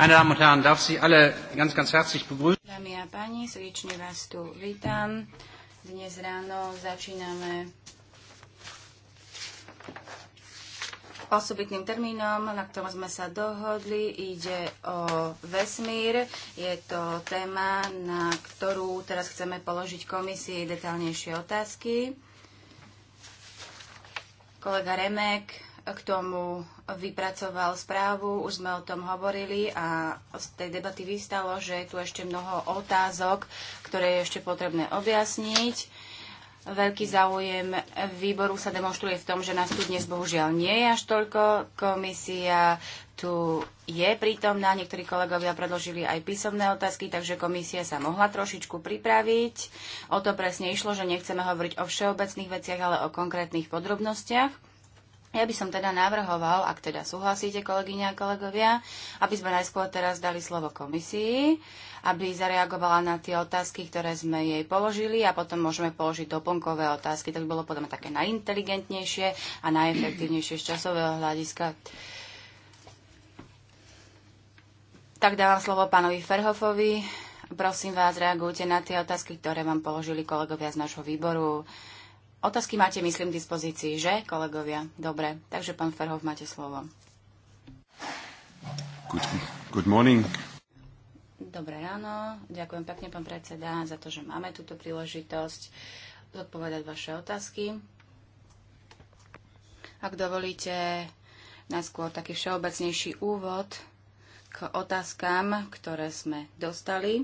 Meine Damen und Herren, darf Sie alle ganz, ganz herzlich begrüßen. Dámy a páni, srdečne vás tu vítam. Dnes ráno začíname osobitným termínom, na ktorom sme sa dohodli. Ide o vesmír. Je to téma, na ktorú teraz chceme položiť komisii detálnejšie otázky. Kolega Remek k tomu vypracoval správu, už sme o tom hovorili a z tej debaty vystalo, že je tu ešte mnoho otázok, ktoré je ešte potrebné objasniť. Veľký záujem výboru sa demonstruje v tom, že nás tu dnes bohužiaľ nie je až toľko. Komisia tu je prítomná, niektorí kolegovia predložili aj písomné otázky, takže komisia sa mohla trošičku pripraviť. O to presne išlo, že nechceme hovoriť o všeobecných veciach, ale o konkrétnych podrobnostiach. Ja by som teda navrhoval, ak teda súhlasíte, kolegyňa a kolegovia, aby sme najskôr teraz dali slovo komisii, aby zareagovala na tie otázky, ktoré sme jej položili a potom môžeme položiť doplnkové otázky. Tak by bolo podľa také najinteligentnejšie a najefektívnejšie z časového hľadiska. Tak dávam slovo pánovi Ferhofovi. Prosím vás, reagujte na tie otázky, ktoré vám položili kolegovia z nášho výboru. Otázky máte, myslím, k dispozícii, že, kolegovia? Dobre, takže pán Ferhov, máte slovo. Good, good morning. Dobré ráno, ďakujem pekne, pán predseda, za to, že máme túto príležitosť zodpovedať vaše otázky. Ak dovolíte, najskôr taký všeobecnejší úvod k otázkam, ktoré sme dostali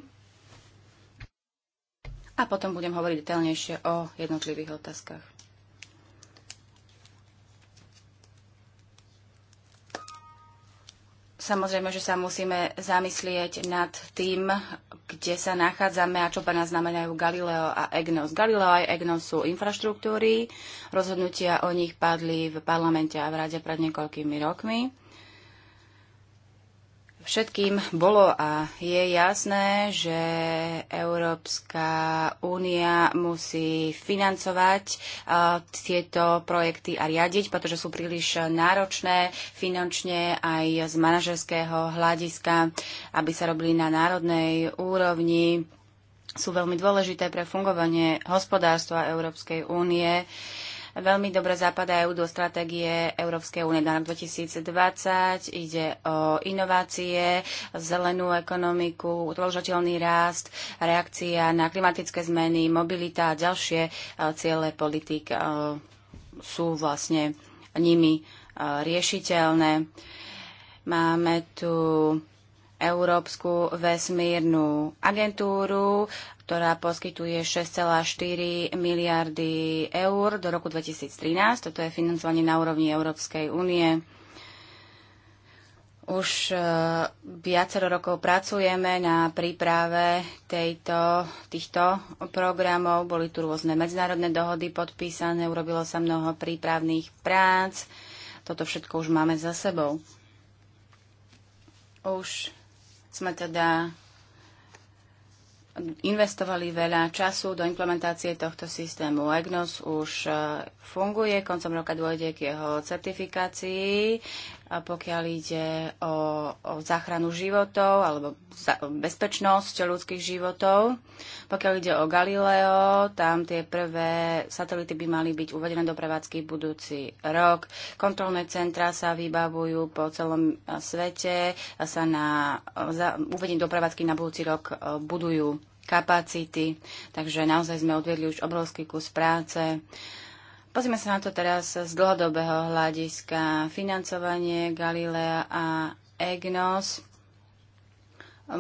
a potom budem hovoriť detailnejšie o jednotlivých otázkach. Samozrejme, že sa musíme zamyslieť nad tým, kde sa nachádzame a čo pre nás znamenajú Galileo a EGNOS. Galileo a EGNOS sú infraštruktúry, rozhodnutia o nich padli v parlamente a v rade pred niekoľkými rokmi. Všetkým bolo a je jasné, že Európska únia musí financovať uh, tieto projekty a riadiť, pretože sú príliš náročné finančne aj z manažerského hľadiska, aby sa robili na národnej úrovni. Sú veľmi dôležité pre fungovanie hospodárstva Európskej únie. Uh, veľmi dobre zapadajú do stratégie Európskej únie na rok 2020. Ide o inovácie, zelenú ekonomiku, udržateľný rast, reakcia na klimatické zmeny, mobilita a ďalšie e, ciele politik e, sú vlastne nimi e, riešiteľné. Máme tu Európsku vesmírnu agentúru, ktorá poskytuje 6,4 miliardy eur do roku 2013. Toto je financovanie na úrovni Európskej únie. Už e, viacero rokov pracujeme na príprave tejto, týchto programov. Boli tu rôzne medzinárodné dohody podpísané, urobilo sa mnoho prípravných prác. Toto všetko už máme za sebou. Už sme teda investovali veľa času do implementácie tohto systému. EGNOS už eh, funguje, koncom roka dôjde k jeho certifikácii a pokiaľ ide o, o záchranu životov alebo za, bezpečnosť ľudských životov. Pokiaľ ide o Galileo, tam tie prvé satelity by mali byť uvedené do prevádzky budúci rok. Kontrolné centra sa vybavujú po celom e, svete a sa na e, za, uvedení do prevádzky na budúci rok e, budujú kapacity. Takže naozaj sme odvedli už obrovský kus práce. Uh, Pozrime sa na to teraz z dlhodobého hľadiska. Financovanie Galilea a EGNOS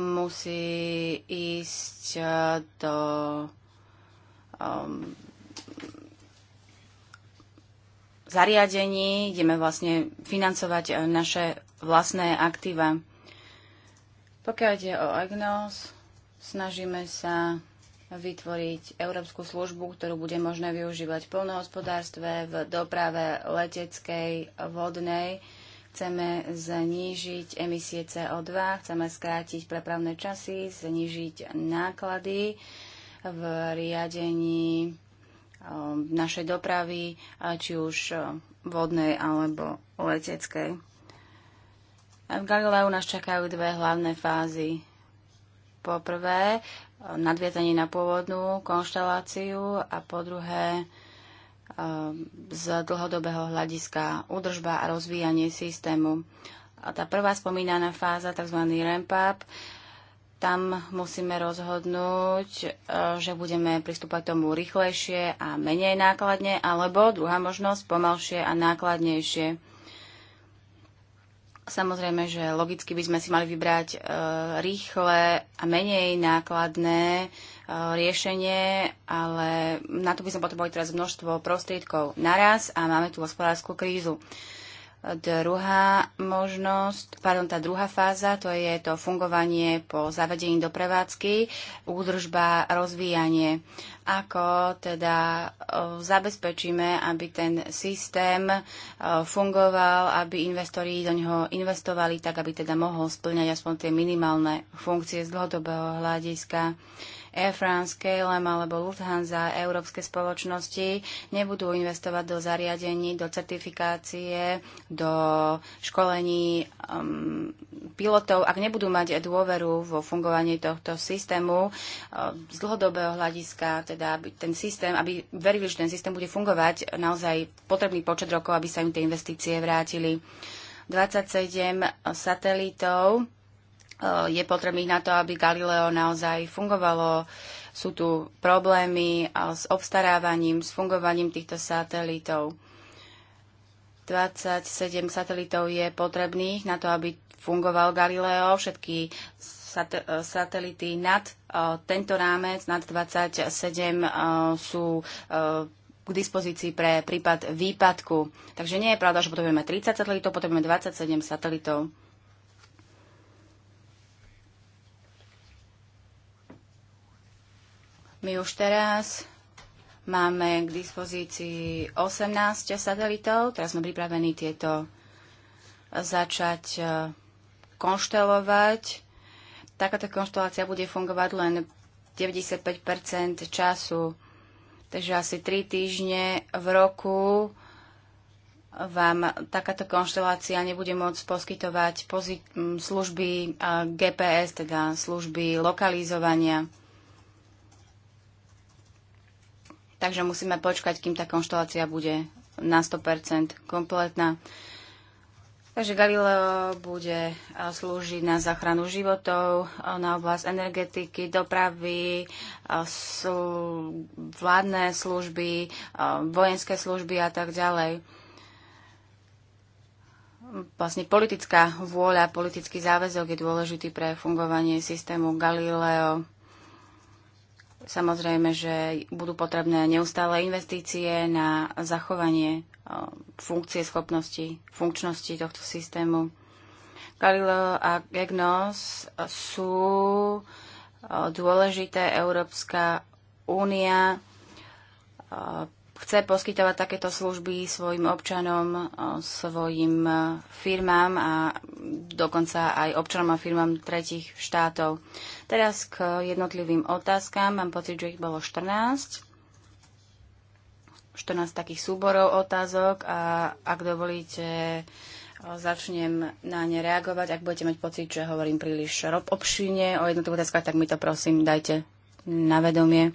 musí ísť eh, do um, zariadení, ideme vlastne financovať eh, naše vlastné aktíva. Pokiaľ ide o EGNOS, snažíme sa vytvoriť európsku službu, ktorú bude možné využívať v plnohospodárstve, v doprave leteckej, vodnej. Chceme znížiť emisie CO2, chceme skrátiť prepravné časy, znížiť náklady v riadení um, našej dopravy, či už um, vodnej alebo leteckej. v Galileu nás čakajú dve hlavné fázy. Poprvé, nadviazaní na pôvodnú konšteláciu a po druhé um, z dlhodobého hľadiska údržba a rozvíjanie systému. A tá prvá spomínaná fáza, tzv. ramp-up, tam musíme rozhodnúť, uh, že budeme pristúpať tomu rýchlejšie a menej nákladne, alebo druhá možnosť, pomalšie a nákladnejšie. Samozrejme, že logicky by sme si mali vybrať e, rýchle a menej nákladné e, riešenie, ale na to by sme potrebovali teraz množstvo prostriedkov naraz a máme tu hospodárskú krízu. E, Druhá možnosť, pardon, tá druhá fáza, to je to fungovanie po zavedení do prevádzky, údržba, rozvíjanie. Ako teda zabezpečíme, aby ten systém fungoval, aby investori do neho investovali, tak aby teda mohol splňať aspoň tie minimálne funkcie z dlhodobého hľadiska. Air France, KLM alebo Lufthansa, európske spoločnosti nebudú investovať do zariadení, do certifikácie, do školení um, pilotov, ak nebudú mať dôveru vo fungovaní tohto systému uh, z dlhodobého hľadiska, teda aby ten systém, aby verili, že ten systém bude fungovať naozaj potrebný počet rokov, aby sa im tie investície vrátili. 27 uh, satelitov Eh, je potrebných na to, aby Galileo naozaj fungovalo. Sú tu problémy eh, s obstarávaním, s fungovaním týchto satelitov. 27 satelitov je potrebných na to, aby fungoval Galileo. Všetky eh, satelity nad tento rámec, nad 27, sú k dispozícii pre prípad výpadku. Takže nie je pravda, že potrebujeme 30 satelitov, potrebujeme 27 satelitov. My už teraz máme k dispozícii 18 satelitov, teraz sme pripravení tieto začať e, konštelovať. Takáto konštelácia bude fungovať len 95 času, takže asi 3 týždne v roku vám takáto konštelácia nebude môcť poskytovať služby GPS, teda služby lokalizovania. takže musíme počkať, kým tá konštelácia bude na 100% kompletná. Takže Galileo bude eh, slúžiť na záchranu životov, eh, na oblasť energetiky, dopravy, eh, vládne služby, vojenské služby a tak ďalej. Vlastne politická vôľa, politický záväzok je dôležitý pre fungovanie systému Galileo. Samozrejme, že budú potrebné neustále investície na zachovanie e, funkcie schopnosti, funkčnosti tohto systému. Galileo a Gegnos sú e, dôležité. Európska únia e, chce poskytovať takéto služby svojim občanom, svojim firmám a dokonca aj občanom a firmám tretich štátov. Teraz k jednotlivým otázkam. Mám pocit, že ich bolo 14. 14 takých súborov otázok a ak dovolíte, začnem na ne reagovať. Ak budete mať pocit, že hovorím príliš obšine o jednotlivých otázkach, tak mi to prosím dajte na vedomie.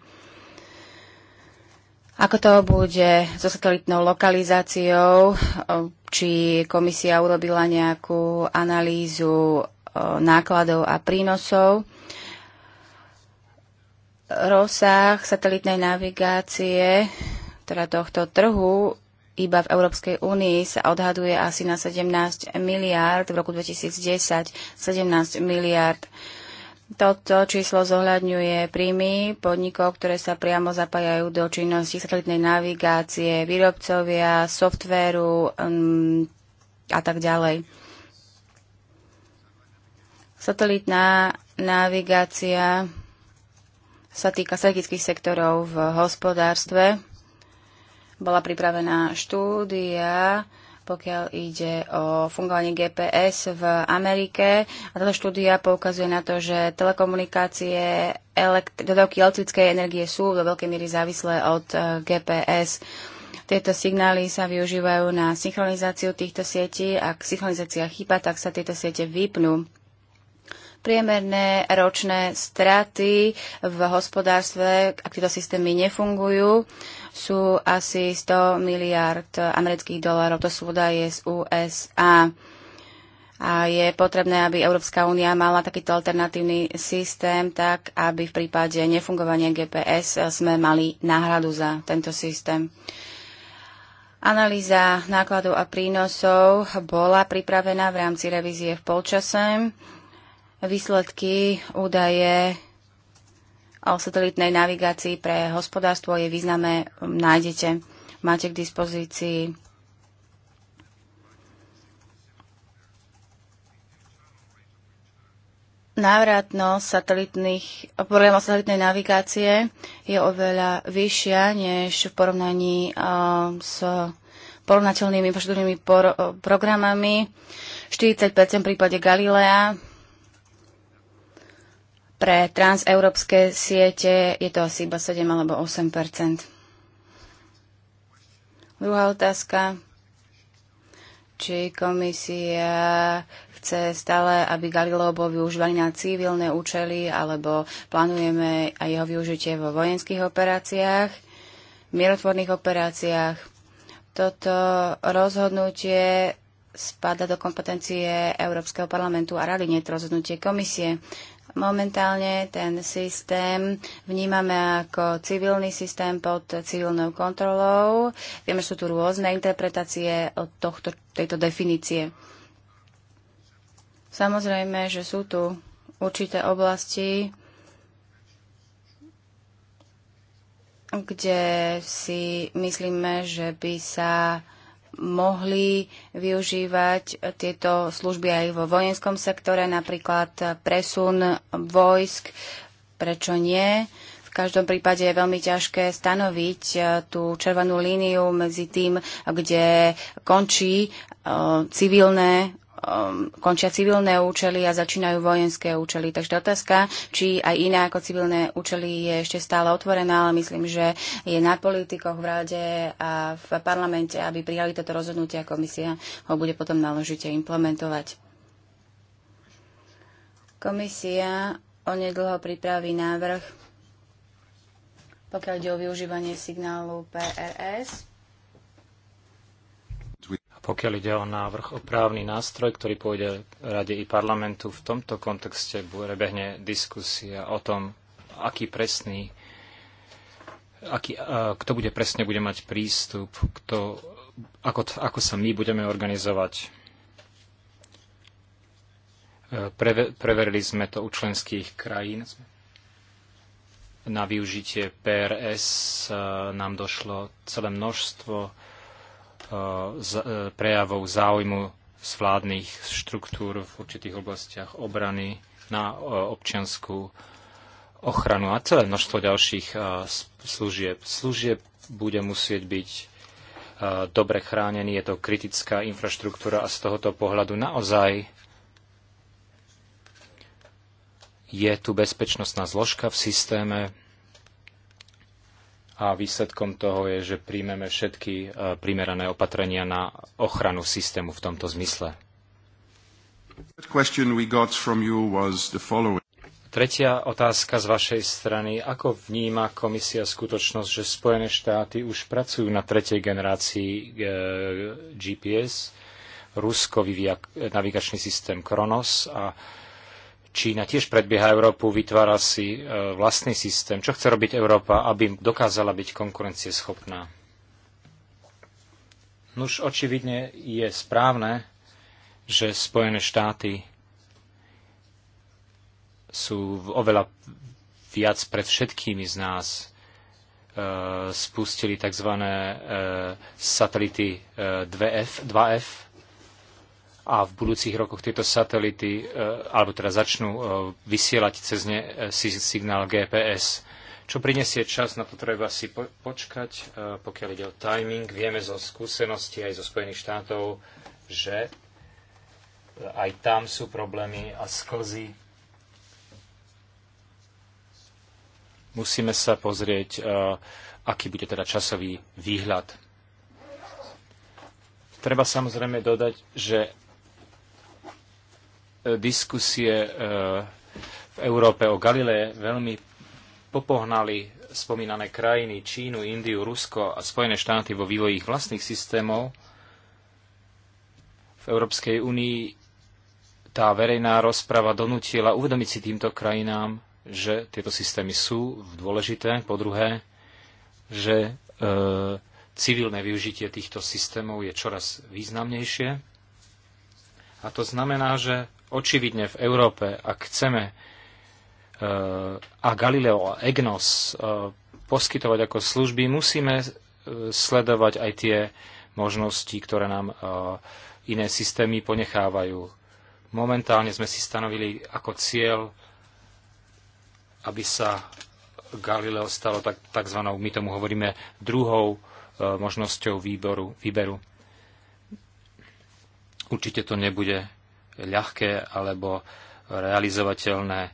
Ako to bude so satelitnou lokalizáciou? Či komisia urobila nejakú analýzu eh, nákladov a prínosov? Rozsah satelitnej navigácie, teda tohto trhu, iba v Európskej únii sa odhaduje asi na 17 miliárd, v roku 2010 17 miliárd. Toto číslo zohľadňuje príjmy podnikov, ktoré sa priamo zapájajú do činnosti satelitnej navigácie, výrobcovia, softvéru um, a tak ďalej. Satelitná navigácia sa týka strategických sektorov v hospodárstve. Bola pripravená štúdia, pokiaľ ide o fungovanie GPS v Amerike. A táto štúdia poukazuje na to, že telekomunikácie, elekt- dodávky elektrickej energie sú do veľkej miery závislé od e, GPS. Tieto signály sa využívajú na synchronizáciu týchto sietí. Ak synchronizácia chýba, tak sa tieto siete vypnú. Priemerné ročné straty v hospodárstve, ak tieto systémy nefungujú, sú asi 100 miliard amerických dolárov. To sú údaje z USA. A je potrebné, aby Európska únia mala takýto alternatívny systém, tak aby v prípade nefungovania GPS sme mali náhradu za tento systém. Analýza nákladov a prínosov bola pripravená v rámci revízie v polčasem výsledky, údaje o satelitnej navigácii pre hospodárstvo, je význame nájdete. Máte k dispozícii návratnosť satelitných, programov satelitnej navigácie je oveľa vyššia než v porovnaní s porovnateľnými infraštruktúrnymi programami. 40% v prípade Galilea, pre transeurópske siete je to asi iba 7 alebo 8 Druhá otázka. Či komisia chce stále, aby Galileo bol využívaný na civilné účely, alebo plánujeme aj jeho využitie vo vojenských operáciách, mierotvorných operáciách. Toto rozhodnutie spada do kompetencie Európskeho parlamentu a rady, nie to rozhodnutie komisie. Momentálne ten systém vnímame ako civilný systém pod civilnou kontrolou. Vieme, že sú tu rôzne interpretácie od tohto, tejto definície. Samozrejme, že sú tu určité oblasti, kde si myslíme, že by sa mohli využívať tieto služby aj vo vojenskom sektore, napríklad presun vojsk, prečo nie. V každom prípade je veľmi ťažké stanoviť eh, tú červenú líniu medzi tým, kde končí eh, civilné Um, končia civilné účely a začínajú vojenské účely. Takže otázka, či aj iné ako civilné účely je ešte stále otvorená, ale myslím, že je na politikoch v rade a v parlamente, aby prijali toto rozhodnutie a komisia ho bude potom naložite implementovať. Komisia onedlho pripraví návrh, pokiaľ ide o využívanie signálu PRS pokiaľ ide o návrh o právny nástroj, ktorý pôjde Rade i parlamentu. V tomto kontexte prebehne diskusia o tom, aký presný, aký, kto bude presne bude mať prístup, kto, ako, ako sa my budeme organizovať. E, preve, preverili sme to u členských krajín. Na využitie PRS e, nám došlo celé množstvo E, prejavov záujmu z vládnych štruktúr v určitých oblastiach obrany na občianskú ochranu a celé množstvo ďalších e, služieb. Služieb bude musieť byť e, dobre chránený, je to kritická infraštruktúra a z tohoto pohľadu naozaj je tu bezpečnostná zložka v systéme, a výsledkom toho je, že príjmeme všetky e, primerané opatrenia na ochranu systému v tomto zmysle. Tretia otázka z vašej strany. Ako vníma komisia skutočnosť, že Spojené štáty už pracujú na tretej generácii e, GPS, Rusko vyvíja navigačný systém Kronos a Čína tiež predbieha Európu, vytvára si e, vlastný systém. Čo chce robiť Európa, aby dokázala byť konkurencieschopná? Nuž očividne je správne, že Spojené štáty sú oveľa viac pred všetkými z nás. E, spustili tzv. E, satelity 2F, 2F a v budúcich rokoch tieto satelity, e, alebo teda začnú e, vysielať cez ne e, signál GPS. Čo prinesie čas, na to treba si počkať, pokiaľ ide o timing. Vieme zo skúsenosti aj zo Spojených štátov, že aj tam sú problémy a sklzy. Musíme sa pozrieť, aký bude teda časový výhľad. Treba samozrejme dodať, že E, diskusie e, v Európe o Galilei veľmi popohnali spomínané krajiny Čínu, Indiu, Rusko a Spojené štáty vo vývoji ich vlastných systémov. V Európskej únii tá verejná rozprava donútila uvedomiť si týmto krajinám, že tieto systémy sú dôležité. Po druhé, že e, civilné využitie týchto systémov je čoraz významnejšie. A to znamená, že Očividne v Európe, ak chceme e, a Galileo a EGNOS e, poskytovať ako služby, musíme e, sledovať aj tie možnosti, ktoré nám iné systémy ponechávajú. Momentálne sme si stanovili ako cieľ, aby sa Galileo stalo tak, takzvanou, my tomu hovoríme, druhou možnosťou výboru, výberu. Určite to nebude ľahké alebo realizovateľné e,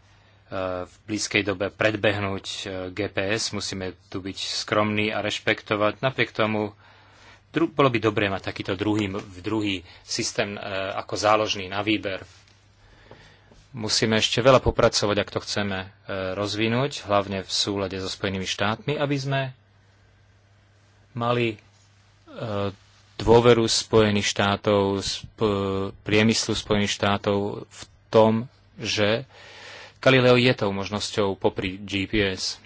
v blízkej dobe predbehnúť e, GPS. Musíme tu byť skromní a rešpektovať. Napriek tomu bolo by dobré mať takýto druhý, druhý systém e, ako záložný na výber. Musíme ešte veľa popracovať, ak to chceme rozvinúť, hlavne v súlade so Spojenými štátmi, aby sme mali dôveru Spojených štátov, sp- priemyslu Spojených štátov v tom, že Galileo je tou možnosťou popri GPS.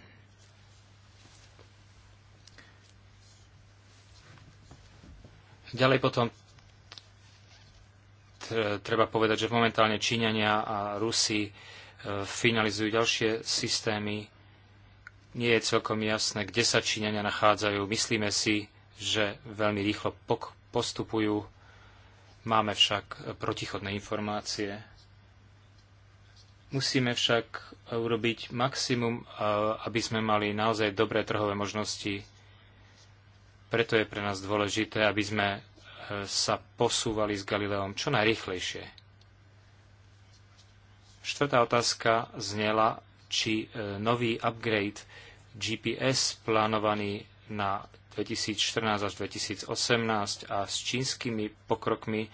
Ďalej potom treba povedať, že momentálne Číňania a Rusi e, finalizujú ďalšie systémy. Nie je celkom jasné, kde sa Číňania nachádzajú. Myslíme si, že veľmi rýchlo postupujú. Máme však protichodné informácie. Musíme však urobiť maximum, aby sme mali naozaj dobré trhové možnosti. Preto je pre nás dôležité, aby sme e, sa posúvali s Galileom čo najrychlejšie. Štvrtá otázka znela, či e, nový upgrade GPS plánovaný na 2014 až 2018 a s čínskymi pokrokmi,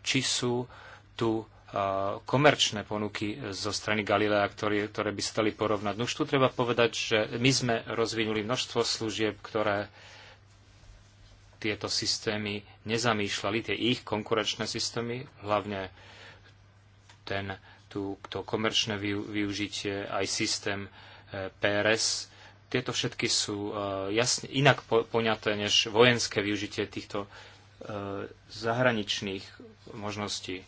či sú tu e, komerčné ponuky zo strany Galilea, ktoré, ktoré by stali porovnať. No už tu treba povedať, že my sme rozvinuli množstvo služieb, ktoré tieto systémy nezamýšľali, tie ich konkurenčné systémy, hlavne ten, tú, to komerčné využitie, aj systém e, PRS, tieto všetky sú eh, jasne, inak poňaté než vojenské využitie týchto eh, zahraničných možností.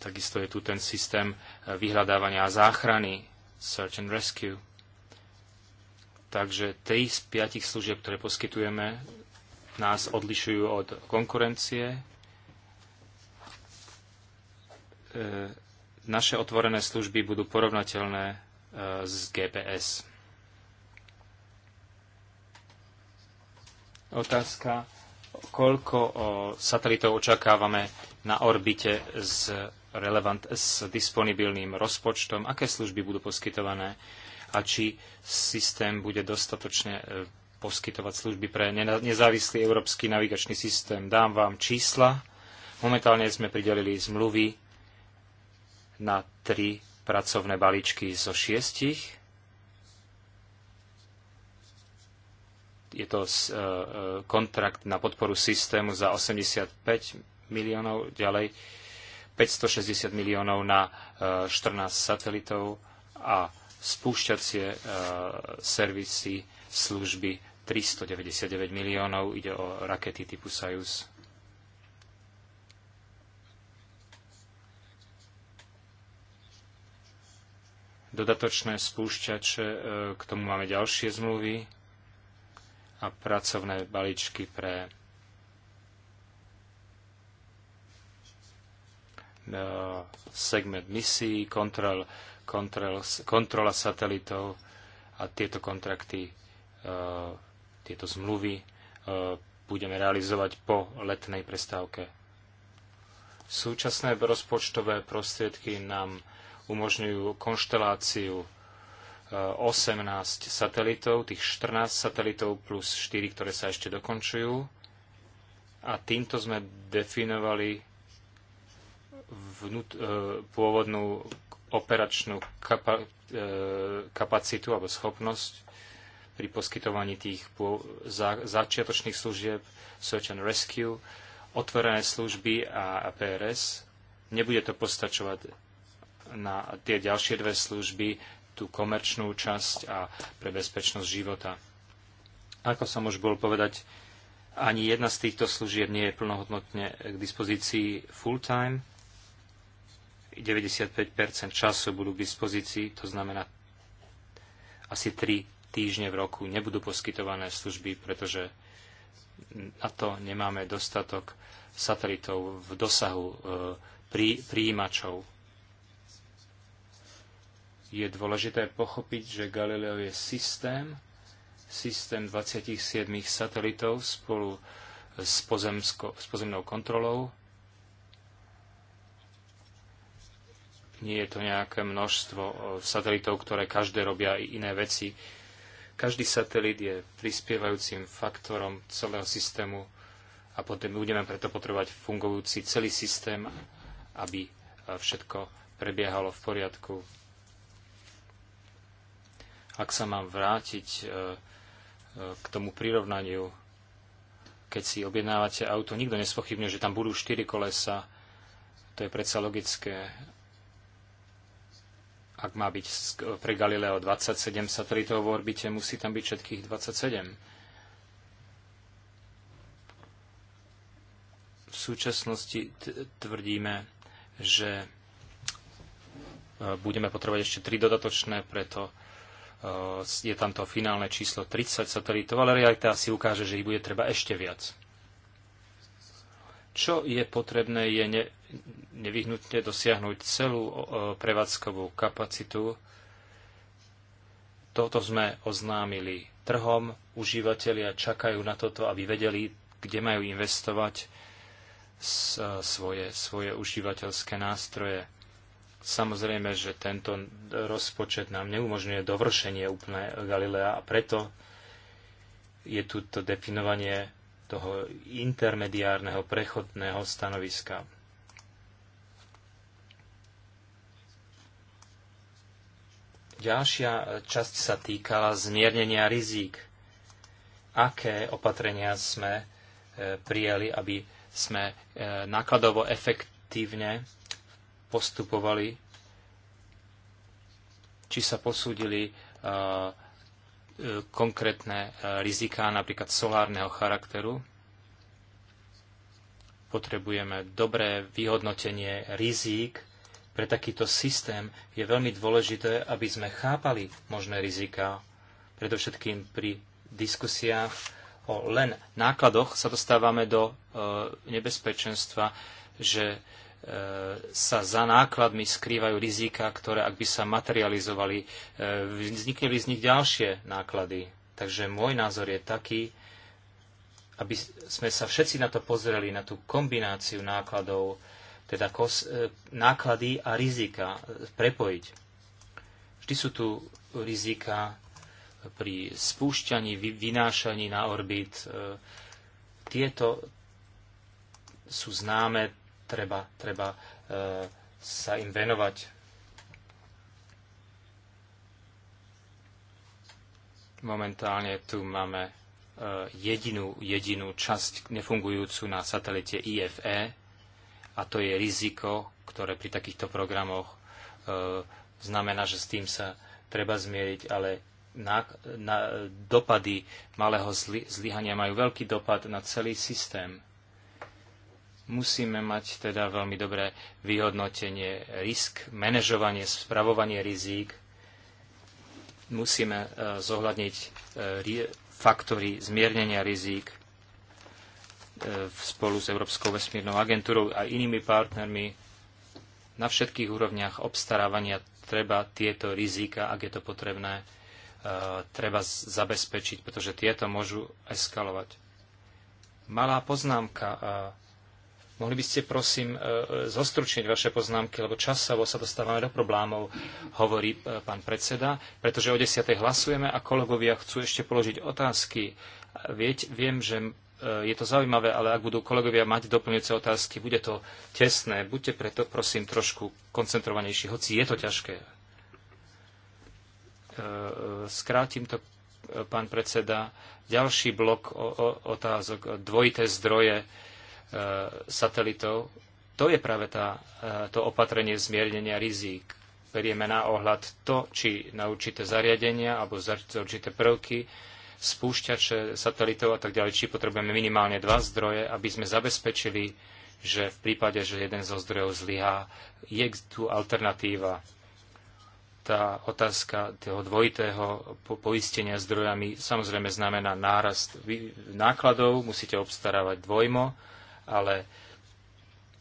Takisto je tu ten systém eh, vyhľadávania a záchrany, search and rescue. Takže tej z piatich služieb, ktoré poskytujeme, nás odlišujú od konkurencie, naše otvorené služby budú porovnateľné s GPS. Otázka, koľko satelitov očakávame na orbite s, relevant, s disponibilným rozpočtom, aké služby budú poskytované a či systém bude dostatočne e, poskytovať služby pre nezávislý európsky navigačný systém. Dám vám čísla. Momentálne sme pridelili zmluvy na tri pracovné balíčky zo šiestich je to e, e, kontrakt na podporu systému za 85 miliónov, ďalej 560 miliónov na 14 e, satelitov a spúšťacie servisy služby 399 miliónov. Ide o rakety typu Sajus. Dodatočné spúšťače, k tomu máme ďalšie zmluvy a pracovné balíčky pre e, segment misií, kontrol, kontrol, kontrola satelitov a tieto kontrakty, e, tieto zmluvy e, budeme realizovať po letnej prestávke. Súčasné rozpočtové prostriedky nám umožňujú konšteláciu 18 satelitov, tých 14 satelitov plus 4, ktoré sa ešte dokončujú. A týmto sme definovali vnút, e, pôvodnú operačnú kapa, e, kapacitu alebo schopnosť pri poskytovaní tých začiatočných služieb Search and Rescue, otvorené služby a PRS. Nebude to postačovať na tie ďalšie dve služby, tú komerčnú časť a pre bezpečnosť života. Ako som už bol povedať, ani jedna z týchto služieb nie je plnohodnotne k dispozícii full-time. 95% času budú k dispozícii, to znamená asi 3 týždne v roku nebudú poskytované služby, pretože na to nemáme dostatok satelitov v dosahu e, prí, príjimačov je dôležité pochopiť, že Galileo je systém, systém 27 satelitov spolu s, pozemsko, s pozemnou kontrolou. Nie je to nejaké množstvo satelitov, ktoré každé robia i iné veci. Každý satelit je prispievajúcim faktorom celého systému a potom budeme preto potrebovať fungujúci celý systém, aby všetko prebiehalo v poriadku ak sa mám vrátiť e, e, k tomu prirovnaniu, keď si objednávate auto, nikto nespochybňuje, že tam budú štyri kolesa. To je predsa logické. Ak má byť e, pre Galileo 27 satelitov v orbite, musí tam byť všetkých 27. v súčasnosti tvrdíme, že budeme potrebovať ešte tri dodatočné, preto Eh, je tam to finálne číslo 30 satelitov, ale realita si ukáže, že ich bude treba ešte viac. Čo je potrebné, je ne, nevyhnutne dosiahnuť celú eh, prevádzkovú kapacitu. Toto sme oznámili trhom. Užívateľia čakajú na toto, aby vedeli, kde majú investovať eh, svoje, svoje užívateľské nástroje Samozrejme, že tento rozpočet nám neumožňuje dovršenie úplné Galilea a preto je tu to definovanie toho intermediárneho prechodného stanoviska. Ďalšia časť sa týkala zmiernenia rizík. Aké opatrenia sme eh, prijali, aby sme eh, nákladovo efektívne postupovali, či sa posúdili e, konkrétne e, riziká, napríklad solárneho charakteru. Potrebujeme dobré vyhodnotenie rizík. Pre takýto systém je veľmi dôležité, aby sme chápali možné riziká. Predovšetkým pri diskusiách o len nákladoch sa dostávame do e, nebezpečenstva, že sa za nákladmi skrývajú rizika, ktoré ak by sa materializovali, e, vznikli by z nich ďalšie náklady. Takže môj názor je taký, aby sme sa všetci na to pozreli, na tú kombináciu nákladov, teda kos, e, náklady a rizika e, prepojiť. Vždy sú tu rizika pri spúšťaní, vynášaní na orbit. Tieto sú známe, treba, treba e, sa im venovať. Momentálne tu máme e, jedinú, jedinú časť nefungujúcu na satelite IFE a to je riziko, ktoré pri takýchto programoch e, znamená, že s tým sa treba zmieriť, ale na, na, dopady malého zlyhania majú veľký dopad na celý systém. Musíme mať teda veľmi dobré vyhodnotenie risk, manažovanie, spravovanie rizík. Musíme e, zohľadniť e, faktory zmiernenia rizík e, spolu s Európskou vesmírnou agentúrou a inými partnermi. Na všetkých úrovniach obstarávania treba tieto rizika, ak je to potrebné, treba zabezpečiť, pretože tieto môžu eskalovať. Malá poznámka Mohli by ste prosím e, e, zostručniť vaše poznámky, lebo časovo sa dostávame do problémov, hovorí e, pán predseda, pretože o 10. hlasujeme a kolegovia chcú ešte položiť otázky. Vieť, viem, že je to zaujímavé, ale ak budú kolegovia mať doplňujúce otázky, bude to tesné. Buďte preto, prosím, trošku koncentrovanejší, hoci je to ťažké. Skrátim to, pán predseda. Ďalší blok otázok, dvojité zdroje E, satelitov, to je práve tá, e, to opatrenie zmiernenia rizík. Berieme na ohľad to, či na určité zariadenia alebo za určité prvky, spúšťače satelitov a tak ďalej, či potrebujeme minimálne dva zdroje, aby sme zabezpečili, že v prípade, že jeden zo zdrojov zlyhá, je tu alternatíva. Tá otázka toho dvojitého poistenia zdrojami samozrejme znamená nárast nákladov, musíte obstarávať dvojmo, ale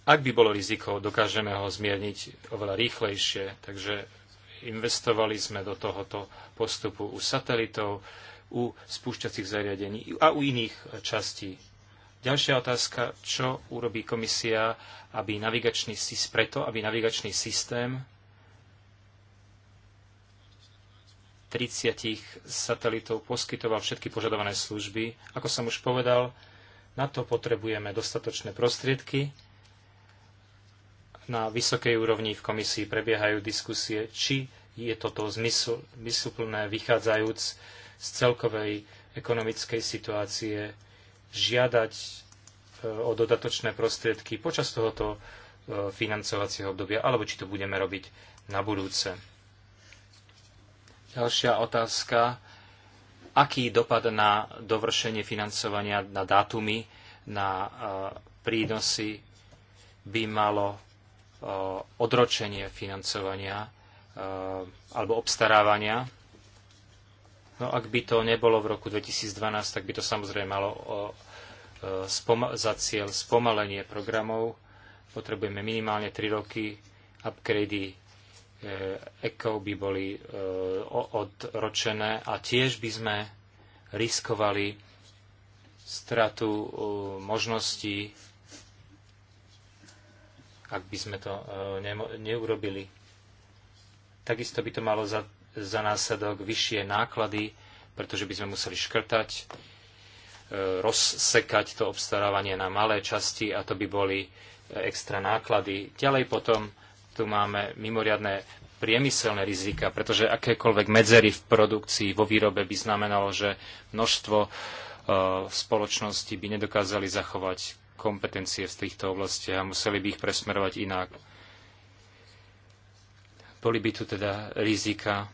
ak by bolo riziko, dokážeme ho zmierniť oveľa rýchlejšie. Takže investovali sme do tohoto postupu u satelitov, u spúšťacích zariadení a u iných častí. Ďalšia otázka, čo urobí komisia, aby navigačný, preto, aby navigačný systém 30 satelitov poskytoval všetky požadované služby. Ako som už povedal, na to potrebujeme dostatočné prostriedky. Na vysokej úrovni v komisii prebiehajú diskusie, či je toto zmysl, zmysluplné vychádzajúc z celkovej ekonomickej situácie žiadať e, o dodatočné prostriedky počas tohoto e, financovacieho obdobia, alebo či to budeme robiť na budúce. Ďalšia otázka aký dopad na dovršenie financovania, na dátumy, na eh, prínosy by malo eh, odročenie financovania eh, alebo obstarávania. No ak by to nebolo v roku 2012, tak by to samozrejme malo za cieľ spomalenie programov. Potrebujeme minimálne 3 roky upgrady ekov by boli e, odročené a tiež by sme riskovali stratu e, možností, ak by sme to e, neurobili. Takisto by to malo za, za následok vyššie náklady, pretože by sme museli škrtať, rozsekať to obstarávanie na malé časti a to by boli extra náklady. Ďalej potom tu máme mimoriadne priemyselné rizika, pretože akékoľvek medzery v produkcii, vo výrobe by znamenalo, že množstvo e, spoločnosti by nedokázali zachovať kompetencie v týchto oblastiach a museli by ich presmerovať inak. Boli by tu teda rizika,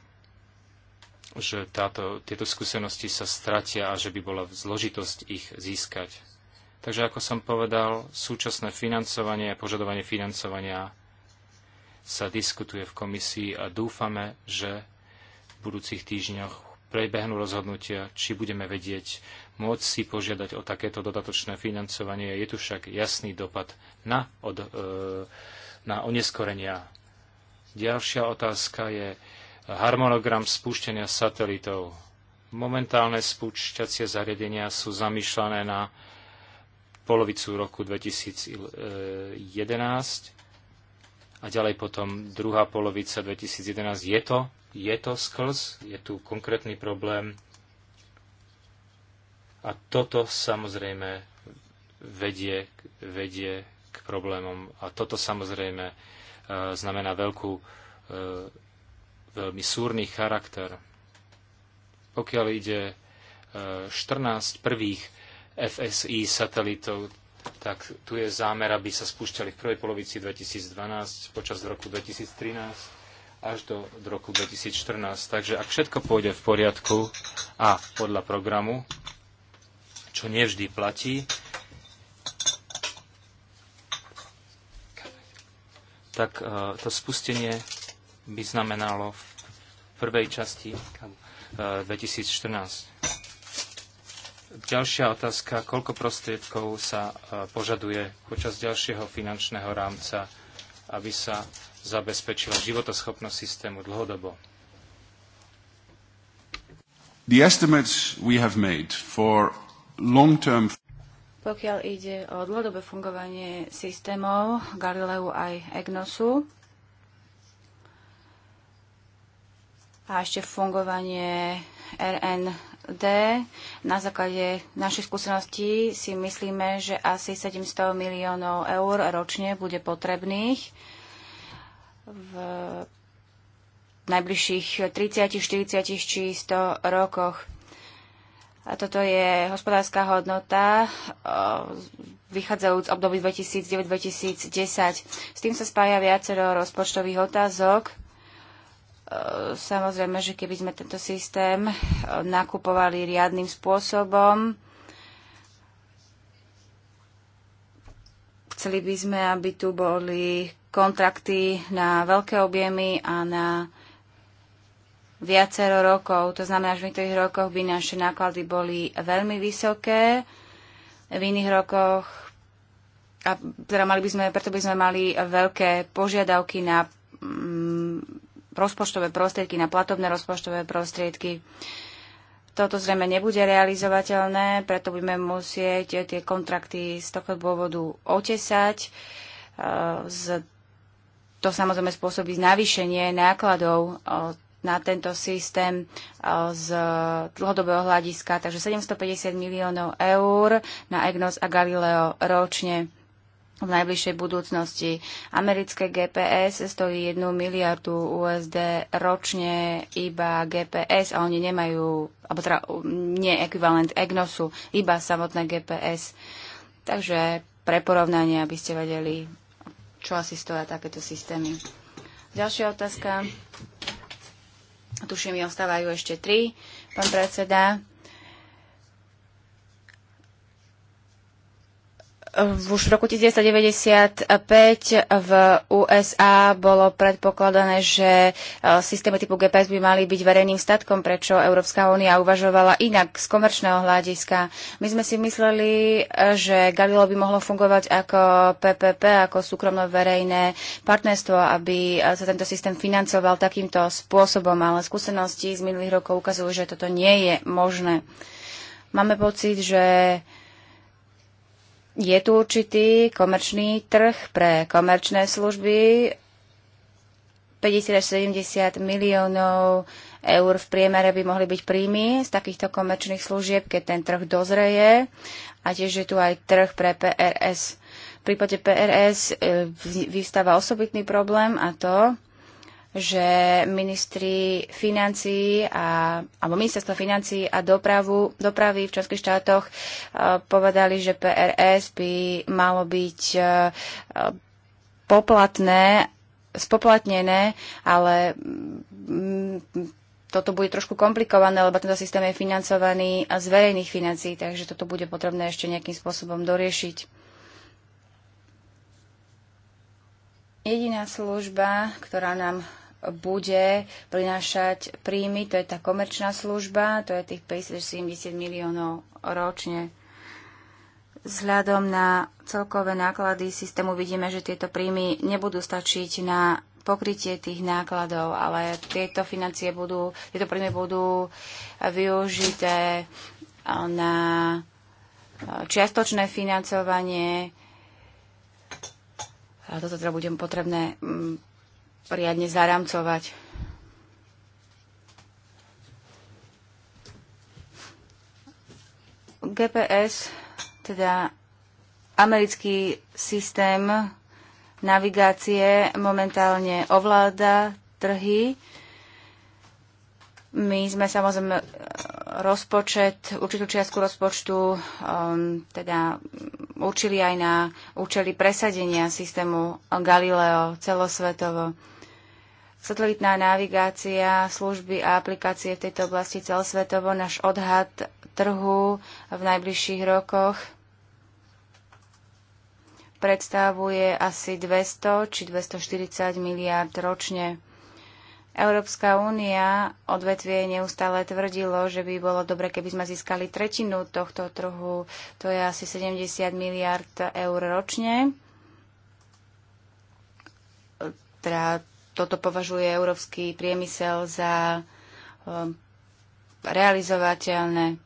že táto, tieto skúsenosti sa stratia a že by bola zložitosť ich získať. Takže ako som povedal, súčasné financovanie a požadovanie financovania sa diskutuje v komisii a dúfame, že v budúcich týždňoch prebehnú rozhodnutia, či budeme vedieť môcť si požiadať o takéto dodatočné financovanie. Je tu však jasný dopad na, od, e, na oneskorenia. Ďalšia otázka je harmonogram spúšťania satelitov. Momentálne spúšťacie zariadenia sú zamýšľané na polovicu roku 2011 a ďalej potom druhá polovica 2011. Je to, je to sklz, je tu konkrétny problém. A toto samozrejme vedie, vedie k problémom. A toto samozrejme e, znamená veľkú, e, veľmi súrny charakter. Pokiaľ ide e, 14 prvých FSI satelitov, tak tu je zámer, aby sa spúšťali v prvej polovici 2012, počas roku 2013 až do, do roku 2014. Takže ak všetko pôjde v poriadku a podľa programu, čo nevždy platí, tak uh, to spustenie by znamenalo v prvej časti uh, e, 2014. Ďalšia otázka, koľko prostriedkov sa e, požaduje počas ďalšieho finančného rámca, aby sa zabezpečila životoschopnosť systému dlhodobo? The estimates we have made for long-term pokiaľ ide o dlhodobé fungovanie systémov Galileu aj EGNOSu a ešte fungovanie RN D. Na základe našich skúseností si myslíme, že asi 700 miliónov eur ročne bude potrebných v najbližších 30, 40 či 100 rokoch. A toto je hospodárska hodnota vychádzajúc z období 2009-2010. S tým sa spája viacero rozpočtových otázok, E, samozrejme, že keby sme tento systém e, nakupovali riadnym spôsobom, chceli by sme, aby tu boli kontrakty na veľké objemy a na viacero rokov. To znamená, že v tých rokoch by naše náklady boli veľmi vysoké, v iných rokoch a teda mali by sme, preto by sme mali veľké požiadavky na mm, rozpočtové prostriedky, na platobné rozpočtové prostriedky. Toto zrejme nebude realizovateľné, preto budeme musieť tie kontrakty z tohto dôvodu otesať. E, z, to samozrejme spôsobí navýšenie nákladov e, na tento systém e, z dlhodobého hľadiska. Takže 750 miliónov eur na EGNOS a Galileo ročne v najbližšej budúcnosti. Americké GPS stojí 1 miliardu USD ročne iba GPS a oni nemajú, alebo teda um, nie ekvivalent EGNOSu, iba samotné GPS. Takže pre porovnanie, aby ste vedeli, čo asi stoja takéto systémy. Ďalšia otázka. Tuším, mi ostávajú ešte tri. Pán predseda, už v roku 1995 v USA bolo predpokladané, že e, systémy typu GPS by mali byť verejným statkom, prečo Európska únia uvažovala inak z komerčného hľadiska. My sme si mysleli, e, že Galileo by mohlo fungovať ako PPP, ako súkromno-verejné partnerstvo, aby e, sa tento systém financoval takýmto spôsobom, ale skúsenosti z minulých rokov ukazujú, že toto nie je možné. Máme pocit, že je tu určitý komerčný trh pre komerčné služby, 50 až 70 miliónov eur v priemere by mohli byť príjmy z takýchto komerčných služieb, keď ten trh dozreje. A tiež je tu aj trh pre PRS. V prípade PRS e, vystáva osobitný problém a to, že ministri financí a, alebo ministerstvo financí a dopravu, dopravy v členských štátoch uh, povedali, že PRS by malo byť uh, poplatné, spoplatnené, ale mm, mm, toto bude trošku komplikované, lebo tento systém je financovaný z verejných financií, takže toto bude potrebné ešte nejakým spôsobom doriešiť. Jediná služba, ktorá nám bude prinášať príjmy, to je tá komerčná služba, to je tých 570 miliónov ročne. Vzhľadom na celkové náklady systému vidíme, že tieto príjmy nebudú stačiť na pokrytie tých nákladov, ale tieto financie budú, tieto príjmy budú využité na čiastočné financovanie. A toto teda bude potrebné mm, poriadne zaramcovať. GPS, teda americký systém navigácie momentálne ovláda trhy. My sme samozrejme rozpočet, určitú čiastku rozpočtu um, teda určili aj na účely presadenia systému Galileo celosvetovo. Satelitná navigácia, služby a aplikácie v tejto oblasti celosvetovo, náš odhad trhu v najbližších rokoch predstavuje asi 200 či 240 miliard ročne. Európska únia odvetvie neustále tvrdilo, že by bolo dobre, keby sme získali tretinu tohto trhu, to je asi 70 miliard eur ročne. Teda toto považuje európsky priemysel za um, realizovateľné.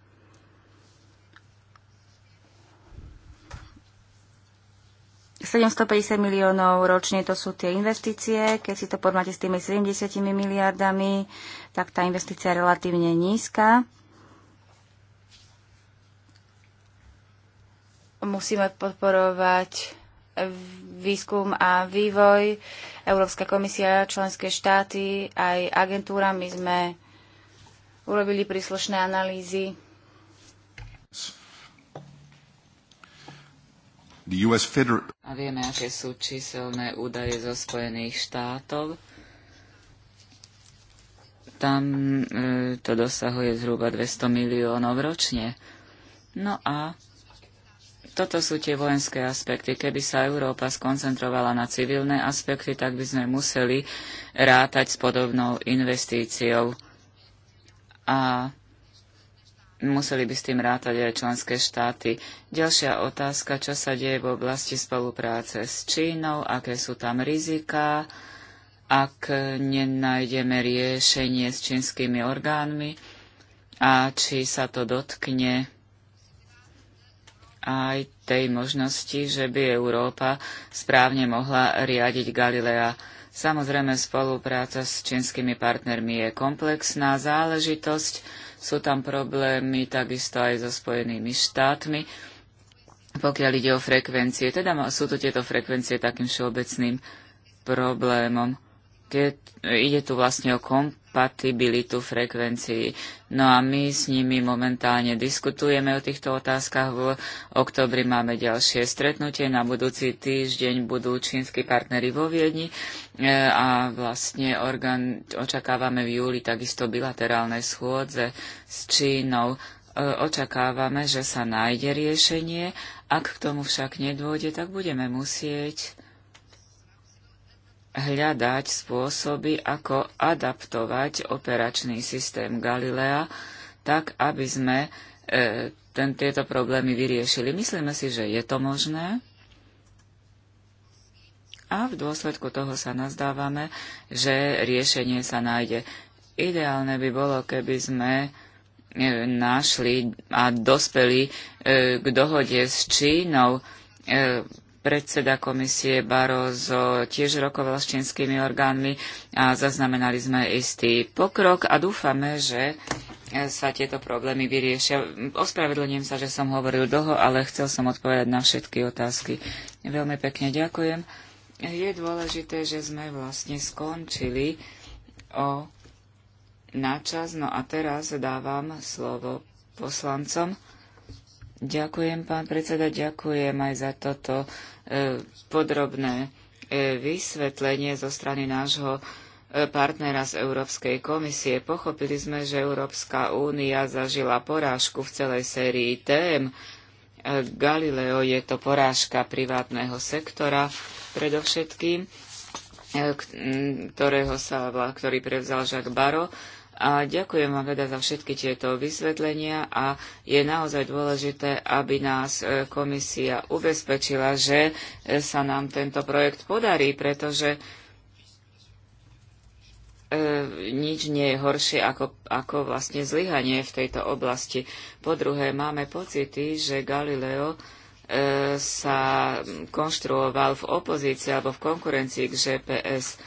...750 miliónov ročne to sú tie investície. Keď si to porovnáte s tými 70 miliardami, tak tá investícia je relatívne nízka. Musíme podporovať výskum a vývoj, Európska komisia, členské štáty, aj agentúrami sme urobili príslušné analýzy. A vieme, aké sú číselné údaje zo Spojených štátov. Tam e, to dosahuje zhruba 200 miliónov ročne. No a toto sú tie vojenské aspekty. Keby sa Európa skoncentrovala na civilné aspekty, tak by sme museli rátať s podobnou investíciou. A museli by s tým rátať aj členské štáty. Ďalšia otázka, čo sa deje v oblasti spolupráce s Čínou, aké sú tam riziká, ak nenájdeme riešenie s čínskymi orgánmi a či sa to dotkne aj tej možnosti, že by Európa správne mohla riadiť Galilea. Samozrejme, spolupráca s čínskymi partnermi je komplexná záležitosť. Sú tam problémy takisto aj so Spojenými štátmi, pokiaľ ide o frekvencie. Teda sú tu tieto frekvencie takým všeobecným problémom. Keď ide tu vlastne o kom, kompatibilitu frekvencií. No a my s nimi momentálne diskutujeme o týchto otázkach. V oktobri máme ďalšie stretnutie. Na budúci týždeň budú čínsky partnery vo Viedni e, a vlastne organ, očakávame v júli takisto bilaterálne schôdze s Čínou e, očakávame, že sa nájde riešenie. Ak k tomu však nedôjde, tak budeme musieť hľadať spôsoby, ako adaptovať operačný systém Galilea tak, aby sme e, ten, tieto problémy vyriešili. Myslíme si, že je to možné a v dôsledku toho sa nazdávame, že riešenie sa nájde. Ideálne by bolo, keby sme e, našli a dospeli e, k dohode s Čínou. E, Predseda komisie Barozo tiež rokoval s čínskymi orgánmi a zaznamenali sme istý pokrok a dúfame, že sa tieto problémy vyriešia. Ospravedlňujem sa, že som hovoril dlho, ale chcel som odpovedať na všetky otázky. Veľmi pekne ďakujem. Je dôležité, že sme vlastne skončili o načas. No a teraz dávam slovo poslancom. Ďakujem, pán predseda, ďakujem aj za toto e, podrobné e, vysvetlenie zo strany nášho e, partnera z Európskej komisie. Pochopili sme, že Európska únia zažila porážku v celej sérii tém. Galileo je to porážka privátneho sektora predovšetkým, ktorého sa, ktorý prevzal Jacques Baro. A ďakujem vám veda za všetky tieto vysvetlenia a je naozaj dôležité, aby nás e, komisia ubezpečila, že e, sa nám tento projekt podarí, pretože e, nič nie je horšie ako, ako vlastne zlyhanie v tejto oblasti. Po druhé, máme pocity, že Galileo e, sa konštruoval v opozícii alebo v konkurencii k GPS.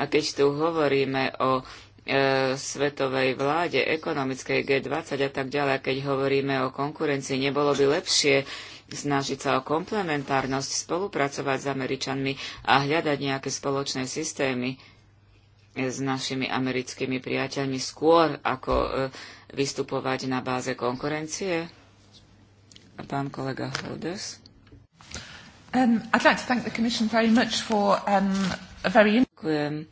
A keď tu hovoríme o E, svetovej vláde, ekonomickej G20 a tak ďalej, keď hovoríme o konkurencii, nebolo by lepšie snažiť sa o komplementárnosť, spolupracovať s Američanmi a hľadať nejaké spoločné systémy s našimi americkými priateľmi skôr, ako e, vystupovať na báze konkurencie? Pán kolega Holders. Um, I'd like to thank the Commission very much for um, a very... Ďakujem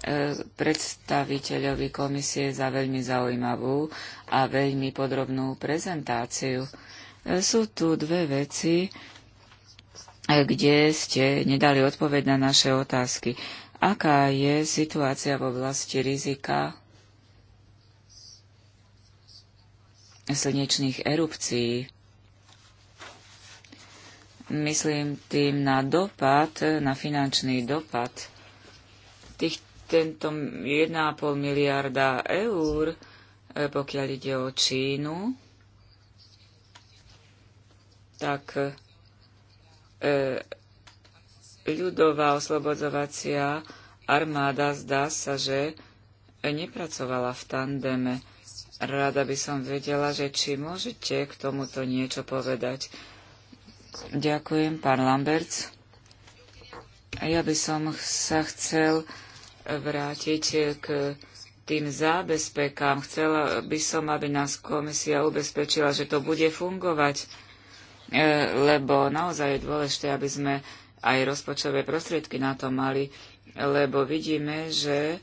E, predstaviteľovi komisie za veľmi zaujímavú a veľmi podrobnú prezentáciu. E, sú tu dve veci, e, kde ste nedali odpoveď na naše otázky. Aká je situácia v oblasti rizika slnečných erupcií? Myslím tým na dopad, na finančný dopad tých, tento 1,5 miliarda eur, e, pokiaľ ide o Čínu, tak e, e, ľudová oslobodzovacia armáda zdá sa, že nepracovala v tandeme. Rada by som vedela, že či môžete k tomuto niečo povedať. Ďakujem, pán Lamberts. Ja by som sa chcel vrátiť k tým zábezpekám. Chcela by som, aby nás komisia ubezpečila, že to bude fungovať, e, lebo naozaj je dôležité, aby sme aj rozpočtové prostriedky na to mali, lebo vidíme, že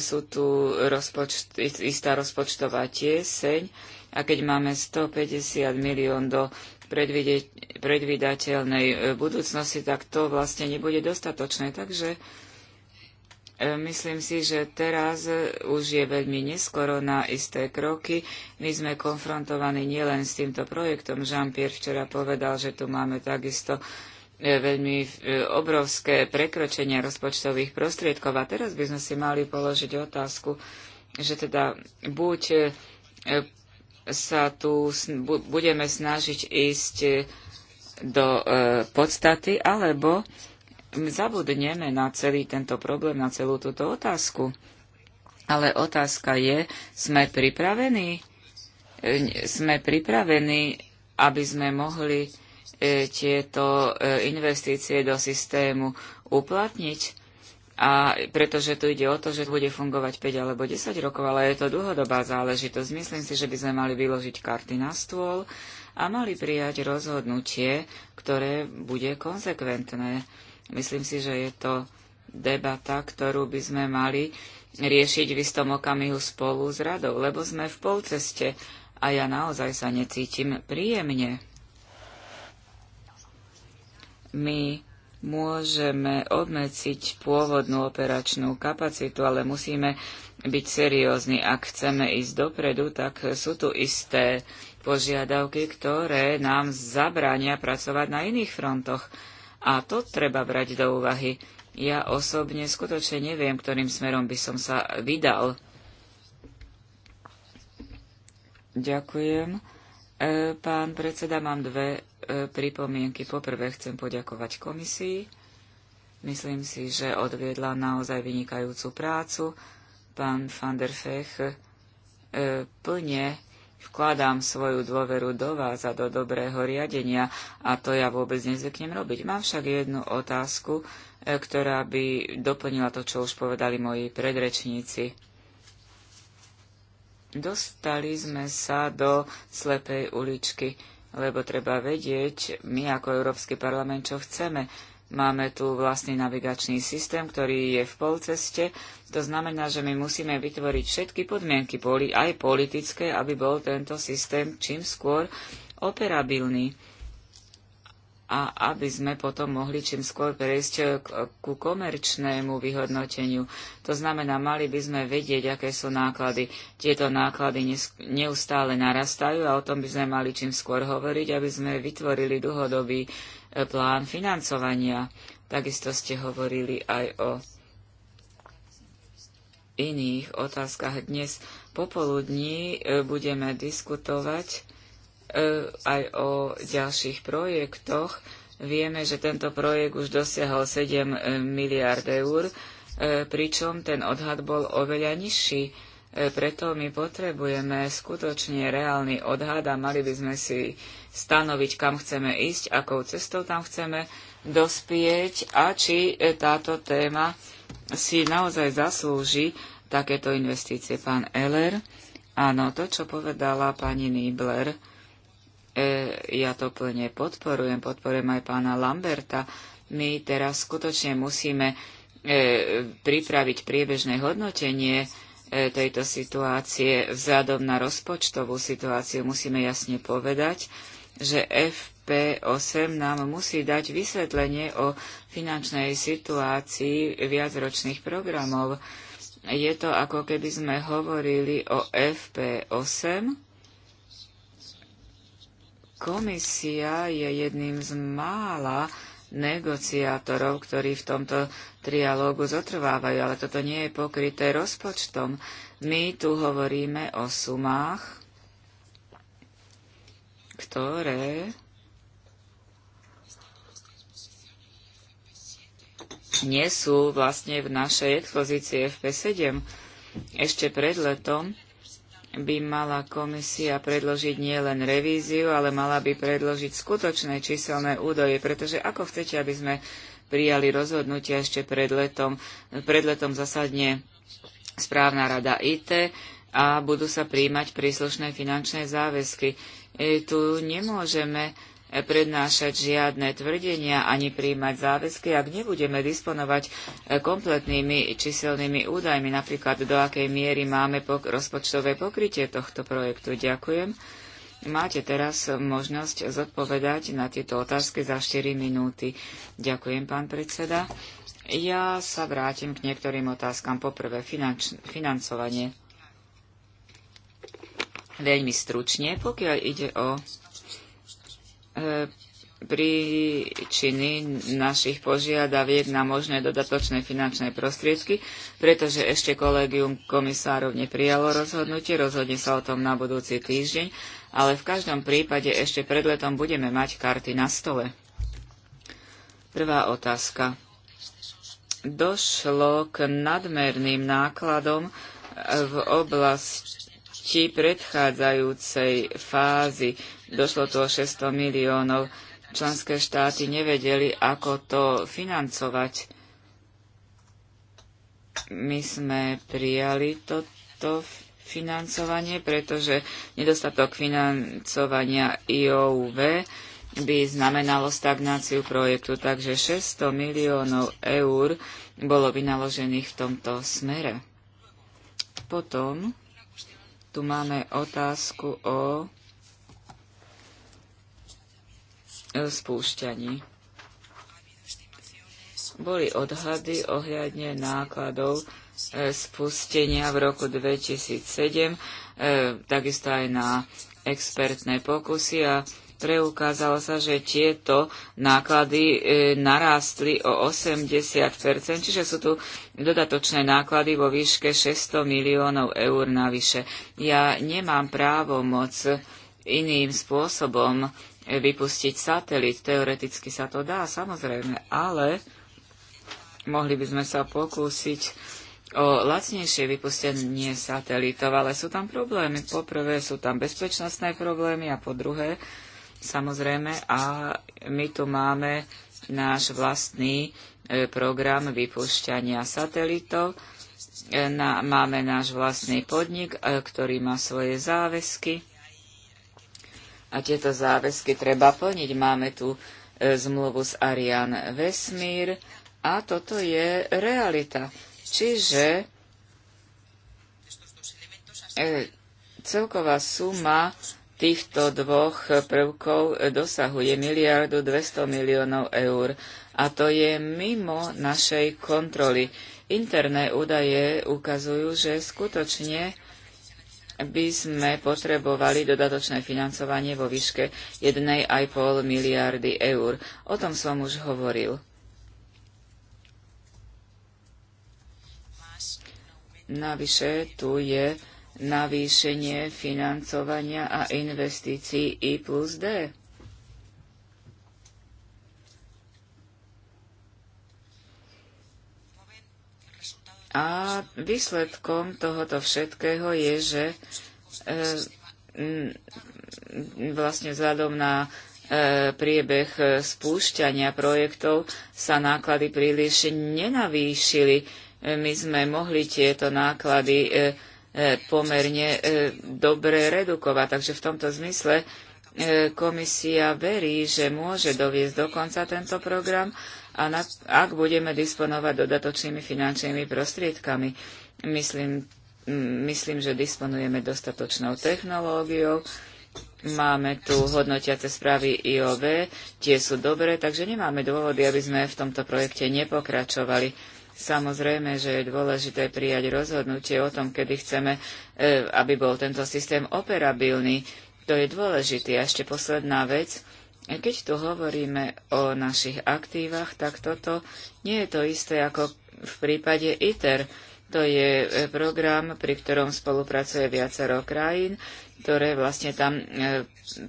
sú tu rozpočt, istá rozpočtová tieseň a keď máme 150 milión do predvídateľnej e, budúcnosti, tak to vlastne nebude dostatočné. Takže E, myslím si, že teraz e, už je veľmi neskoro na isté kroky. My sme konfrontovaní nielen s týmto projektom. Jean-Pierre včera povedal, že tu máme takisto e, veľmi obrovské prekročenia rozpočtových prostriedkov. A teraz by sme si mali položiť otázku, že teda buď sa tu budeme snažiť ísť do podstaty, alebo zabudneme na celý tento problém, na celú túto otázku. Ale otázka je, sme pripravení? E, sme pripravení, aby sme mohli e, tieto e, investície do systému uplatniť? A pretože tu ide o to, že bude fungovať 5 alebo 10 rokov, ale je to dlhodobá záležitosť. Myslím si, že by sme mali vyložiť karty na stôl a mali prijať rozhodnutie, ktoré bude konsekventné. Myslím si, že je to debata, ktorú by sme mali riešiť v istom okamihu spolu s radou, lebo sme v polceste a ja naozaj sa necítim príjemne. My môžeme obmedziť pôvodnú operačnú kapacitu, ale musíme byť seriózni. Ak chceme ísť dopredu, tak sú tu isté požiadavky, ktoré nám zabránia pracovať na iných frontoch. A to treba brať do úvahy. Ja osobne skutočne neviem, ktorým smerom by som sa vydal. Ďakujem. E, pán predseda, mám dve e, pripomienky. Poprvé chcem poďakovať komisii. Myslím si, že odviedla naozaj vynikajúcu prácu. Pán van der Fech e, plne Vkladám svoju dôveru do vás a do dobrého riadenia a to ja vôbec nezvyknem robiť. Mám však jednu otázku, e, ktorá by doplnila to, čo už povedali moji predrečníci. Dostali sme sa do slepej uličky, lebo treba vedieť my ako Európsky parlament, čo chceme Máme tu vlastný navigačný systém, ktorý je v polceste. To znamená, že my musíme vytvoriť všetky podmienky, boli aj politické, aby bol tento systém čím skôr operabilný a aby sme potom mohli čím skôr prejsť ku komerčnému vyhodnoteniu. To znamená, mali by sme vedieť, aké sú náklady. Tieto náklady neustále narastajú a o tom by sme mali čím skôr hovoriť, aby sme vytvorili dlhodobý plán financovania. Takisto ste hovorili aj o iných otázkach. Dnes popoludní e, budeme diskutovať e, aj o ďalších projektoch. Vieme, že tento projekt už dosiahol 7 e, miliard eur, pričom ten odhad bol oveľa nižší. Preto my potrebujeme skutočne reálny odhad a mali by sme si stanoviť, kam chceme ísť, akou cestou tam chceme dospieť a či e, táto téma si naozaj zaslúži takéto investície. Pán Eller, áno, to, čo povedala pani Nibler, e, ja to plne podporujem, podporujem aj pána Lamberta. My teraz skutočne musíme e, pripraviť priebežné hodnotenie e, tejto situácie vzhľadom na rozpočtovú situáciu musíme jasne povedať, že FP8 nám musí dať vysvetlenie o finančnej situácii viacročných programov. Je to ako keby sme hovorili o FP8. Komisia je jedným z mála negociátorov, ktorí v tomto trialógu zotrvávajú, ale toto nie je pokryté rozpočtom. My tu hovoríme o sumách, ktoré nie sú vlastne v našej expozícii FP7. Ešte pred letom by mala komisia predložiť nielen revíziu, ale mala by predložiť skutočné číselné údaje, pretože ako chcete, aby sme prijali rozhodnutia ešte pred letom. Pred letom zasadne správna rada IT a budú sa príjmať príslušné finančné záväzky. E, tu nemôžeme prednášať žiadne tvrdenia ani príjmať záväzky, ak nebudeme disponovať e, kompletnými číselnými údajmi, napríklad do akej miery máme pok- rozpočtové pokrytie tohto projektu. Ďakujem. Máte teraz možnosť zodpovedať na tieto otázky za 4 minúty. Ďakujem, pán predseda. Ja sa vrátim k niektorým otázkam. Poprvé, finanč- financovanie. Veľmi stručne, pokiaľ ide o e, príčiny našich požiadaviek na možné dodatočné finančné prostriedky, pretože ešte kolegium komisárov neprijalo rozhodnutie, rozhodne sa o tom na budúci týždeň, ale v každom prípade ešte pred letom budeme mať karty na stole. Prvá otázka. Došlo k nadmerným nákladom v oblasti časti predchádzajúcej fázy. Došlo tu o 600 miliónov. Členské štáty nevedeli, ako to financovať. My sme prijali toto financovanie, pretože nedostatok financovania IOV by znamenalo stagnáciu projektu, takže 600 miliónov eur bolo vynaložených v tomto smere. Potom tu máme otázku o spúšťaní. Boli odhady ohľadne nákladov e, spustenia v roku 2007, e, takisto aj na expertné pokusy a preukázalo sa, že tieto náklady e, narástli o 80%, čiže sú tu dodatočné náklady vo výške 600 miliónov eur navyše. Ja nemám právo moc iným spôsobom vypustiť satelit. Teoreticky sa to dá, samozrejme, ale mohli by sme sa pokúsiť o lacnejšie vypustenie satelitov, ale sú tam problémy. Po prvé sú tam bezpečnostné problémy a po druhé samozrejme, a my tu máme náš vlastný e, program vypúšťania satelitov. E, na, máme náš vlastný podnik, e, ktorý má svoje záväzky. A tieto záväzky treba plniť. Máme tu zmluvu s Arian Vesmír a toto je realita. Čiže celková suma týchto dvoch prvkov dosahuje miliardu 200 miliónov eur a to je mimo našej kontroly. Interné údaje ukazujú, že skutočne by sme potrebovali dodatočné financovanie vo výške 1,5 miliardy eur. O tom som už hovoril. Navyše tu je navýšenie financovania a investícií I plus D. A výsledkom tohoto všetkého je, že e, vlastne vzhľadom na e, priebeh spúšťania projektov sa náklady príliš nenavýšili. my sme mohli tieto náklady e, E, pomerne e, dobre redukovať. Takže v tomto zmysle e, komisia verí, že môže doviesť do konca tento program a na, ak budeme disponovať dodatočnými finančnými prostriedkami. Myslím, myslím, že disponujeme dostatočnou technológiou, máme tu hodnotiace správy IOV, tie sú dobré, takže nemáme dôvody, aby sme v tomto projekte nepokračovali. Samozrejme, že je dôležité prijať rozhodnutie o tom, kedy chceme, e, aby bol tento systém operabilný. To je dôležité. A ešte posledná vec. E, keď tu hovoríme o našich aktívach, tak toto nie je to isté ako v prípade ITER. To je e, program, pri ktorom spolupracuje viacero krajín, ktoré vlastne tam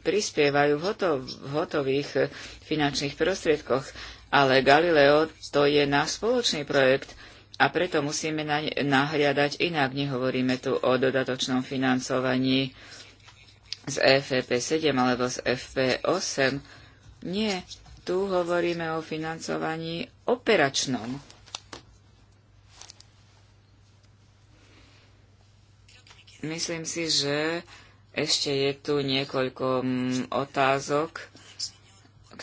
prispievajú v hotových finančných prostriedkoch. Ale Galileo to je náš spoločný projekt a preto musíme naň nahliadať inak. Nehovoríme tu o dodatočnom financovaní z FP7 alebo z FP8. Nie, tu hovoríme o financovaní operačnom. Myslím si, že ešte je tu niekoľko mm, otázok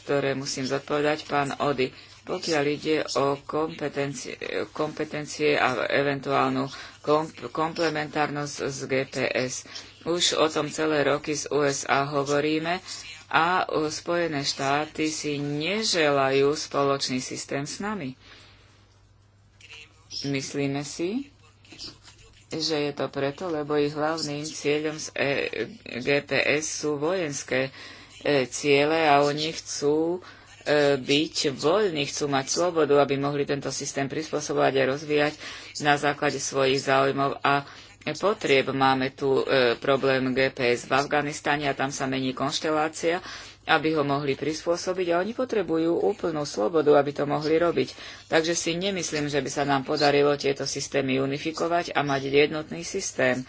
ktoré musím zodpovedať, pán Ody. Pokiaľ ide o kompetencie, kompetencie a eventuálnu komp- komplementárnosť z GPS, už o tom celé roky z USA hovoríme a Spojené štáty si neželajú spoločný systém s nami. Myslíme si, že je to preto, lebo ich hlavným cieľom z e- GPS sú vojenské E, ciele a oni chcú e, byť voľní, chcú mať slobodu, aby mohli tento systém prispôsobovať a rozvíjať na základe svojich záujmov a potrieb. Máme tu e, problém GPS v Afganistane a tam sa mení konštelácia aby ho mohli prispôsobiť a oni potrebujú úplnú slobodu, aby to mohli robiť. Takže si nemyslím, že by sa nám podarilo tieto systémy unifikovať a mať jednotný systém.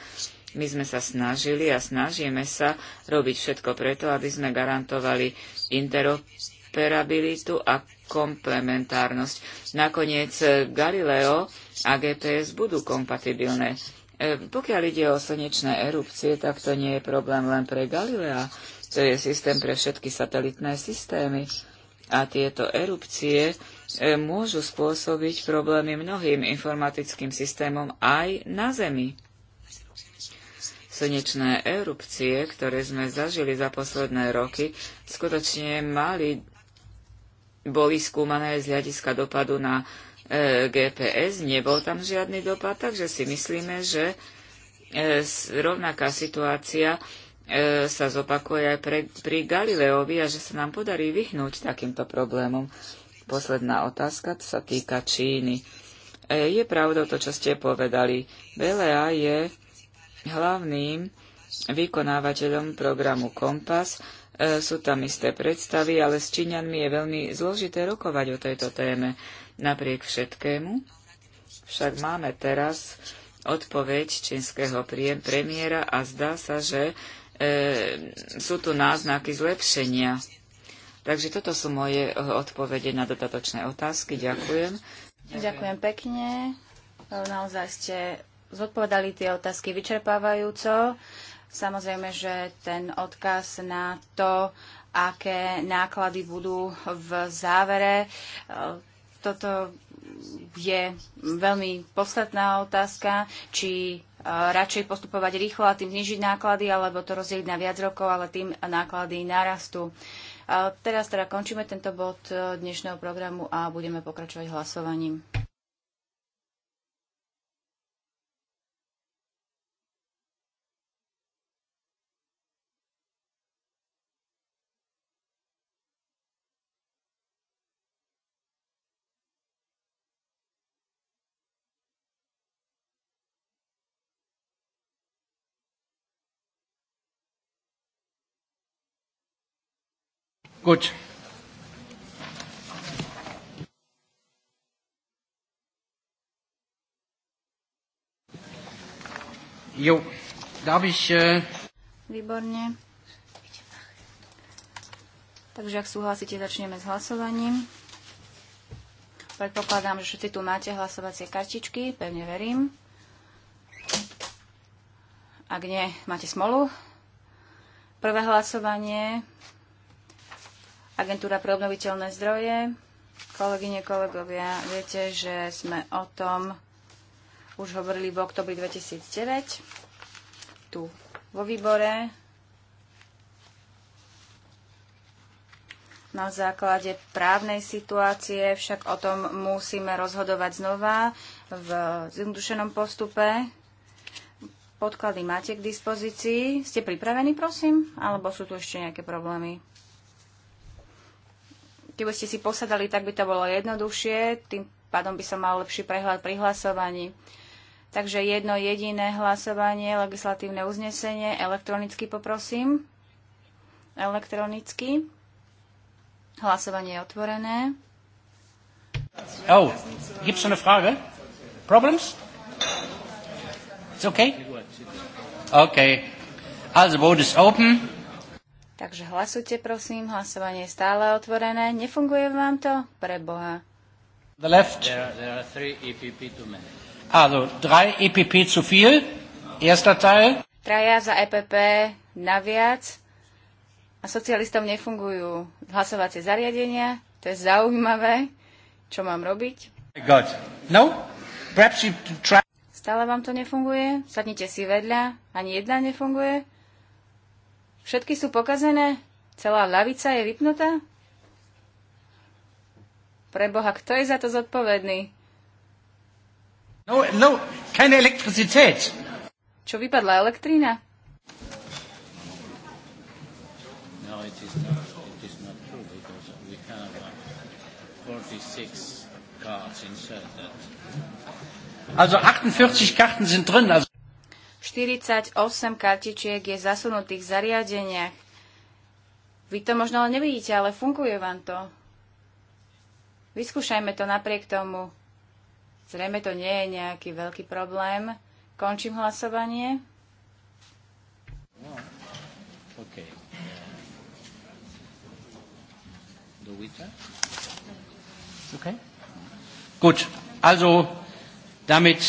My sme sa snažili a snažíme sa robiť všetko preto, aby sme garantovali interoperabilitu a komplementárnosť. Nakoniec eh, Galileo a GPS budú kompatibilné. Eh, pokiaľ ide o slnečné erupcie, tak to nie je problém len pre Galilea. To je systém pre všetky satelitné systémy. A tieto erupcie eh, môžu spôsobiť problémy mnohým informatickým systémom aj na Zemi slnečné erupcie, ktoré sme zažili za posledné roky, skutočne mali, boli skúmané z hľadiska dopadu na e, GPS, nebol tam žiadny dopad, takže si myslíme, že e, rovnaká situácia e, sa zopakuje aj pre, pri Galileovi a že sa nám podarí vyhnúť takýmto problémom. Posledná otázka sa týka Číny. E, je pravdou to, čo ste povedali. Belea je Hlavným vykonávateľom programu Kompas e, sú tam isté predstavy, ale s Číňanmi je veľmi zložité rokovať o tejto téme. Napriek všetkému však máme teraz odpoveď čínskeho premiéra a zdá sa, že e, sú tu náznaky zlepšenia. Takže toto sú moje e, odpovede na dodatočné otázky. Ďakujem. Ďakujem pekne. Naozaj ste zodpovedali tie otázky vyčerpávajúco. Samozrejme, že ten odkaz na to, aké náklady budú v závere, e, toto je veľmi podstatná otázka, či e, radšej postupovať rýchlo a tým znižiť náklady, alebo to rozdeliť na viac rokov, ale tým náklady narastú. A e, teraz teda končíme tento bod dnešného programu a budeme pokračovať hlasovaním. Gut. Jo, darf ich... Äh... Výborne. Takže ak súhlasíte, začneme s hlasovaním. Predpokladám, že všetci tu máte hlasovacie kartičky, pevne verím. Ak nie, máte smolu. Prvé hlasovanie Agentúra pre obnoviteľné zdroje. Kolegyne, kolegovia, viete, že sme o tom už hovorili v oktobri 2009 tu vo výbore na základe právnej situácie, však o tom musíme rozhodovať znova v zjednodušenom postupe. Podklady máte k dispozícii. Ste pripravení, prosím? Alebo sú tu ešte nejaké problémy? Keby ste si posadali, tak by to bolo jednoduchšie, tým pádom by som mal lepší prehľad pri hlasovaní. Takže jedno jediné hlasovanie, legislatívne uznesenie, elektronicky poprosím. Elektronicky. Hlasovanie je otvorené. Oh, gibt's eine Frage? Problems? It's okay? Okay. Also, vote is open. Takže hlasujte, prosím. Hlasovanie je stále otvorené. Nefunguje vám to? Pre Boha. The left. There are, there are three EPP too many. Also, drei EPP zu viel. Erster Teil. Traja za EPP naviac. A socialistom nefungujú hlasovacie zariadenia. To je zaujímavé. Čo mám robiť? God. No? Perhaps you try... Stále vám to nefunguje? Sadnite si vedľa. Ani jedna nefunguje? Všetky sú pokazené? Celá lavica je vypnutá? Preboha, kto je za to zodpovedný? No, no, keine Elektrizität. Čo vypadla elektrína? No, it is not, it is not true because we have 46 uh, cards inserted. Also 48 Karten sind drin. Also 48 kartičiek je zasunutých v zariadeniach. Vy to možno ale nevidíte, ale funguje vám to. Vyskúšajme to napriek tomu. Zrejme to nie je nejaký veľký problém. Končím hlasovanie. No. Okay. Do okay. Gut, also damit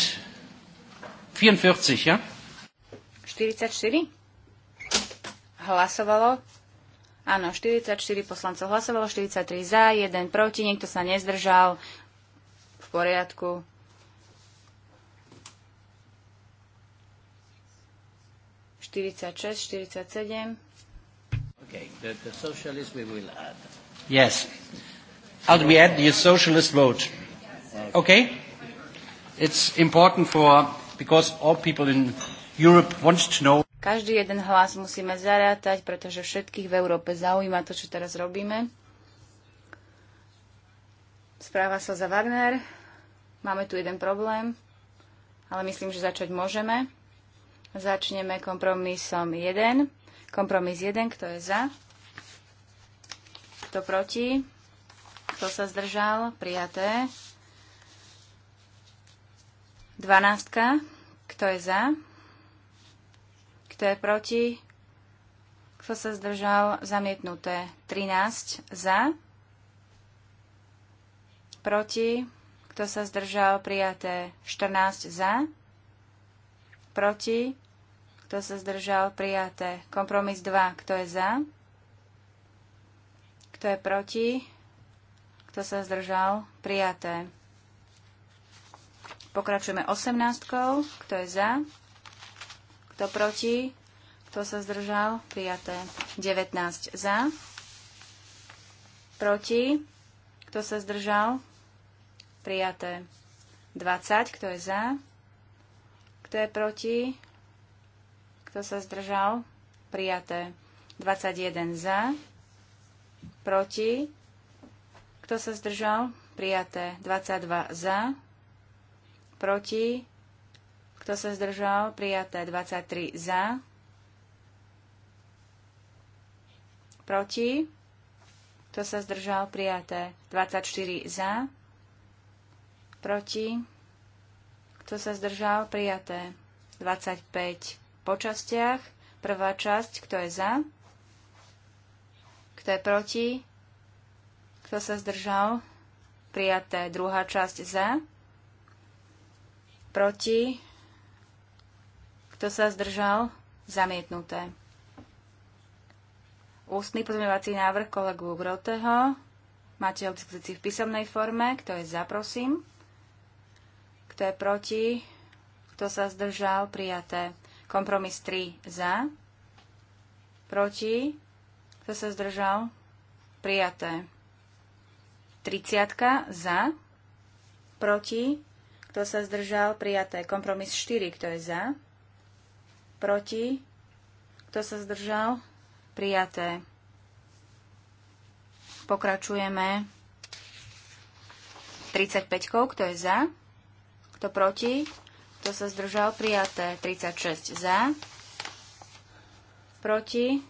44, ja? 44 hlasovalo. Áno, 44 poslancov hlasovalo, 43 za, 1 proti, niekto sa nezdržal. V poriadku. Štyridsaťšesť, Yes. add the socialist vote? Okay? It's important for, because all people in každý jeden hlas musíme zarátať, pretože všetkých v Európe zaujíma to, čo teraz robíme. Správa sa za Wagner. Máme tu jeden problém, ale myslím, že začať môžeme. Začneme kompromisom 1. Kompromis 1, kto je za? Kto proti? Kto sa zdržal? Prijaté. 12. Kto je za? Kto je proti? Kto sa zdržal? Zamietnuté. 13 za. Proti. Kto sa zdržal? Prijaté. 14 za. Proti. Kto sa zdržal? Prijaté. Kompromis 2. Kto je za? Kto je proti? Kto sa zdržal? Prijaté. Pokračujeme 18. Kto je za? Kto proti? Kto sa zdržal? Prijaté. 19 za. Proti? Kto sa zdržal? Prijaté. 20. Kto je za? Kto je proti? Kto sa zdržal? Prijaté. 21 za. Proti? Kto sa zdržal? Prijaté. 22 za. Proti? Kto sa zdržal? Prijaté 23 za. Proti? Kto sa zdržal? Prijaté 24 za. Proti? Kto sa zdržal? Prijaté 25 po častiach. Prvá časť, kto je za? Kto je proti? Kto sa zdržal? Prijaté druhá časť za. Proti? Kto sa zdržal? Zamietnuté. Ústny pozmeňovací návrh kolegu Groteho. Máte ho v písomnej forme. Kto je za, prosím? Kto je proti? Kto sa zdržal? Prijaté. Kompromis 3 za. Proti? Kto sa zdržal? Prijaté. 30 za. Proti? Kto sa zdržal? Prijaté. Kompromis 4. Kto je za? proti, kto sa zdržal, prijaté. Pokračujeme 35, kto je za, kto proti, kto sa zdržal, prijaté. 36 za, proti,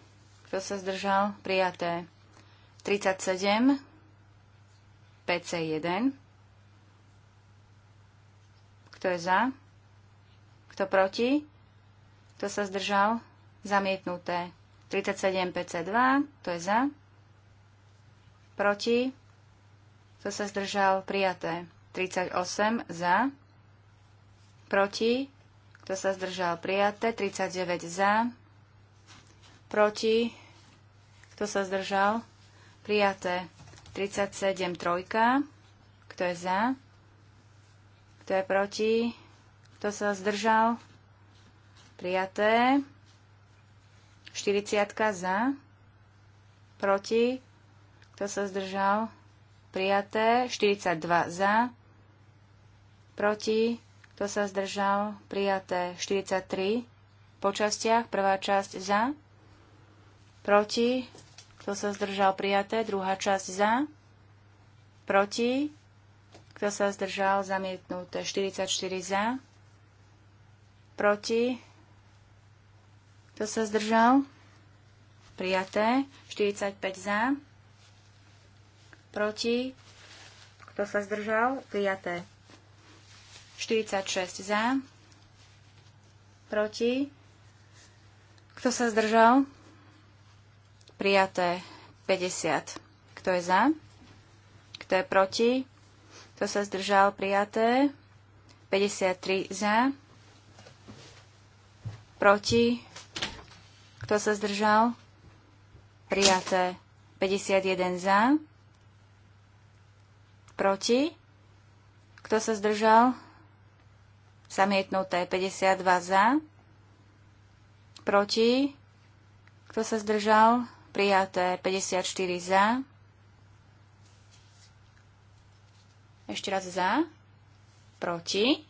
kto sa zdržal, prijaté. 37, PC1, kto je za, kto proti, kto sa zdržal? Zamietnuté. 37 PC2, to je za. Proti. Kto sa zdržal? Prijaté. 38 za. Proti. Kto sa zdržal? Prijaté. 39 za. Proti. Kto sa zdržal? Prijaté. 37 trojka. Kto je za? Kto je proti? Kto sa zdržal? Prijaté. 40 za. Proti. Kto sa zdržal? Prijaté. 42 za. Proti. Kto sa zdržal? Prijaté. 43. Po častiach. Prvá časť za. Proti. Kto sa zdržal? Prijaté. Druhá časť za. Proti. Kto sa zdržal? Zamietnuté. 44 za. Proti. Kto sa zdržal? Prijaté. 45 za. Proti. Kto sa zdržal? Prijaté. 46 za. Proti. Kto sa zdržal? Prijaté 50. Kto je za? Kto je proti? Kto sa zdržal? Prijaté 53 za. Proti. Kto sa zdržal? Prijaté. 51 za. Proti. Kto sa zdržal? Zamietnuté. 52 za. Proti. Kto sa zdržal? Prijaté. 54 za. Ešte raz za. Proti.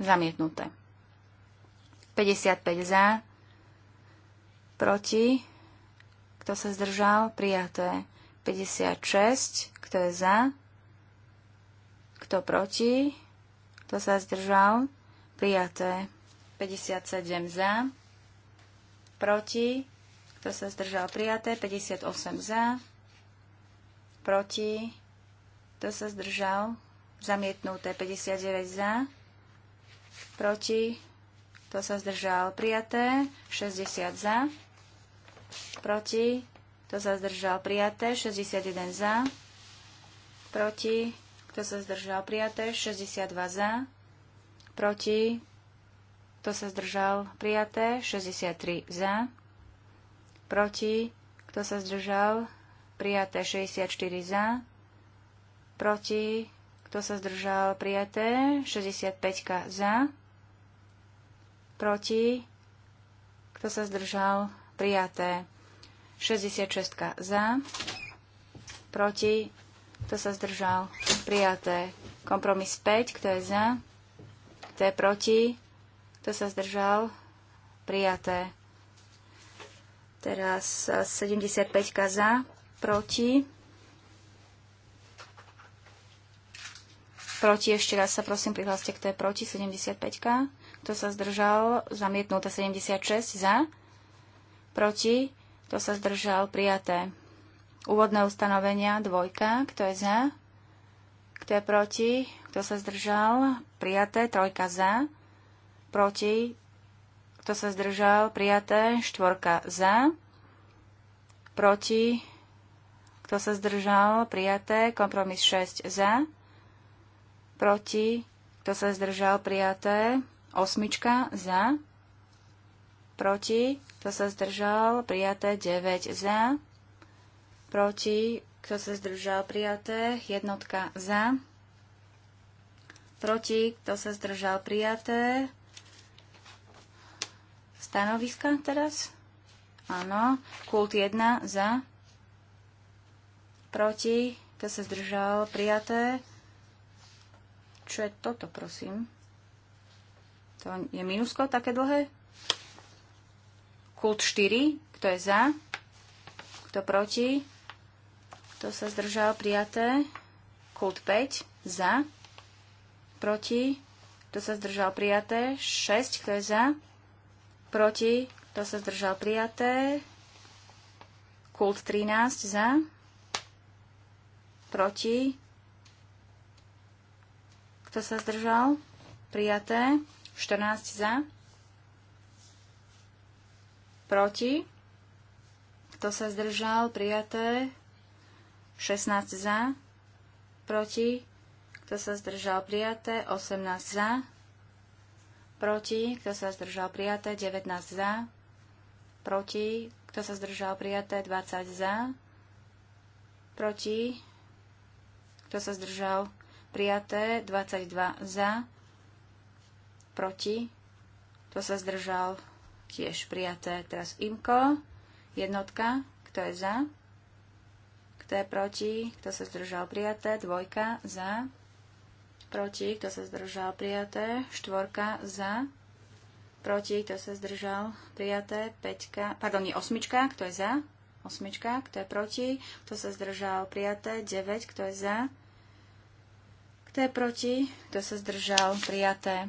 Zamietnuté. 55 za, proti, kto sa zdržal, prijaté. 56, kto je za, kto proti, kto sa zdržal, prijaté. 57 za, proti, kto sa zdržal, prijaté. 58 za, proti, kto sa zdržal, zamietnuté. 59 za, proti, kto sa zdržal prijaté, 60 za, proti, kto sa zdržal prijaté, 61 za, proti, kto sa zdržal prijaté, 62 za, proti, kto sa zdržal prijaté, 63 za, proti, kto sa zdržal prijaté, 64 za, proti, kto sa zdržal? Prijaté. 65 za. Proti. Kto sa zdržal? Prijaté. 66 za. Proti. Kto sa zdržal? Prijaté. Kompromis 5. Kto je za? Kto je proti? Kto sa zdržal? Prijaté. Teraz 75 eh, za. Proti. Proti ešte raz sa prosím prihláste, kto je proti 75. Kto sa zdržal? Zamietnuté 76 za. Proti? Kto sa zdržal? Prijaté. Úvodné ustanovenia dvojka. Kto je za? Kto je proti? Kto sa zdržal? Prijaté. Trojka za. Proti? Kto sa zdržal? Prijaté. Štvorka za. Proti? Kto sa zdržal? Prijaté. Kompromis 6 za proti, kto sa zdržal prijaté, osmička za, proti, kto sa zdržal prijaté, 9 za, proti, kto sa zdržal prijaté, jednotka za, proti, kto sa zdržal prijaté, stanoviska teraz, áno, kult 1 za, proti, kto sa zdržal prijaté, čo je toto, prosím? To je minusko také dlhé? Kult 4. Kto je za? Kto proti? Kto sa zdržal? Prijaté. Kult 5. Za. Proti. Kto sa zdržal? Prijaté. 6. Kto je za? Proti. Kto sa zdržal? Prijaté. Kult 13. Za. Proti. Kto sa zdržal? Prijaté. 14 za. Proti. Kto sa zdržal? Prijaté. 16 za. Proti. Kto sa zdržal? Prijaté. 18 za. Proti. Kto sa zdržal? Prijaté. 19 za. Proti. Kto sa zdržal? Prijaté. 20 za. Proti. Kto sa zdržal? prijaté, 22 za, proti, kto sa zdržal, tiež prijaté. Teraz imko, jednotka, kto je za, kto je proti, kto sa zdržal, prijaté, dvojka, za, proti, kto sa zdržal, prijaté, štvorka, za, proti, kto sa zdržal, prijaté, peťka, pardon, nie, osmička, kto je za, osmička, kto je proti, kto sa zdržal, prijaté, 9, kto je za, kto je proti? Kto sa zdržal? Prijaté.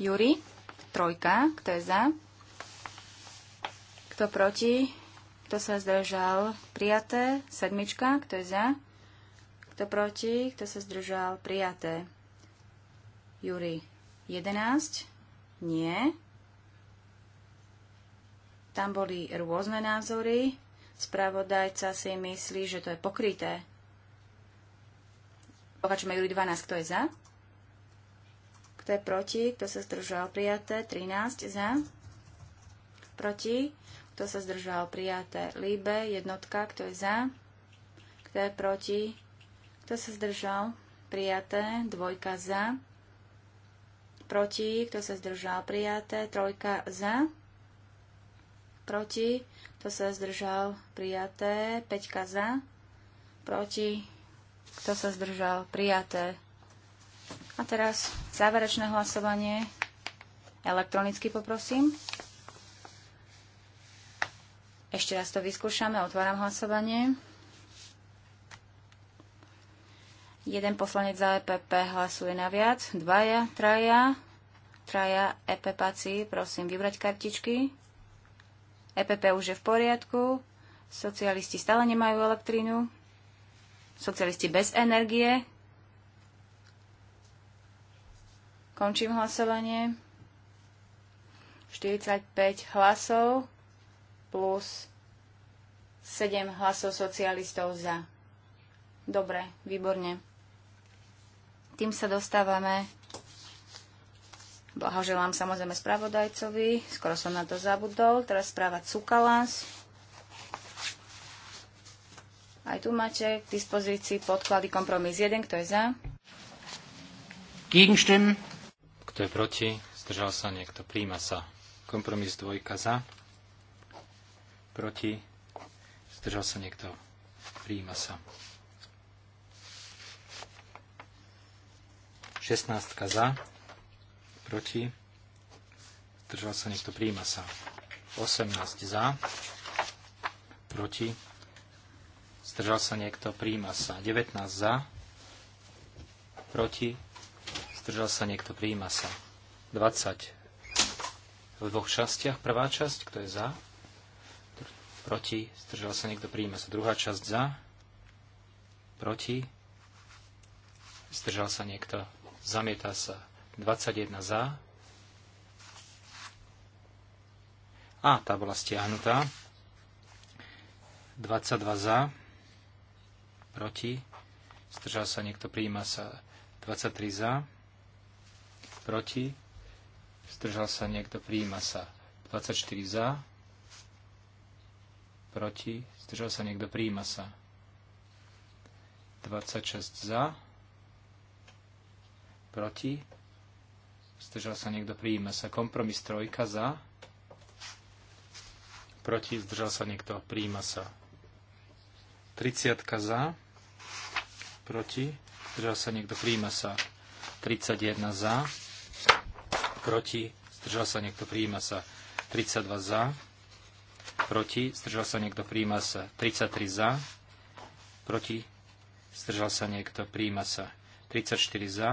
Juri. Trojka. Kto je za? Kto proti? Kto sa zdržal? Prijaté. Sedmička. Kto je za? Kto proti? Kto sa zdržal? Prijaté. Juri. 11. Nie. Tam boli rôzne názory. Spravodajca si myslí, že to je pokryté. Pokračujeme Júri 12. Kto je za? Kto je proti? Kto sa zdržal? Prijaté. 13. Za? Proti? Kto sa zdržal? Prijaté. Líbe. Jednotka. Kto je za? Kto je proti? Kto sa zdržal? Prijaté. Dvojka za. Proti. Kto sa zdržal? Prijaté. Trojka za. Proti. Kto sa zdržal? Prijaté. Peťka za. Proti. Kto sa zdržal? Prijaté. A teraz záverečné hlasovanie. Elektronicky poprosím. Ešte raz to vyskúšame. Otváram hlasovanie. Jeden poslanec za EPP hlasuje naviac. Dvaja, traja. Traja EPPáci, prosím vybrať kartičky. EPP už je v poriadku. Socialisti stále nemajú elektrínu. Socialisti bez energie. Končím hlasovanie. 45 hlasov plus 7 hlasov socialistov za. Dobre, výborne. Tým sa dostávame. Blahoželám samozrejme spravodajcovi. Skoro som na to zabudol. Teraz správa Cukalans. Aj tu máte k dispozícii podklady kompromis 1, kto je za. Gegenstimmen. Kto je proti? Zdržal sa niekto. Príjma sa. Kompromis 2 za. Proti. Zdržal sa niekto. Príjma sa. 16 za. Proti. Zdržal sa niekto. Príjma sa. 18 za. Proti Zdržal sa niekto? Príjma sa. 19 za. Proti. Zdržal sa niekto? Príjma sa. 20 v dvoch častiach. Prvá časť, kto je za? Proti. Zdržal sa niekto? Príjma sa. Druhá časť za. Proti. Zdržal sa niekto? Zamieta sa. 21 za. A, tá bola stiahnutá. 22 za proti, zdržal sa niekto, prijíma sa 23 za, proti, zdržal sa niekto, prijíma sa 24 za, proti, zdržal sa niekto, prijíma sa 26 za, proti, zdržal sa niekto, prijíma sa kompromis 3 za, proti, zdržal sa niekto, prijíma sa 30 za, proti, zdržal sa niekto, príjma sa 31 za, proti, zdržal sa niekto, príjma sa 32 za, proti, zdržal sa niekto, príjma sa 33 za, proti, zdržal sa niekto, príjma sa 34 za,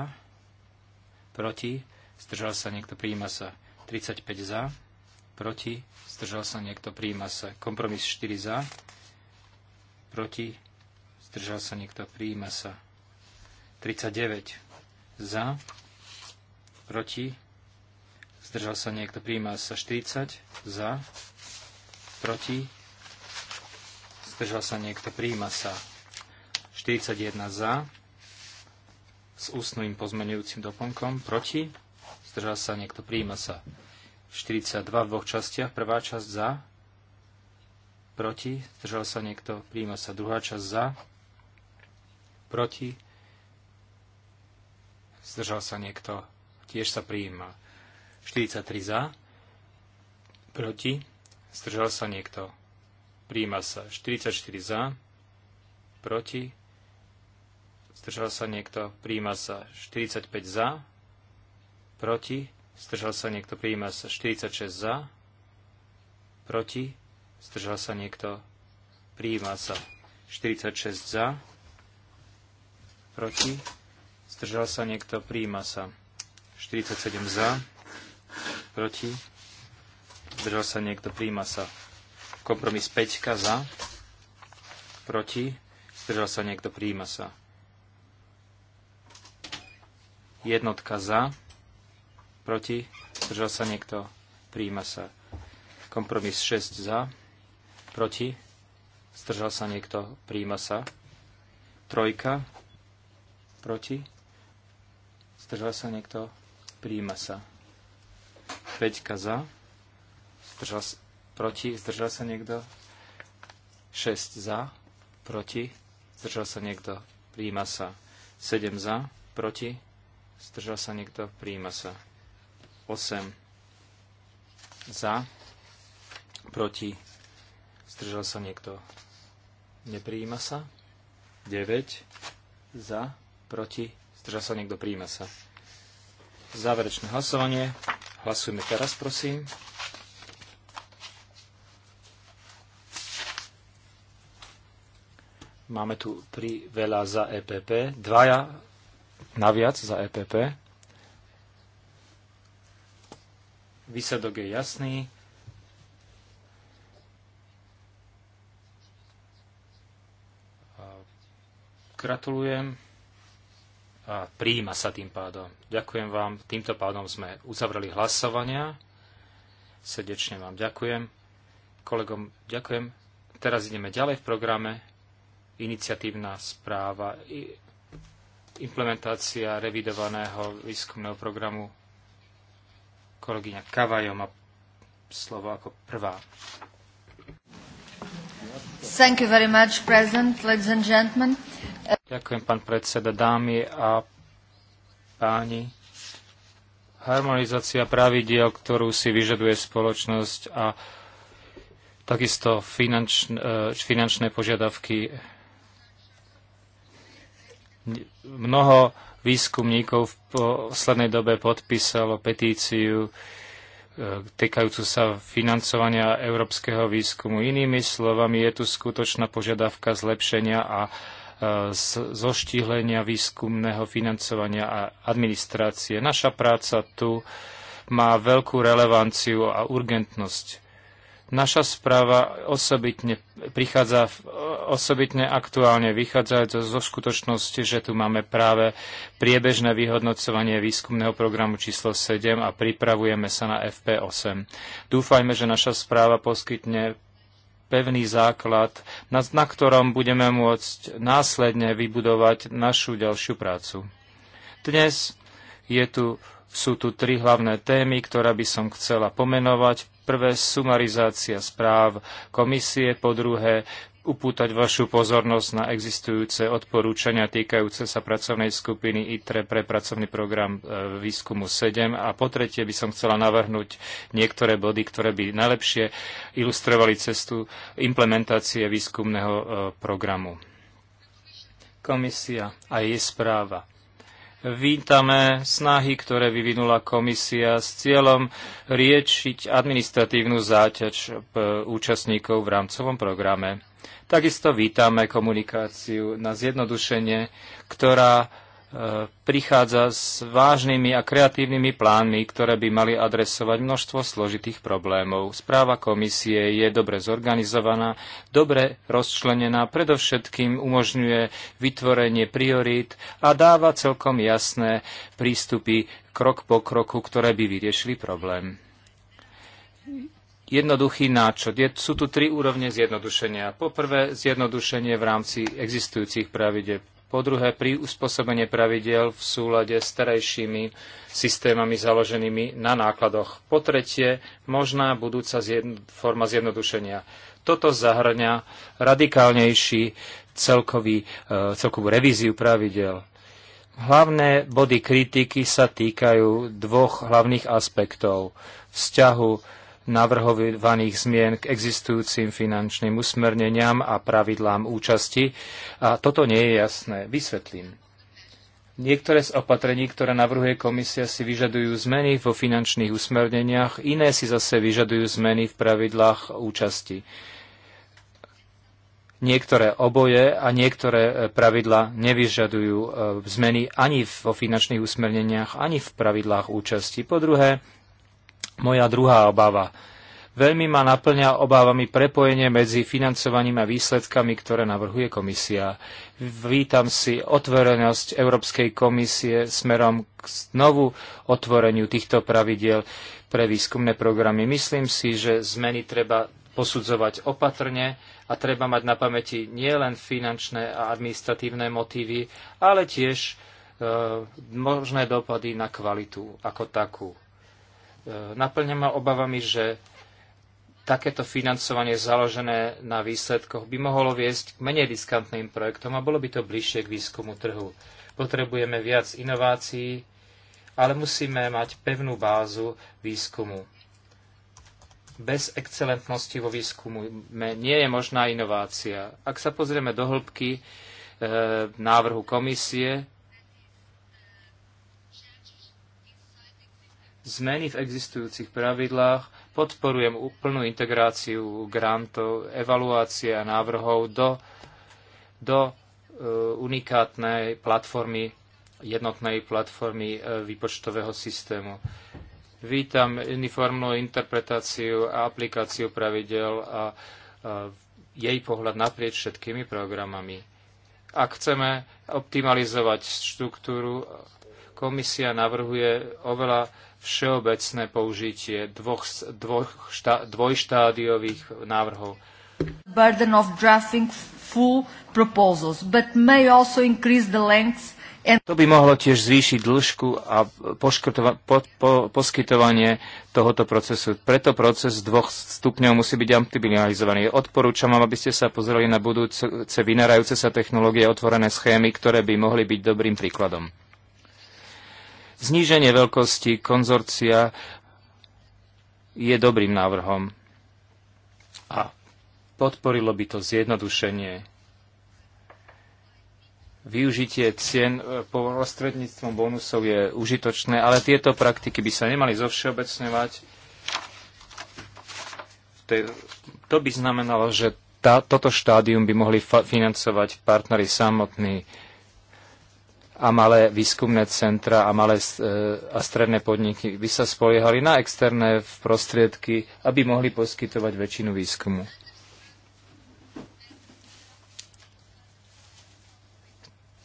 proti, zdržal sa niekto, príjma sa 35 za, proti, zdržal sa niekto, príjma sa kompromis 4 za, proti, Zdržal sa niekto? Prijíma sa. 39 za. Proti. Zdržal sa niekto? Prijíma sa. 40 za. Proti. Zdržal sa niekto? Prijíma sa. 41 za. S ústnym pozmenujúcim doplnkom. Proti. Zdržal sa niekto? Prijíma sa. 42 v dvoch častiach. Prvá časť za proti, zdržal sa niekto, príjma sa druhá časť za, proti, zdržal sa niekto, tiež sa prijíma. 43 za, proti, zdržal sa niekto, prijíma sa. 44 za, proti, zdržal sa niekto, prijíma sa. 45 za, proti, zdržal sa niekto, prijíma sa. 46 za, proti, zdržal sa niekto, prijíma sa. 46 za, proti, zdržal sa niekto, príjima sa. 47 za, proti, zdržal sa niekto, príjima sa. Kompromis 5 za, proti, zdržal sa niekto, príjima sa. Jednotka za, proti, zdržal sa niekto, príjima sa. Kompromis 6 za, proti, zdržal sa niekto, príjima sa. Trojka Proti? Zdržal sa niekto? Príjima sa. 5 za. Zdržal sa. Proti? Zdržal sa niekto? 6 za. Proti? Zdržal sa niekto? Príjima sa. 7 za. Proti? Zdržal sa niekto? Príjima sa. 8 za. Proti? Zdržal sa niekto? Nepríjima sa. 9 za proti, zdržal sa niekto, Príjme sa. Záverečné hlasovanie. Hlasujme teraz, prosím. Máme tu pri veľa za EPP. Dvaja naviac za EPP. Výsledok je jasný. Gratulujem a prijíma sa tým pádom. Ďakujem vám. Týmto pádom sme uzavreli hlasovania. Srdečne vám ďakujem. Kolegom ďakujem. Teraz ideme ďalej v programe. Iniciatívna správa implementácia revidovaného výskumného programu kolegyňa Kavajo má slovo ako prvá. Thank you very much, President, ladies and gentlemen. Ďakujem, pán predseda, dámy a páni. Harmonizácia pravidiel, ktorú si vyžaduje spoločnosť a takisto finančn, e, finančné požiadavky. Mnoho výskumníkov v poslednej dobe podpísalo petíciu e, týkajúcu sa financovania európskeho výskumu. Inými slovami, je tu skutočná požiadavka zlepšenia a zoštíhlenia výskumného financovania a administrácie. Naša práca tu má veľkú relevanciu a urgentnosť. Naša správa osobitne prichádza osobitne aktuálne vychádza zo skutočnosti, že tu máme práve priebežné vyhodnocovanie výskumného programu číslo 7 a pripravujeme sa na FP8. Dúfajme, že naša správa poskytne pevný základ, na, na ktorom budeme môcť následne vybudovať našu ďalšiu prácu. Dnes je tu, sú tu tri hlavné témy, ktoré by som chcela pomenovať. Prvé sumarizácia správ komisie, po druhé upútať vašu pozornosť na existujúce odporúčania týkajúce sa pracovnej skupiny ITRE pre pracovný program e, výskumu 7 a po tretie by som chcela navrhnúť niektoré body, ktoré by najlepšie ilustrovali cestu implementácie výskumného e, programu. Komisia a jej správa vítame snahy, ktoré vyvinula komisia s cieľom riešiť administratívnu záťaž e, účastníkov v rámcovom programe. Takisto vítame komunikáciu na zjednodušenie, ktorá e, prichádza s vážnymi a kreatívnymi plánmi, ktoré by mali adresovať množstvo složitých problémov. Správa komisie je dobre zorganizovaná, dobre rozčlenená, predovšetkým umožňuje vytvorenie priorít a dáva celkom jasné prístupy krok po kroku, ktoré by vyriešili problém jednoduchý náčod. Je, sú tu tri úrovne zjednodušenia. Poprvé, zjednodušenie v rámci existujúcich pravidel. Po druhé, pri uspôsobenie pravidel v súlade s terajšími systémami založenými na nákladoch. Po tretie, možná budúca zjedn- forma zjednodušenia. Toto zahrňa radikálnejší celkový, e, celkovú revíziu pravidel. Hlavné body kritiky sa týkajú dvoch hlavných aspektov. Vzťahu navrhovaných zmien k existujúcim finančným usmerneniam a pravidlám účasti. A toto nie je jasné. Vysvetlím. Niektoré z opatrení, ktoré navrhuje komisia, si vyžadujú zmeny vo finančných usmerneniach, iné si zase vyžadujú zmeny v pravidlách účasti. Niektoré oboje a niektoré e, pravidla nevyžadujú e, zmeny ani vo finančných usmerneniach, ani v pravidlách účasti. Po druhé, moja druhá obava. Veľmi ma naplňa obávami prepojenie medzi financovaním a výsledkami, ktoré navrhuje komisia. Vítam si otvorenosť Európskej komisie smerom k znovu otvoreniu týchto pravidiel pre výskumné programy. Myslím si, že zmeny treba posudzovať opatrne a treba mať na pamäti nielen finančné a administratívne motívy, ale tiež e, možné dopady na kvalitu ako takú Naplňa ma obavami, že takéto financovanie založené na výsledkoch by mohlo viesť k menej diskantným projektom a bolo by to bližšie k výskumu trhu. Potrebujeme viac inovácií, ale musíme mať pevnú bázu výskumu. Bez excelentnosti vo výskumu nie je možná inovácia. Ak sa pozrieme do hĺbky e, návrhu komisie, zmeny v existujúcich pravidlách, podporujem úplnú integráciu grantov, evaluácie a návrhov do, do e, unikátnej platformy, jednotnej platformy e, výpočtového systému. Vítam uniformnú interpretáciu a aplikáciu pravidel a jej pohľad naprieč všetkými programami. Ak chceme optimalizovať štruktúru Komisia navrhuje oveľa všeobecné použitie dvoch, dvoch šta, dvojštádiových návrhov. Burden of drafting full proposals, but may also increase the length and... to by mohlo tiež zvýšiť dĺžku a po- po- poskytovanie tohoto procesu. Preto proces dvoch stupňov musí byť amplibilizovaný. Odporúčam vám, aby ste sa pozreli na budúce vynárajúce sa technológie otvorené schémy, ktoré by mohli byť dobrým príkladom. Zníženie veľkosti konzorcia je dobrým návrhom a podporilo by to zjednodušenie využitie cien e, prostredníctvom bonusov je užitočné, ale tieto praktiky by sa nemali zovšeobecňovať. To by znamenalo, že tá, toto štádium by mohli financovať partnery samotní a malé výskumné centra a malé e, a stredné podniky by sa spoliehali na externé prostriedky, aby mohli poskytovať väčšinu výskumu.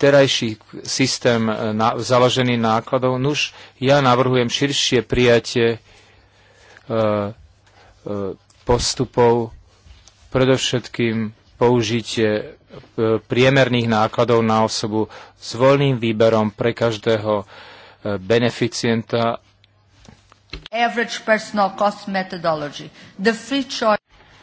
terajší systém e, na, založený nákladov. Nuž, ja navrhujem širšie prijatie e, e, postupov, predovšetkým použitie e, priemerných nákladov na osobu s voľným výberom pre každého e, beneficienta.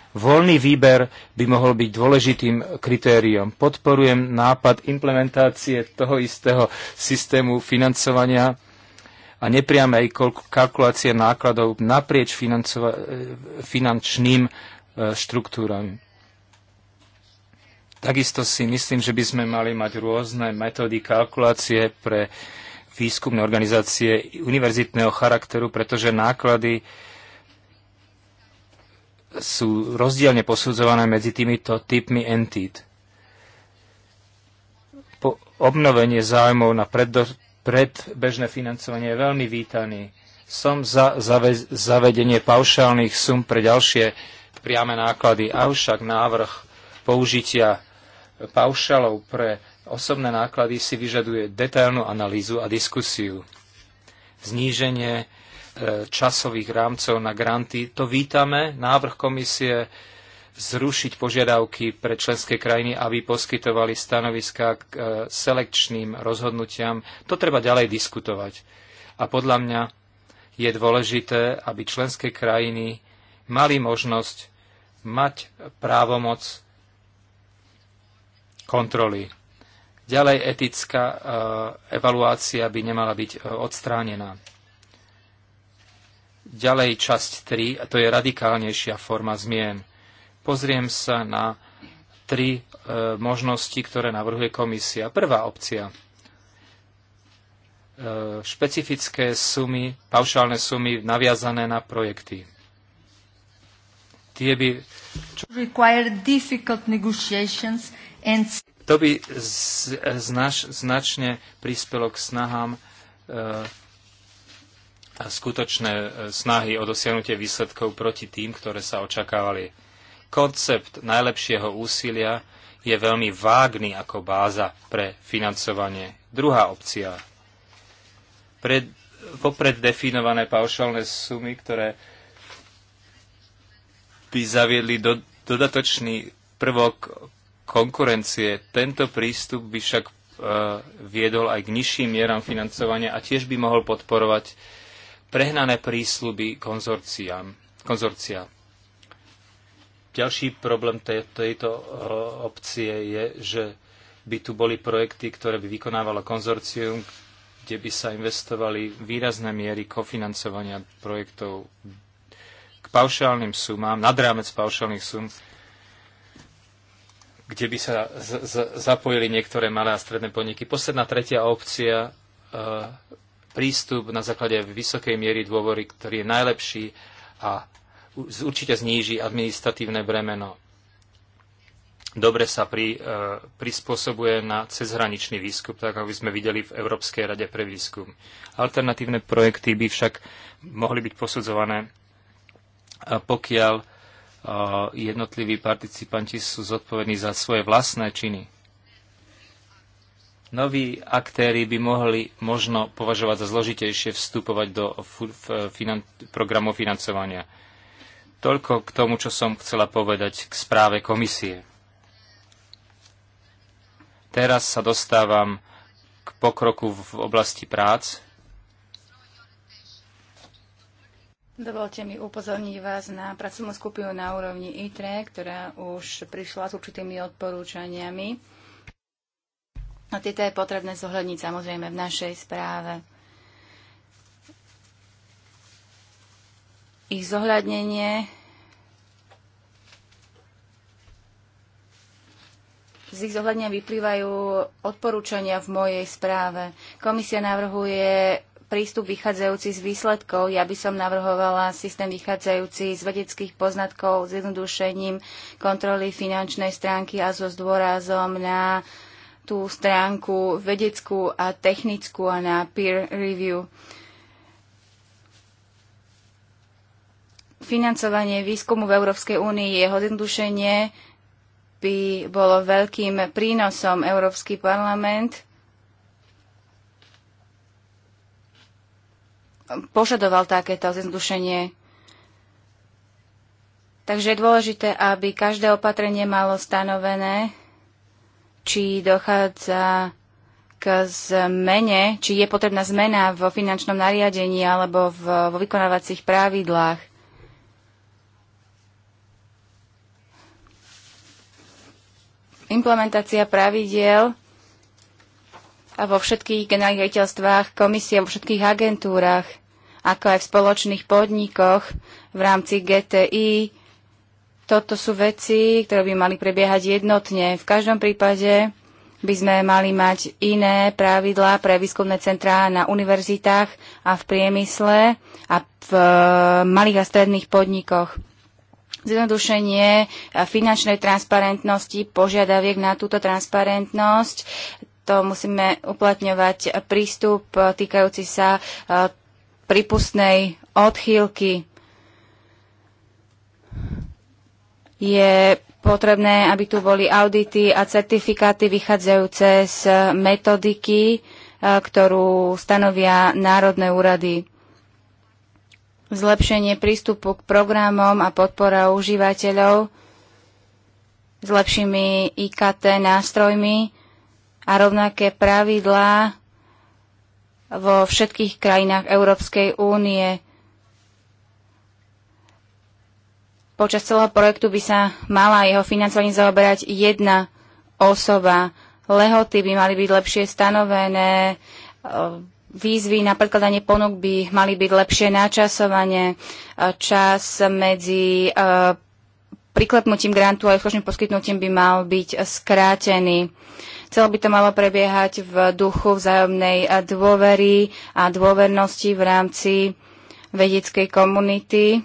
Voľný výber by mohol byť dôležitým kritériom. Podporujem nápad implementácie toho istého systému financovania a nepriamej kalkulácie nákladov naprieč e, finančným štruktúram. Takisto si myslím, že by sme mali mať rôzne metódy kalkulácie pre výskumné organizácie univerzitného charakteru, pretože náklady sú rozdielne posudzované medzi týmito typmi entít. Po obnovenie zájmov na preddo, predbežné financovanie je veľmi vítaný. Som za zavedenie paušálnych sum pre ďalšie priame náklady, avšak návrh použitia paušalov pre osobné náklady si vyžaduje detailnú analýzu a diskusiu. Zníženie e, časových rámcov na granty, to vítame. Návrh komisie zrušiť požiadavky pre členské krajiny, aby poskytovali stanoviska k e, selekčným rozhodnutiam. To treba ďalej diskutovať. A podľa mňa je dôležité, aby členské krajiny mali možnosť mať právomoc kontroly. Ďalej etická e, evaluácia by nemala byť e, odstránená. Ďalej časť 3, a to je radikálnejšia forma zmien. Pozriem sa na tri e, možnosti, ktoré navrhuje komisia. Prvá opcia. špecifické sumy, paušálne sumy naviazané na projekty. Tie by... Require difficult negotiations to by znač, značne prispelo k snahám e, a skutočné eh, snahy o dosiahnutie výsledkov proti tým, ktoré sa očakávali. Koncept najlepšieho úsilia je veľmi vágny ako báza pre financovanie. Druhá opcia. Pred, popred definované paušálne sumy, ktoré by zaviedli do, dodatočný prvok konkurencie. Tento prístup by však e, viedol aj k nižším mieram financovania a tiež by mohol podporovať prehnané prísľuby konzorcia. Ďalší problém tejto e, opcie je, že by tu boli projekty, ktoré by vykonávalo konzorcium, kde by sa investovali výrazné miery kofinancovania projektov k paušálnym sumám, nad rámec paušálnych sum, kde by sa z, z, zapojili niektoré malé a stredné podniky. Posledná tretia opcia, e, prístup na základe vysokej miery dôvory, ktorý je najlepší a určite zníži administratívne bremeno. Dobre sa pri, e, prispôsobuje na cezhraničný výskum, tak ako sme videli v Európskej rade pre výskum. Alternatívne projekty by však mohli byť posudzované, e, pokiaľ jednotliví participanti sú zodpovední za svoje vlastné činy. Noví aktéry by mohli možno považovať za zložitejšie vstupovať do finan- programov financovania. Toľko k tomu, čo som chcela povedať k správe komisie. Teraz sa dostávam k pokroku v oblasti prác. Dovolte mi upozorniť vás na pracovnú skupinu na úrovni ITRE, ktorá už prišla s určitými odporúčaniami. A tieto je potrebné zohľadniť samozrejme v našej správe. Ich zohľadnenie Z ich zohľadnia vyplývajú odporúčania v mojej správe. Komisia navrhuje prístup vychádzajúci z výsledkov. Ja by som navrhovala systém vychádzajúci z vedeckých poznatkov, s jednodušením kontroly finančnej stránky a so zdôrazom na tú stránku vedeckú a technickú a na peer review. Financovanie výskumu v Európskej únii, jeho zjednodušenie by bolo veľkým prínosom Európsky parlament požadoval takéto zjednodušenie. Takže je dôležité, aby každé opatrenie malo stanovené, či dochádza k zmene, či je potrebná zmena vo finančnom nariadení alebo v, vo vykonávacích pravidlách. Implementácia pravidiel vo všetkých generálnych komisie, vo všetkých agentúrach, ako aj v spoločných podnikoch v rámci GTI. Toto sú veci, ktoré by mali prebiehať jednotne. V každom prípade by sme mali mať iné pravidlá pre výskumné centrá na univerzitách a v priemysle a v e, malých a stredných podnikoch. Zjednodušenie e, finančnej transparentnosti, požiadaviek na túto transparentnosť, takisto musíme uplatňovať prístup týkajúci sa e, prípustnej odchýlky. Je potrebné, aby tu boli audity a certifikáty vychádzajúce z metodiky, e, ktorú stanovia národné úrady zlepšenie prístupu k programom a podpora užívateľov s lepšími IKT nástrojmi a rovnaké pravidlá vo všetkých krajinách Európskej únie. Počas celého projektu by sa mala jeho financovanie zaoberať jedna osoba. Lehoty by mali byť lepšie stanovené, výzvy na predkladanie ponúk by mali byť lepšie načasovanie, čas medzi e, priklepnutím grantu a jeho poskytnutím by mal byť skrátený. Celé by to malo prebiehať v duchu vzájomnej dôvery a dôvernosti v rámci vedeckej komunity.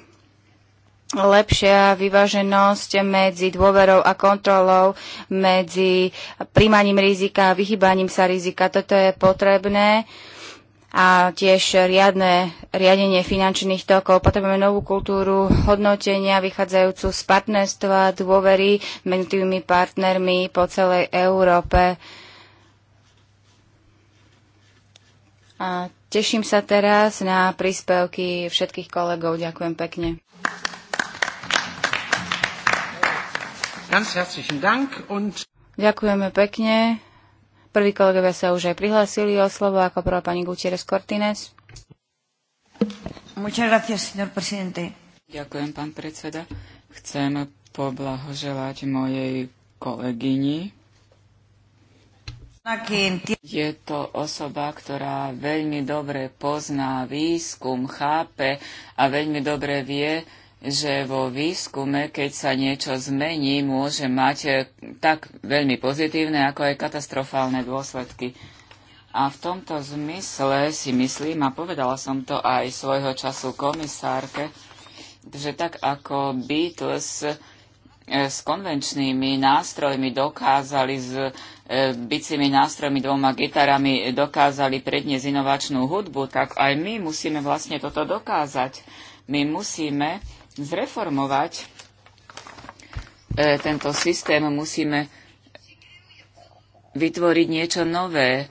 Lepšia vyváženosť medzi dôverou a kontrolou, medzi príjmaním rizika a vyhybaním sa rizika. Toto je potrebné a tiež riadne riadenie finančných tokov. Potrebujeme novú kultúru hodnotenia vychádzajúcu z partnerstva, dôvery medzi tými partnermi po celej Európe. A teším sa teraz na príspevky všetkých kolegov. Ďakujem pekne. Ďakujeme pekne. Prví kolegovia sa už aj prihlásili o slovo, ako prvá pani Gutierrez Cortines. Gracias, Ďakujem, pán predseda. Chcem poblahoželať mojej kolegyni. Je to osoba, ktorá veľmi dobre pozná výskum, chápe a veľmi dobre vie, že vo výskume, keď sa niečo zmení, môže mať eh, tak veľmi pozitívne, ako aj katastrofálne dôsledky. A v tomto zmysle si myslím, a povedala som to aj svojho času komisárke, že tak ako Beatles eh, s konvenčnými nástrojmi dokázali s eh, bicími nástrojmi, dvoma gitarami dokázali predniesť inovačnú hudbu, tak aj my musíme vlastne toto dokázať. My musíme zreformovať e, tento systém, musíme vytvoriť niečo nové.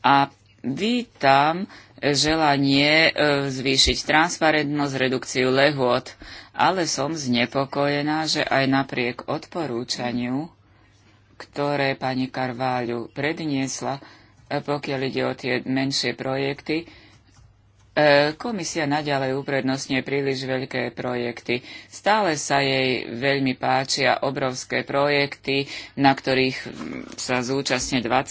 A vítam želanie e, zvýšiť transparentnosť, redukciu lehôd, ale som znepokojená, že aj napriek odporúčaniu, ktoré pani Karváľu predniesla, e, pokiaľ ide o tie menšie projekty, E, komisia naďalej uprednostňuje príliš veľké projekty. Stále sa jej veľmi páčia obrovské projekty, na ktorých sa zúčastne 20-25 e,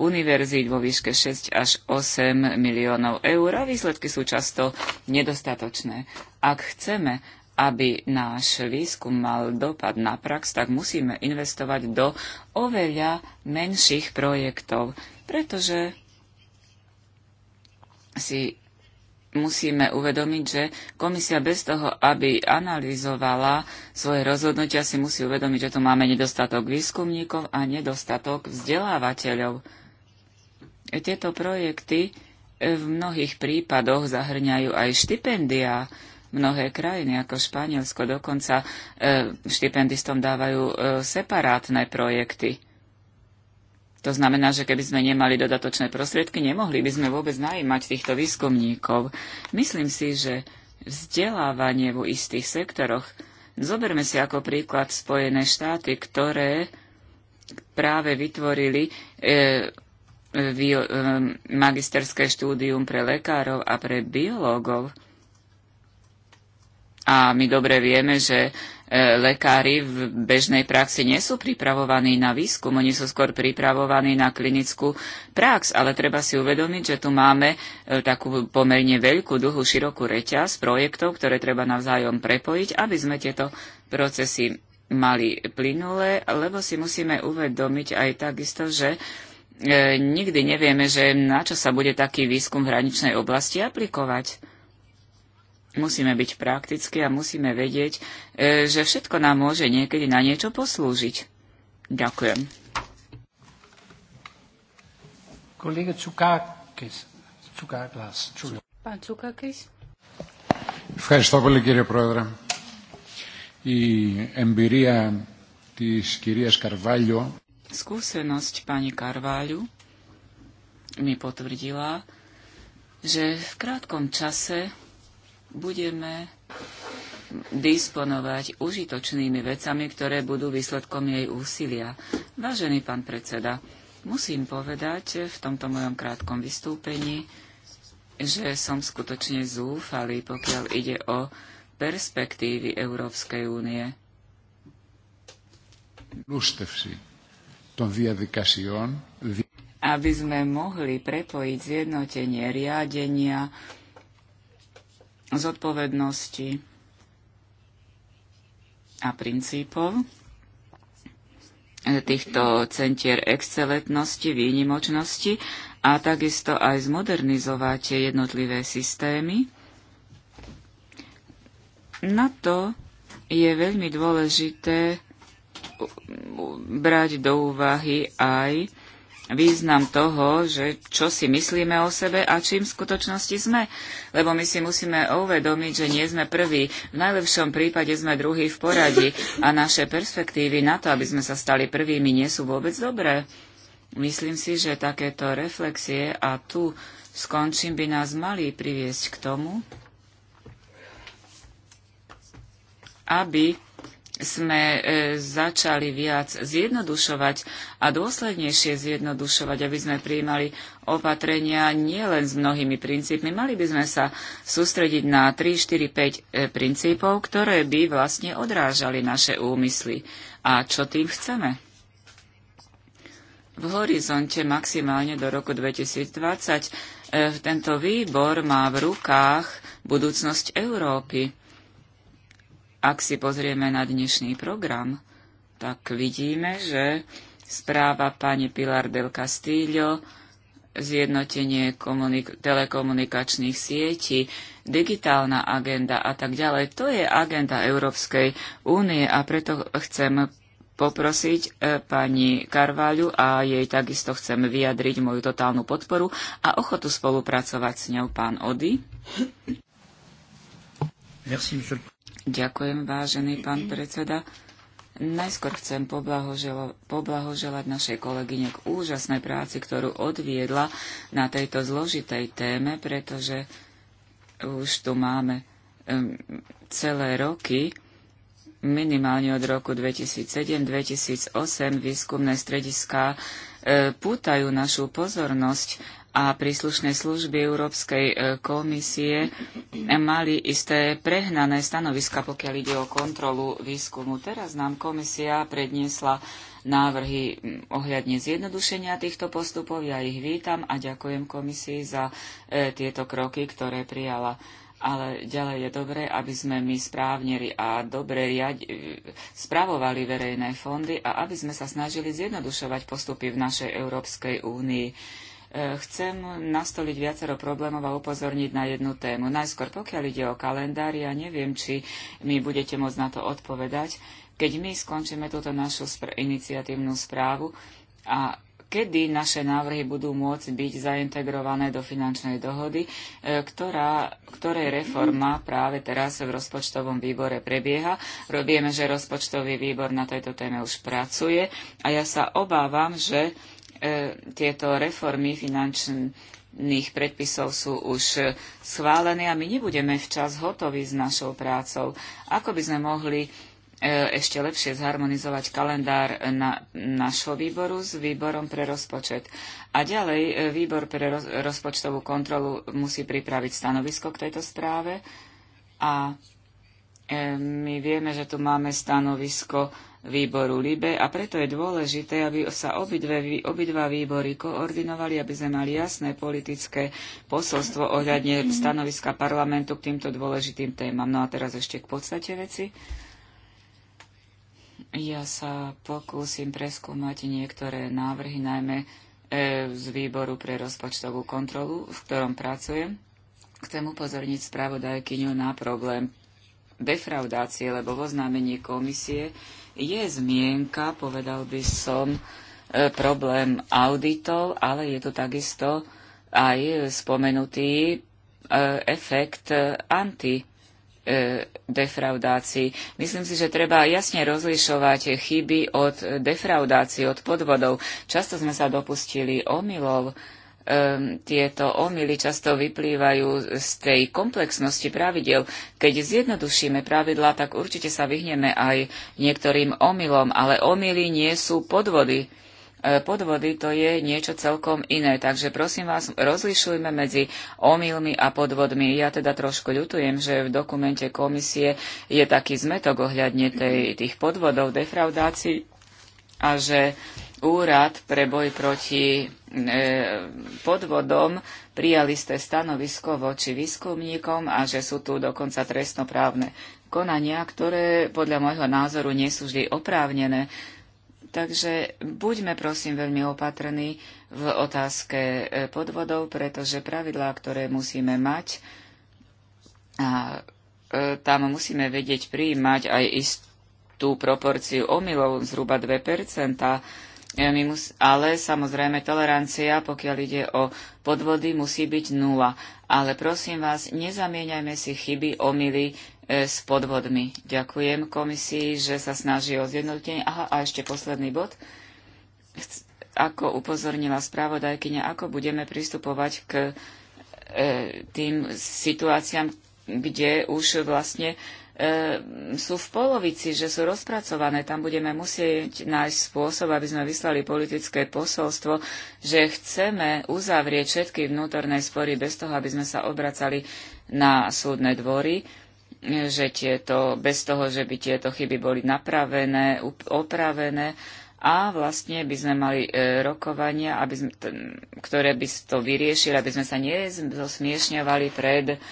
univerzít vo výške 6 až 8 miliónov eur a výsledky sú často nedostatočné. Ak chceme, aby náš výskum mal dopad na prax, tak musíme investovať do oveľa menších projektov, pretože si musíme uvedomiť, že komisia bez toho, aby analyzovala svoje rozhodnutia, si musí uvedomiť, že tu máme nedostatok výskumníkov a nedostatok vzdelávateľov. Tieto projekty v mnohých prípadoch zahrňajú aj štipendia. Mnohé krajiny, ako Španielsko, dokonca e, štipendistom dávajú e, separátne projekty. To znamená, že keby sme nemali dodatočné prostriedky, nemohli by sme vôbec najímať týchto výskumníkov. Myslím si, že vzdelávanie v istých sektoroch. Zoberme si ako príklad Spojené štáty, ktoré práve vytvorili e, bio, e, e, magisterské štúdium pre lekárov a pre biológov. A my dobre vieme, že E, lekári v bežnej praxi nie sú pripravovaní na výskum, oni sú skôr pripravovaní na klinickú prax, ale treba si uvedomiť, že tu máme e, takú pomerne veľkú, dlhú, širokú reťaz projektov, ktoré treba navzájom prepojiť, aby sme tieto procesy mali plynulé, lebo si musíme uvedomiť aj takisto, že e, nikdy nevieme, že na čo sa bude taký výskum v hraničnej oblasti aplikovať. Musíme byť praktickí a musíme vedieť, e, že všetko nám môže niekedy na niečo poslúžiť. Ďakujem. Kolega Cukakis. Cukakis. Pán Cukakis. Ευχαριστώ πολύ κύριε Πρόεδρε. Η εμπειρία της κυρίας Καρβάλιο Skúsenosť pani Karváľu mi potvrdila, že v krátkom čase budeme disponovať užitočnými vecami, ktoré budú výsledkom jej úsilia. Vážený pán predseda, musím povedať v tomto mojom krátkom vystúpení, že som skutočne zúfalý, pokiaľ ide o perspektívy Európskej únie. Aby sme mohli prepojiť zjednotenie riadenia, zodpovednosti a princípov týchto centier excelentnosti, výnimočnosti a takisto aj zmodernizovať jednotlivé systémy. Na to je veľmi dôležité brať do úvahy aj význam toho, že čo si myslíme o sebe a čím v skutočnosti sme. Lebo my si musíme uvedomiť, že nie sme prví. V najlepšom prípade sme druhí v poradí a naše perspektívy na to, aby sme sa stali prvými, nie sú vôbec dobré. Myslím si, že takéto reflexie a tu skončím by nás mali priviesť k tomu, aby sme e, začali viac zjednodušovať a dôslednejšie zjednodušovať, aby sme prijímali opatrenia nielen s mnohými princípmi. Mali by sme sa sústrediť na 3, 4, 5 princípov, ktoré by vlastne odrážali naše úmysly. A čo tým chceme? V horizonte maximálne do roku 2020 e, tento výbor má v rukách budúcnosť Európy ak si pozrieme na dnešný program, tak vidíme, že správa pani Pilar del Castillo, zjednotenie telekomunikačných sietí, digitálna agenda a tak ďalej, to je agenda Európskej únie a preto chcem poprosiť e, pani Karváľu a jej takisto chcem vyjadriť moju totálnu podporu a ochotu spolupracovať s ňou pán Ody. Merci, Ďakujem, vážený pán predseda. Najskôr chcem poblahoželo, poblahoželať našej kolegyne k úžasnej práci, ktorú odviedla na tejto zložitej téme, pretože už tu máme um, celé roky, minimálne od roku 2007-2008, výskumné strediská e, pútajú našu pozornosť a príslušné služby Európskej e, komisie e, mali isté prehnané stanoviska, pokiaľ ide o kontrolu výskumu. Teraz nám komisia predniesla návrhy ohľadne zjednodušenia týchto postupov. Ja ich vítam a ďakujem komisii za e, tieto kroky, ktoré prijala. Ale ďalej je dobré, aby sme my správne a dobre riad, e, spravovali verejné fondy a aby sme sa snažili zjednodušovať postupy v našej Európskej únii E, chcem nastoliť viacero problémov a upozorniť na jednu tému. Najskôr, pokiaľ ide o kalendár, ja neviem, či mi budete môcť na to odpovedať, keď my skončíme túto našu spr- iniciatívnu správu a kedy naše návrhy budú môcť byť zaintegrované do finančnej dohody, e, ktorá, ktorej reforma práve teraz v rozpočtovom výbore prebieha. Robieme, že rozpočtový výbor na tejto téme už pracuje a ja sa obávam, že E, tieto reformy finančných predpisov sú už schválené a my nebudeme včas hotoví s našou prácou. Ako by sme mohli e, ešte lepšie zharmonizovať kalendár na, našho výboru s výborom pre rozpočet. A ďalej e, výbor pre rozpočtovú kontrolu musí pripraviť stanovisko k tejto správe a my vieme, že tu máme stanovisko výboru LIBE a preto je dôležité, aby sa obidve, obidva výbory koordinovali, aby sme mali jasné politické posolstvo ohľadne stanoviska parlamentu k týmto dôležitým témam. No a teraz ešte k podstate veci. Ja sa pokúsim preskúmať niektoré návrhy, najmä e, z výboru pre rozpočtovú kontrolu, v ktorom pracujem. Chcem upozorniť spravodajkyňu na problém defraudácie, lebo v oznámení komisie je zmienka, povedal by som, e, problém auditov, ale je tu takisto aj spomenutý e, efekt e, anti defraudácií. Myslím si, že treba jasne rozlišovať chyby od defraudácií, od podvodov. Často sme sa dopustili omylov, tieto omily často vyplývajú z tej komplexnosti pravidel. Keď zjednodušíme pravidlá, tak určite sa vyhneme aj niektorým omylom, ale omily nie sú podvody. Podvody to je niečo celkom iné, takže prosím vás, rozlišujme medzi omylmi a podvodmi. Ja teda trošku ľutujem, že v dokumente komisie je taký zmetok ohľadne tej, tých podvodov, defraudácií a že Úrad pre boj proti e, podvodom prijali ste stanovisko voči výskumníkom a že sú tu dokonca trestnoprávne konania, ktoré podľa môjho názoru nie sú vždy oprávnené. Takže buďme prosím veľmi opatrní v otázke e, podvodov, pretože pravidlá, ktoré musíme mať, a e, tam musíme vedieť prijímať aj istú proporciu omylov, zhruba 2 ale samozrejme tolerancia, pokiaľ ide o podvody, musí byť nula. Ale prosím vás, nezamieňajme si chyby, omily e, s podvodmi. Ďakujem komisii, že sa snaží o zjednotenie. Aha, a ešte posledný bod. Ako upozornila spravodajkyňa, ako budeme pristupovať k e, tým situáciám, kde už vlastne Ehm, sú v polovici, že sú rozpracované. Tam budeme musieť nájsť spôsob, aby sme vyslali politické posolstvo, že chceme uzavrieť všetky vnútorné spory bez toho, aby sme sa obracali na súdne dvory, že tieto, bez toho, že by tieto chyby boli napravené, opravené a vlastne by sme mali e, rokovania, aby sme, ktoré by to vyriešili, aby sme sa nezosmiešňovali pred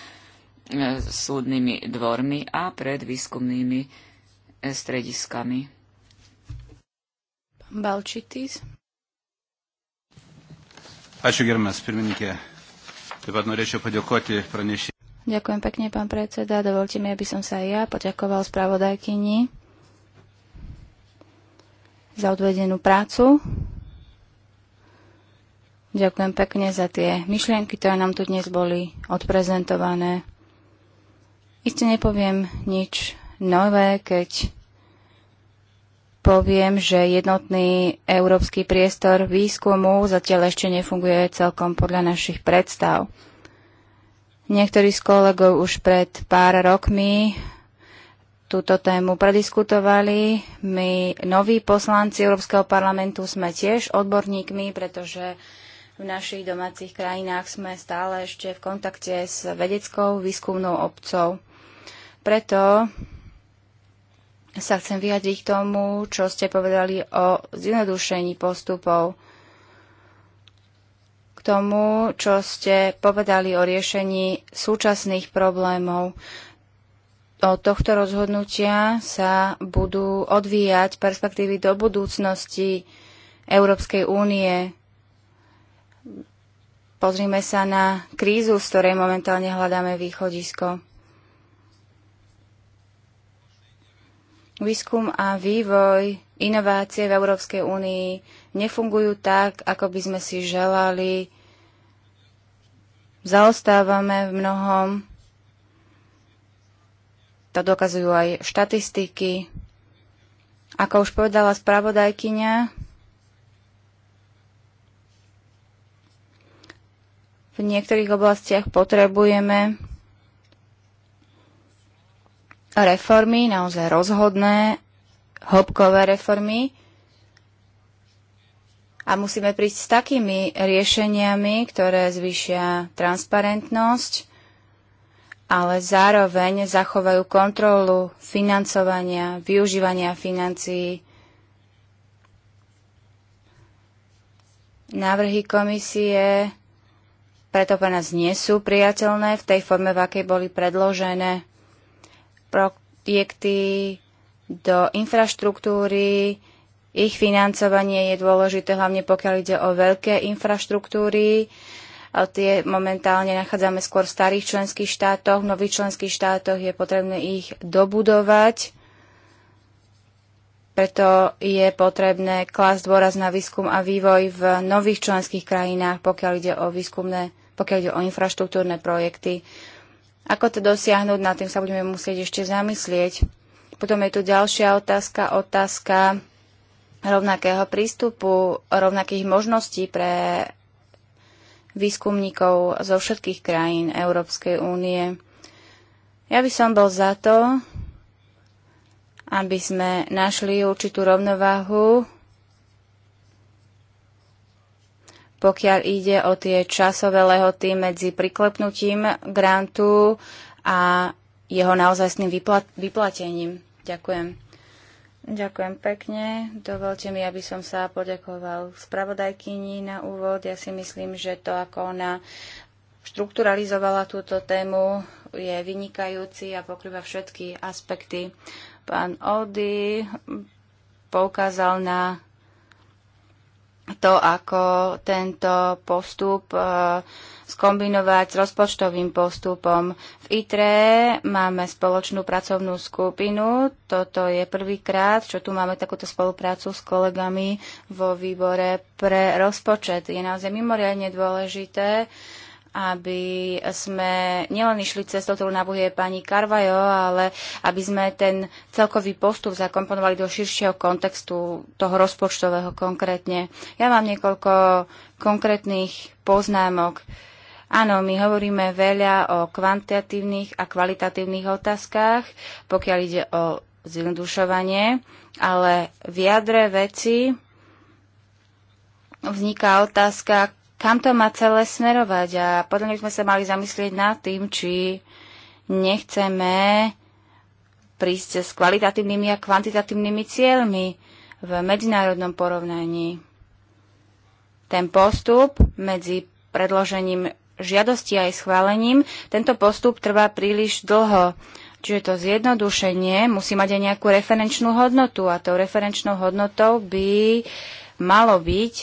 E, súdnymi dvormi a pred výskumnými e, strediskami. Balčitis. Ačiū gerbiamas pirmininkė. Taip pat norėčiau padėkoti Ďakujem pekne, pán predseda. Dovolte mi, aby som sa aj ja poďakoval spravodajkyni za odvedenú prácu. Ďakujem pekne za tie myšlienky, ktoré nám tu dnes boli odprezentované. Isto nepoviem nič nové, keď poviem, že jednotný európsky priestor výskumu zatiaľ ešte nefunguje celkom podľa našich predstav. Niektorí z kolegov už pred pár rokmi túto tému prediskutovali. My, noví poslanci Európskeho parlamentu, sme tiež odborníkmi, pretože v našich domácich krajinách sme stále ešte v kontakte s vedeckou výskumnou obcov. Preto sa chcem vyjadriť k tomu, čo ste povedali o zjednodušení postupov, k tomu, čo ste povedali o riešení súčasných problémov. Od tohto rozhodnutia sa budú odvíjať perspektívy do budúcnosti Európskej únie. Pozrime sa na krízu, z ktorej momentálne hľadáme východisko. Výskum a vývoj, inovácie v Európskej únii nefungujú tak, ako by sme si želali. Zaostávame v mnohom. To dokazujú aj štatistiky. Ako už povedala spravodajkyňa, v niektorých oblastiach potrebujeme reformy, naozaj rozhodné, hĺbkové reformy. A musíme prísť s takými riešeniami, ktoré zvýšia transparentnosť, ale zároveň zachovajú kontrolu financovania, využívania financií. Návrhy komisie preto pre nás nie sú priateľné v tej forme, v akej boli predložené projekty do infraštruktúry. Ich financovanie je dôležité, hlavne pokiaľ ide o veľké infraštruktúry. Tie momentálne nachádzame skôr v starých členských štátoch. V nových členských štátoch je potrebné ich dobudovať. Preto je potrebné klásť dôraz na výskum a vývoj v nových členských krajinách, pokiaľ ide o výskumné, pokiaľ ide o infraštruktúrne projekty. Ako to dosiahnuť, nad tým sa budeme musieť ešte zamyslieť. Potom je tu ďalšia otázka, otázka rovnakého prístupu, rovnakých možností pre výskumníkov zo všetkých krajín Európskej únie. Ja by som bol za to, aby sme našli určitú rovnováhu pokiaľ ide o tie časové lehoty medzi priklepnutím grantu a jeho naozajstným vyplat- vyplatením. Ďakujem. Ďakujem pekne. Dovolte mi, aby som sa poďakoval spravodajkyni na úvod. Ja si myslím, že to, ako ona štrukturalizovala túto tému, je vynikajúci a pokrýva všetky aspekty. Pán Oldy poukázal na to, ako tento postup e, skombinovať s rozpočtovým postupom. V ITRE máme spoločnú pracovnú skupinu. Toto je prvýkrát, čo tu máme takúto spoluprácu s kolegami vo výbore pre rozpočet. Je naozaj mimoriadne dôležité, aby sme nielen išli cestou, ktorú navrhuje pani Karvajo, ale aby sme ten celkový postup zakomponovali do širšieho kontextu toho rozpočtového konkrétne. Ja mám niekoľko konkrétnych poznámok. Áno, my hovoríme veľa o kvantitatívnych a kvalitatívnych otázkach, pokiaľ ide o zjednodušovanie, ale v jadre veci vzniká otázka, kam to má celé smerovať. A podľa mňa sme sa mali zamyslieť nad tým, či nechceme prísť s kvalitatívnymi a kvantitatívnymi cieľmi v medzinárodnom porovnaní. Ten postup medzi predložením žiadosti aj schválením, tento postup trvá príliš dlho. Čiže to zjednodušenie musí mať aj nejakú referenčnú hodnotu a tou referenčnou hodnotou by malo byť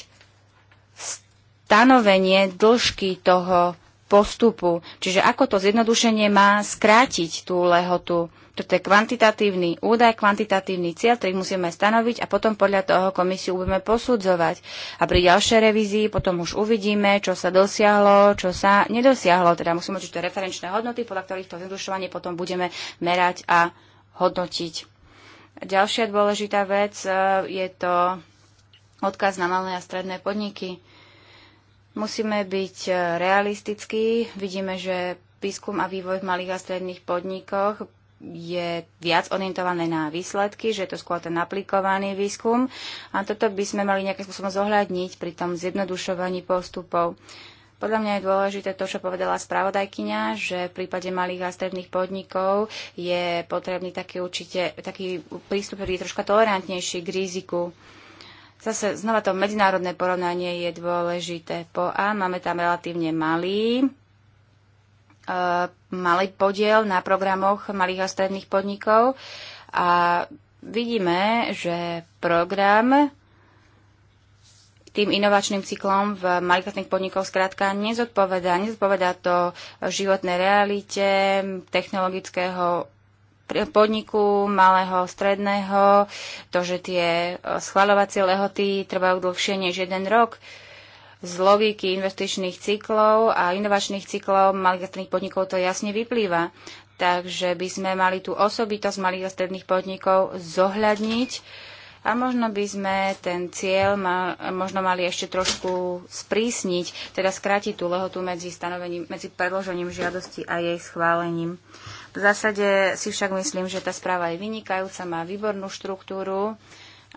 stanovenie dĺžky toho postupu. Čiže ako to zjednodušenie má skrátiť tú lehotu. Toto je kvantitatívny údaj, kvantitatívny cieľ, ktorý musíme stanoviť a potom podľa toho komisiu budeme posudzovať. A pri ďalšej revízii potom už uvidíme, čo sa dosiahlo, čo sa nedosiahlo. Teda musíme určite referenčné hodnoty, podľa ktorých to zjednodušovanie potom budeme merať a hodnotiť. Ďalšia dôležitá vec e, je to odkaz na malé a stredné podniky. Musíme byť e, realistickí. Vidíme, že výskum a vývoj v malých a stredných podnikoch je viac orientované na výsledky, že je to skôr ten aplikovaný výskum a toto by sme mali nejakým spôsobom zohľadniť pri tom zjednodušovaní postupov. Podľa mňa je dôležité to, čo povedala spravodajkyňa, že v prípade malých a stredných podnikov je potrebný taký, určite, taký prístup, ktorý je troška tolerantnejší k riziku. Zase znova to medzinárodné porovnanie je dôležité. Po A máme tam relatívne malý, e, malý podiel na programoch malých a stredných podnikov a vidíme, že program tým inovačným cyklom v malých podnikov zkrátka nezodpovedá. Nezodpovedá to životnej realite technologického podniku, malého, stredného, to, že tie e, schvaľovacie lehoty trvajú dlhšie než jeden rok. Z logiky investičných cyklov a inovačných cyklov malých a stredných podnikov to jasne vyplýva. Takže by sme mali tú osobitosť malých a stredných podnikov zohľadniť a možno by sme ten cieľ ma, možno mali ešte trošku sprísniť, teda skrátiť tú lehotu medzi, stanovením, medzi predložením žiadosti a jej schválením. V zásade si však myslím, že tá správa je vynikajúca, má výbornú štruktúru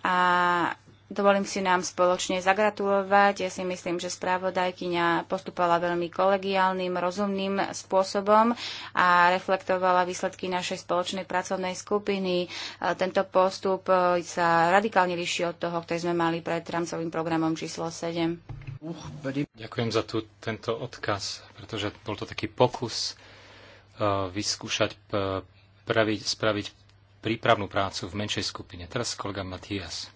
a dovolím si nám spoločne zagratulovať. Ja si myslím, že správodajkyňa postupala veľmi kolegiálnym, rozumným spôsobom a reflektovala výsledky našej spoločnej pracovnej skupiny. E, tento postup e, sa radikálne líši od toho, ktorý sme mali pred rámcovým programom číslo 7. Ďakujem za tento odkaz, pretože bol to taký pokus Eh, vyskúšať eh, praviť, spraviť prípravnú prácu v menšej skupine. Teraz kolega Matias.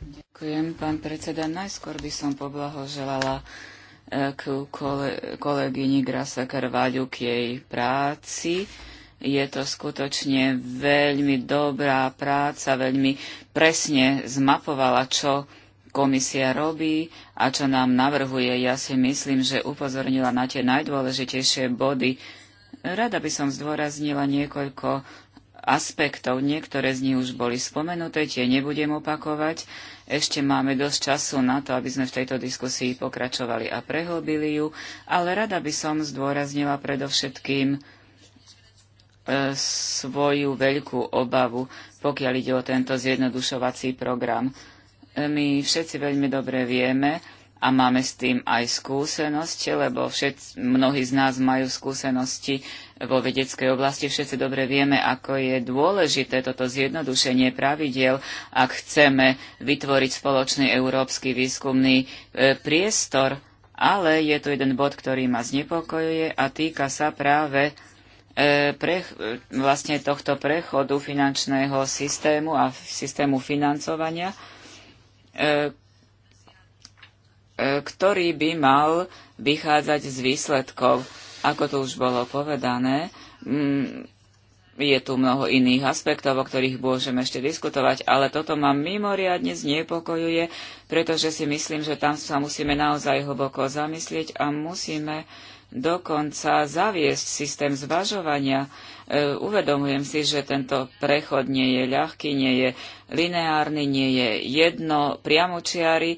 Ďakujem, pán predseda. Najskôr by som poblahoželala eh, k kole, kolegyni Grasa Karváďu k jej práci. Je to skutočne veľmi dobrá práca, veľmi presne zmapovala, čo komisia robí a čo nám navrhuje. Ja si myslím, že upozornila na tie najdôležitejšie body. Rada by som zdôraznila niekoľko aspektov. Niektoré z nich už boli spomenuté, tie nebudem opakovať. Ešte máme dosť času na to, aby sme v tejto diskusii pokračovali a prehlbili ju, ale rada by som zdôraznila predovšetkým e, svoju veľkú obavu, pokiaľ ide o tento zjednodušovací program my všetci veľmi dobre vieme a máme s tým aj skúsenosti, lebo všetci, mnohí z nás majú skúsenosti vo vedeckej oblasti. Všetci dobre vieme, ako je dôležité toto zjednodušenie pravidiel, ak chceme vytvoriť spoločný európsky výskumný e, priestor. Ale je tu jeden bod, ktorý ma znepokojuje a týka sa práve e, pre, e, vlastne tohto prechodu finančného systému a systému financovania E, e, ktorý by mal vychádzať z výsledkov. Ako to už bolo povedané, mm, je tu mnoho iných aspektov, o ktorých môžeme ešte diskutovať, ale toto ma mimoriadne znepokojuje, pretože si myslím, že tam sa musíme naozaj hlboko zamyslieť a musíme uh, dokonca zaviesť systém zvažovania. E, uvedomujem si, že tento prechod nie je ľahký, nie je lineárny, nie je jedno priamočiary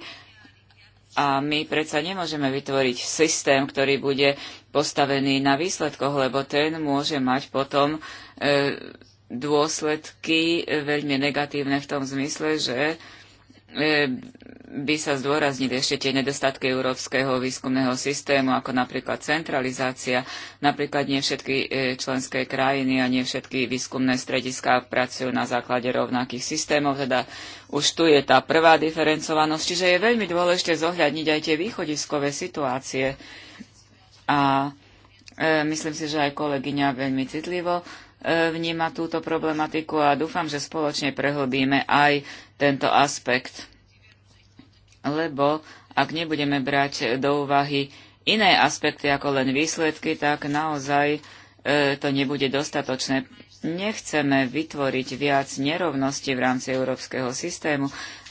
a my predsa nemôžeme vytvoriť systém, ktorý bude postavený na výsledkoch, lebo ten môže mať potom e, dôsledky veľmi negatívne v tom zmysle, že E, by sa zdôraznili ešte tie nedostatky európskeho výskumného systému, ako napríklad centralizácia. Napríklad nie všetky e, členské krajiny a nie všetky výskumné strediská pracujú na základe rovnakých systémov, teda už tu je tá prvá diferencovanosť, čiže je veľmi dôležité zohľadniť aj tie východiskové situácie. A e, myslím si, že aj kolegyňa veľmi citlivo E, vníma túto problematiku a dúfam, že spoločne prehlbíme aj tento aspekt. Lebo ak nebudeme brať do úvahy iné aspekty ako len výsledky, tak naozaj e, to nebude dostatočné. Nechceme vytvoriť viac nerovnosti v rámci európskeho systému.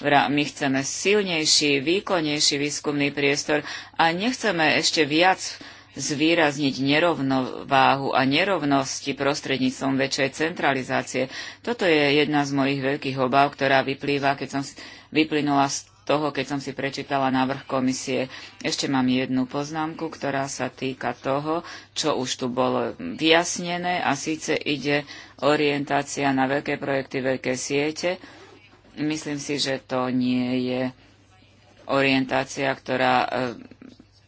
My chceme silnejší, výkonnejší výskumný priestor a nechceme ešte viac zvýrazniť nerovnováhu a nerovnosti prostredníctvom väčšej centralizácie. Toto je jedna z mojich veľkých obáv, ktorá vyplýva, keď som vyplynula z toho, keď som si prečítala návrh komisie. Ešte mám jednu poznámku, ktorá sa týka toho, čo už tu bolo vyjasnené a síce ide orientácia na veľké projekty, veľké siete. Myslím si, že to nie je orientácia, ktorá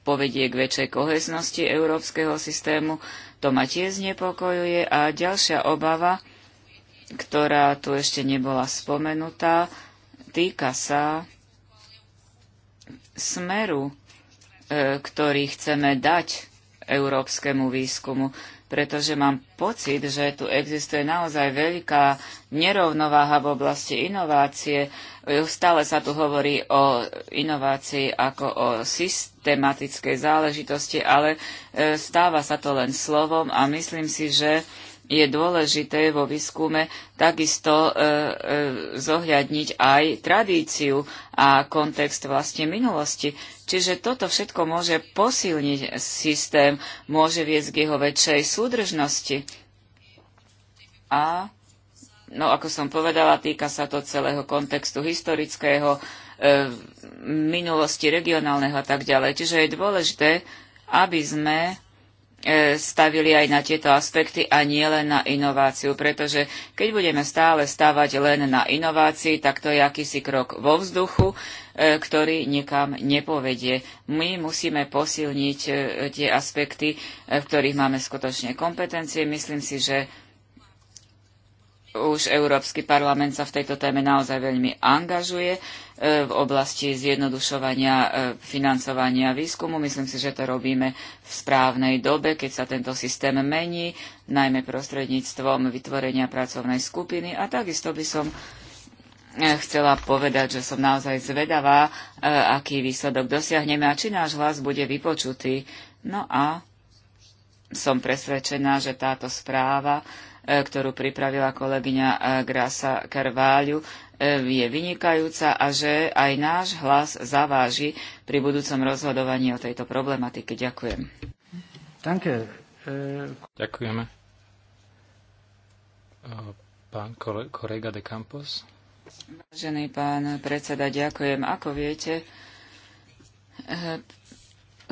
povedie k väčšej koheznosti európskeho systému. To ma tiež znepokojuje. A ďalšia obava, ktorá tu ešte nebola spomenutá, týka sa smeru, e, ktorý chceme dať európskemu výskumu pretože mám pocit, že tu existuje naozaj veľká nerovnováha v oblasti inovácie. Stále sa tu hovorí o inovácii ako o systematickej záležitosti, ale e, stáva sa to len slovom a myslím si, že je dôležité vo výskume takisto e, e, zohľadniť aj tradíciu a kontext vlastne minulosti. Čiže toto všetko môže posilniť systém, môže viesť k jeho väčšej súdržnosti. A, no ako som povedala, týka sa to celého kontextu historického, e, minulosti regionálneho a tak ďalej. Čiže je dôležité, aby sme E, stavili aj na tieto aspekty a nie len na inováciu, pretože keď budeme stále stavať len na inovácii, tak to je akýsi krok vo vzduchu, e, ktorý nikam nepovedie. My musíme posilniť e, tie aspekty, v ktorých máme skutočne kompetencie. Myslím si, že už Európsky parlament sa v tejto téme naozaj veľmi angažuje e, v oblasti zjednodušovania e, financovania výskumu. Myslím si, že to robíme v správnej dobe, keď sa tento systém mení, najmä prostredníctvom vytvorenia pracovnej skupiny. A takisto by som e, chcela povedať, že som naozaj zvedavá, aký výsledok dosiahneme a či náš hlas bude vypočutý. No a som presvedčená, že táto správa E, ktorú pripravila kolegyňa e, Grasa Carvalho, e, je vynikajúca a že aj náš hlas zaváži pri budúcom rozhodovaní o tejto problematike. Ďakujem. Ďakujeme. Pán kolega de Campos. Vážený pán predseda, ďakujem. Ako viete,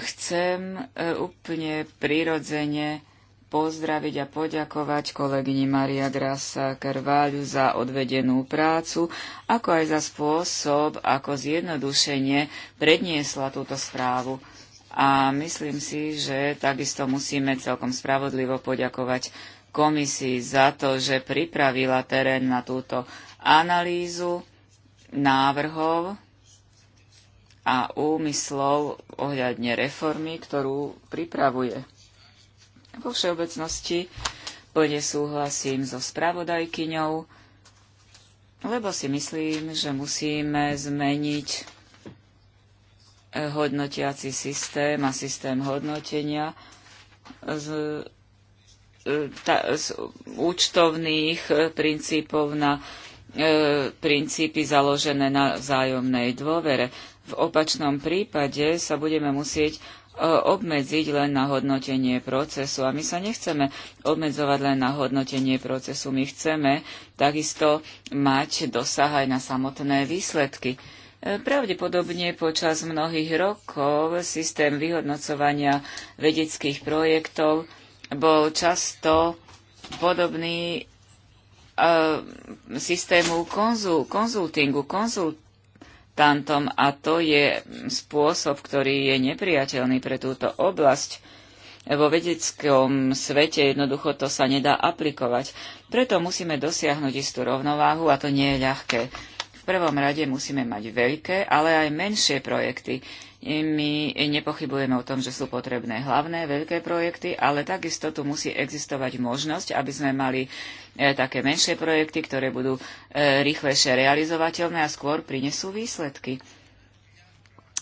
chcem úplne prirodzene pozdraviť a poďakovať kolegyni Maria Grasa Carvalho za odvedenú prácu, ako aj za spôsob, ako zjednodušenie predniesla túto správu. A myslím si, že takisto musíme celkom spravodlivo poďakovať komisii za to, že pripravila terén na túto analýzu návrhov a úmyslov ohľadne reformy, ktorú pripravuje. Vo všeobecnosti plne súhlasím so spravodajkyňou, lebo si myslím, že musíme zmeniť hodnotiaci systém a systém hodnotenia z, ta, z účtovných princípov na e, princípy založené na vzájomnej dôvere. V opačnom prípade sa budeme musieť obmedziť len na hodnotenie procesu. A my sa nechceme obmedzovať len na hodnotenie procesu. My chceme takisto mať dosah aj na samotné výsledky. E, Pravdepodobne počas mnohých rokov systém vyhodnocovania vedeckých projektov bol často podobný e, systému konzultingu, konzult, tantom a to je spôsob, ktorý je nepriateľný pre túto oblasť. Vo vedeckom svete jednoducho to sa nedá aplikovať. Preto musíme dosiahnuť istú rovnováhu a to nie je ľahké. V prvom rade musíme mať veľké, ale aj menšie projekty. My nepochybujeme o tom, že sú potrebné hlavné veľké projekty, ale takisto tu musí existovať možnosť, aby sme mali E, také menšie projekty, ktoré budú e, rýchlejšie realizovateľné a skôr prinesú výsledky.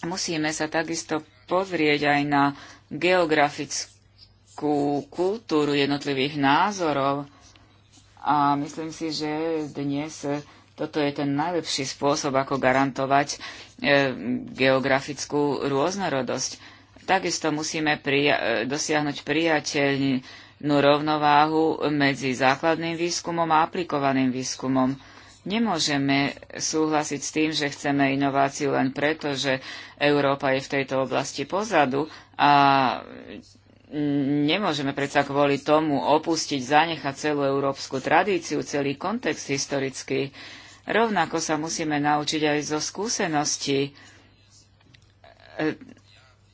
Musíme sa takisto pozrieť aj na geografickú kultúru jednotlivých názorov a myslím si, že dnes toto je ten najlepší spôsob, ako garantovať e, geografickú rôznorodosť. Takisto musíme prija- dosiahnuť priateľný No rovnováhu medzi základným výskumom a aplikovaným výskumom. Nemôžeme súhlasiť s tým, že chceme inováciu len preto, že Európa je v tejto oblasti pozadu a nemôžeme predsa kvôli tomu opustiť, zanechať celú európsku tradíciu, celý kontext historický. Rovnako sa musíme naučiť aj zo skúseností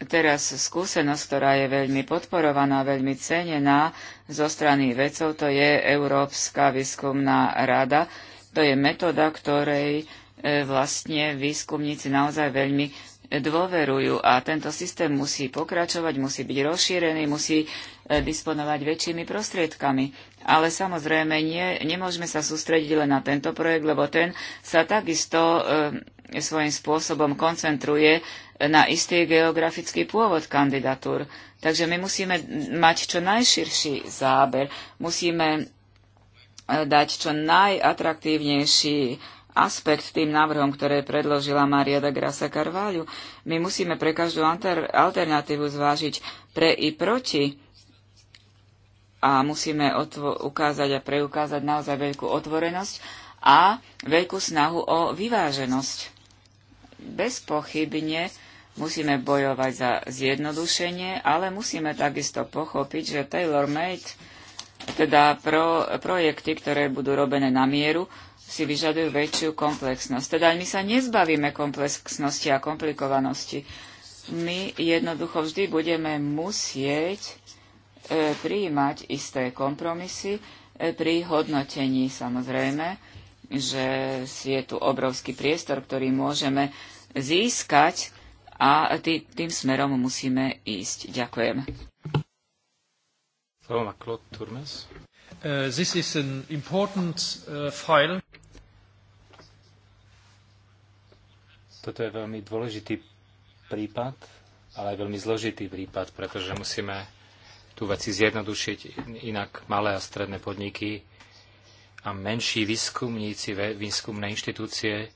teraz skúsenosť, ktorá je veľmi podporovaná, veľmi cenená zo strany vedcov, to je Európska výskumná rada. To je metóda, ktorej e, vlastne výskumníci naozaj veľmi dôverujú a tento systém musí pokračovať, musí byť rozšírený, musí e, disponovať väčšími prostriedkami. Ale samozrejme nie, nemôžeme sa sústrediť len na tento projekt, lebo ten sa takisto e, svojím spôsobom koncentruje na istý geografický pôvod kandidatúr. Takže my musíme mať čo najširší záber, musíme e, dať čo najatraktívnejší aspekt tým návrhom, ktoré predložila Maria da Grasa Carvalho. My musíme pre každú alternatívu zvážiť pre i proti a musíme ukázať a preukázať naozaj veľkú otvorenosť a veľkú snahu o vyváženosť. Bezpochybne Musíme bojovať za zjednodušenie, ale musíme takisto pochopiť, že tailor-made, teda pro, projekty, ktoré budú robené na mieru, si vyžadujú väčšiu komplexnosť. Teda my sa nezbavíme komplexnosti a komplikovanosti. My jednoducho vždy budeme musieť e, prijímať isté kompromisy e, pri hodnotení samozrejme, že je tu obrovský priestor, ktorý môžeme získať a tý, tým smerom musíme ísť. Ďakujem. Äh, äh, Toto je veľmi dôležitý prípad, ale aj veľmi zložitý prípad, pretože musíme tú veci zjednodušiť. Inak malé a stredné podniky a menší výskumníci, výskumné inštitúcie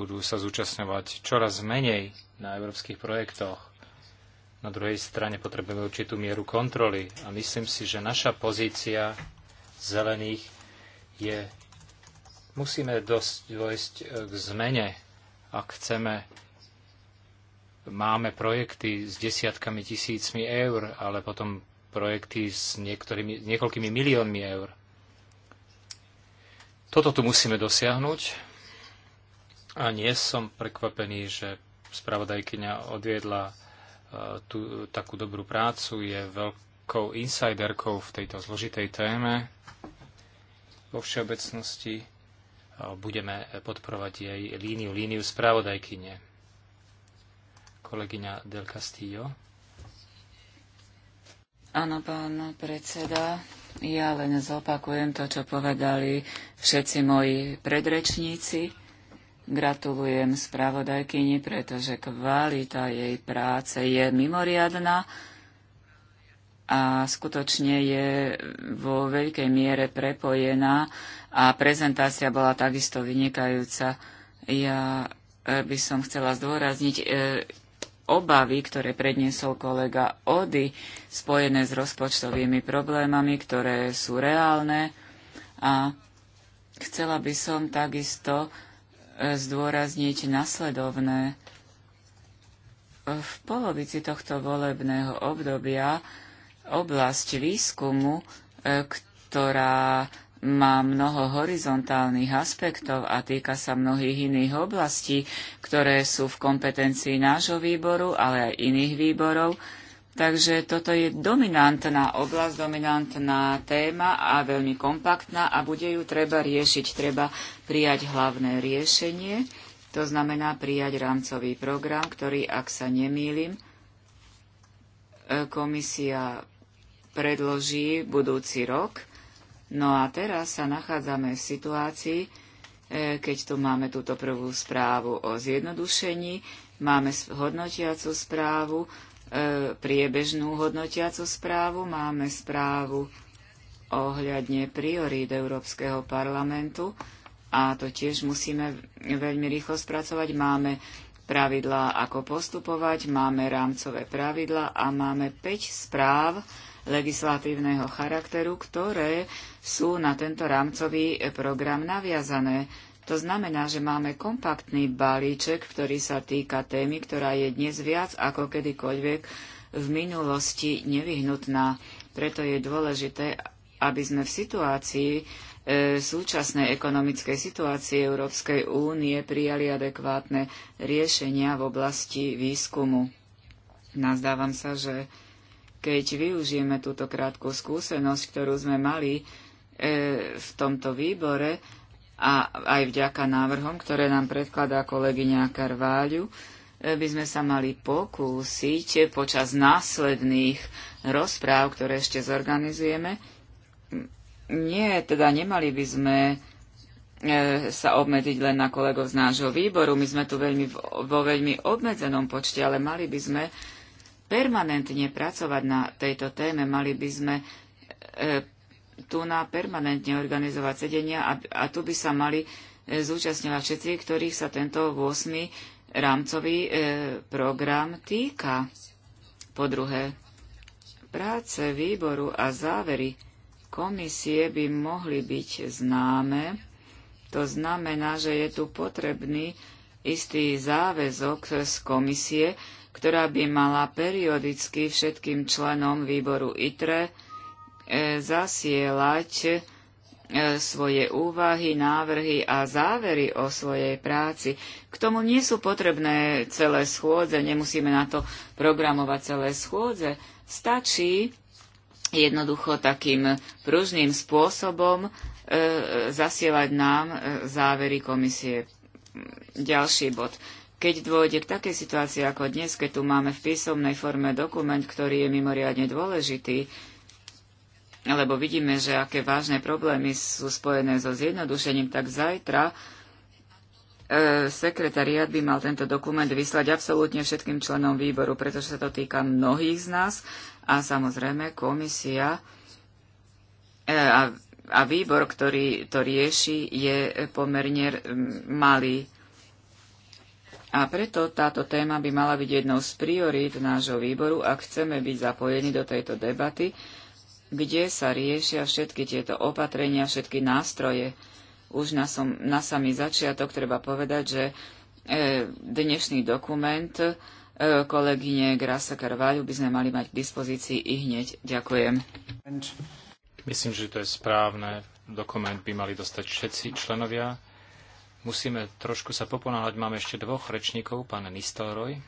budú sa zúčastňovať čoraz menej na európskych projektoch. Na druhej strane potrebujeme určitú mieru kontroly a myslím si, že naša pozícia zelených je, musíme dosť dojsť e, k zmene, ak chceme máme projekty s desiatkami tisícmi eur, ale potom projekty s niektorými, niekoľkými miliónmi eur. Toto tu musíme dosiahnuť a nie som prekvapený, že spravodajkyňa odviedla e, tú, takú dobrú prácu, je veľkou insiderkou v tejto zložitej téme. Vo všeobecnosti e, budeme podporovať jej líniu, líniu spravodajkyne. Kolegyňa Del Castillo. Áno, pán predseda, ja len zopakujem to, čo povedali všetci moji predrečníci. Gratulujem spravodajkyni, pretože kvalita jej práce je mimoriadná a skutočne je vo veľkej miere prepojená a prezentácia bola takisto vynikajúca. Ja e, by som chcela zdôrazniť e, obavy, ktoré predniesol kolega Ody, spojené s rozpočtovými problémami, ktoré sú reálne. A chcela by som takisto zdôrazniť nasledovné. V polovici tohto volebného obdobia oblasť výskumu, e, ktorá má mnoho horizontálnych aspektov a týka sa mnohých iných oblastí, ktoré sú v kompetencii nášho výboru, ale aj iných výborov, Takže toto je dominantná oblasť, dominantná téma a veľmi kompaktná a bude ju treba riešiť. Treba prijať hlavné riešenie, to znamená prijať rámcový program, ktorý, ak sa nemýlim, e, komisia predloží budúci rok. No a teraz sa nachádzame v situácii, e, keď tu máme túto prvú správu o zjednodušení, máme hodnotiacu správu, priebežnú hodnotiacu správu, máme správu ohľadne priorít Európskeho parlamentu a to tiež musíme veľmi rýchlo spracovať. Máme pravidlá, ako postupovať, máme rámcové pravidlá a máme 5 správ legislatívneho charakteru, ktoré sú na tento rámcový program naviazané. To znamená, že máme kompaktný balíček, ktorý sa týka témy, ktorá je dnes viac ako kedykoľvek v minulosti nevyhnutná. Preto je dôležité, aby sme v situácii e, súčasnej ekonomickej situácie Európskej únie prijali adekvátne riešenia v oblasti výskumu. Nazdávam sa, že keď využijeme túto krátku skúsenosť, ktorú sme mali e, v tomto výbore, a aj vďaka návrhom, ktoré nám predkladá kolegyňa Karváľu, e, by sme sa mali pokúsiť počas následných rozpráv, ktoré ešte zorganizujeme. Nie, teda nemali by sme e, sa obmedziť len na kolegov z nášho výboru. My sme tu veľmi, vo veľmi obmedzenom počte, ale mali by sme permanentne pracovať na tejto téme, mali by sme e, tu na permanentne organizovať sedenia a, a tu by sa mali e, zúčastňovať všetci, ktorých sa tento 8. rámcový e, program týka. Po druhé, práce výboru a závery komisie by mohli byť známe. To znamená, že je tu potrebný istý záväzok z komisie, ktorá by mala periodicky všetkým členom výboru ITRE zasielať e, svoje úvahy, návrhy a závery o svojej práci. K tomu nie sú potrebné celé schôdze, nemusíme na to programovať celé schôdze. Stačí jednoducho takým pružným spôsobom e, zasielať nám e, závery komisie. Ďalší bod. Keď dôjde k takej situácii ako dnes, keď tu máme v písomnej forme dokument, ktorý je mimoriadne dôležitý, lebo vidíme, že aké vážne problémy sú spojené so zjednodušením, tak zajtra e, sekretariat by mal tento dokument vyslať absolútne všetkým členom výboru, pretože sa to týka mnohých z nás a samozrejme komisia e, a, výbor, ktorý to rieši, je pomerne malý. A preto táto téma by mala byť jednou z priorít nášho výboru, ak chceme byť zapojení do tejto debaty kde sa riešia všetky tieto opatrenia, všetky nástroje. Už na, som, na samý začiatok treba povedať, že e, dnešný dokument e, kolegyne Grasa Karváľu by sme mali mať k dispozícii i hneď. Ďakujem. Myslím, že to je správne. Dokument by mali dostať všetci členovia. Musíme trošku sa poponáhať. Máme ešte dvoch rečníkov, pán Nistelroj.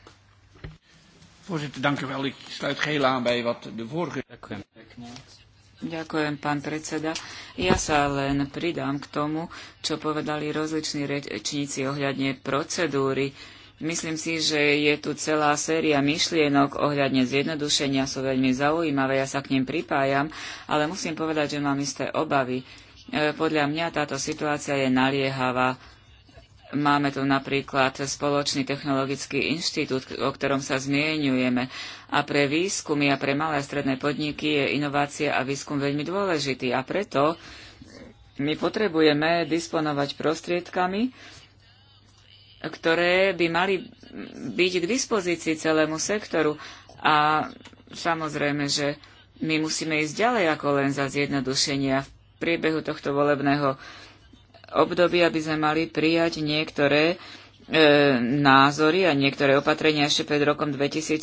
Voorzitter, dank u wel. Ik sluit geheel aan bij wat de vorige... Ďakujem wel. Ďakujem, pán predseda. Ja sa len pridám k tomu, čo povedali rozliční rečníci ohľadne procedúry. Myslím si, že je tu celá séria myšlienok ohľadne zjednodušenia, sú veľmi zaujímavé, ja sa k ním pripájam, ale musím povedať, že mám isté obavy. E, podľa mňa táto situácia je naliehavá Máme tu napríklad spoločný technologický inštitút, o ktorom sa zmieňujeme. A pre výskumy a pre malé a stredné podniky je inovácia a výskum veľmi dôležitý. A preto my potrebujeme disponovať prostriedkami, ktoré by mali byť k dispozícii celému sektoru. A samozrejme, že my musíme ísť ďalej ako len za zjednodušenia. V priebehu tohto volebného období, aby sme mali prijať niektoré e, názory a niektoré opatrenia ešte pred rokom 2013,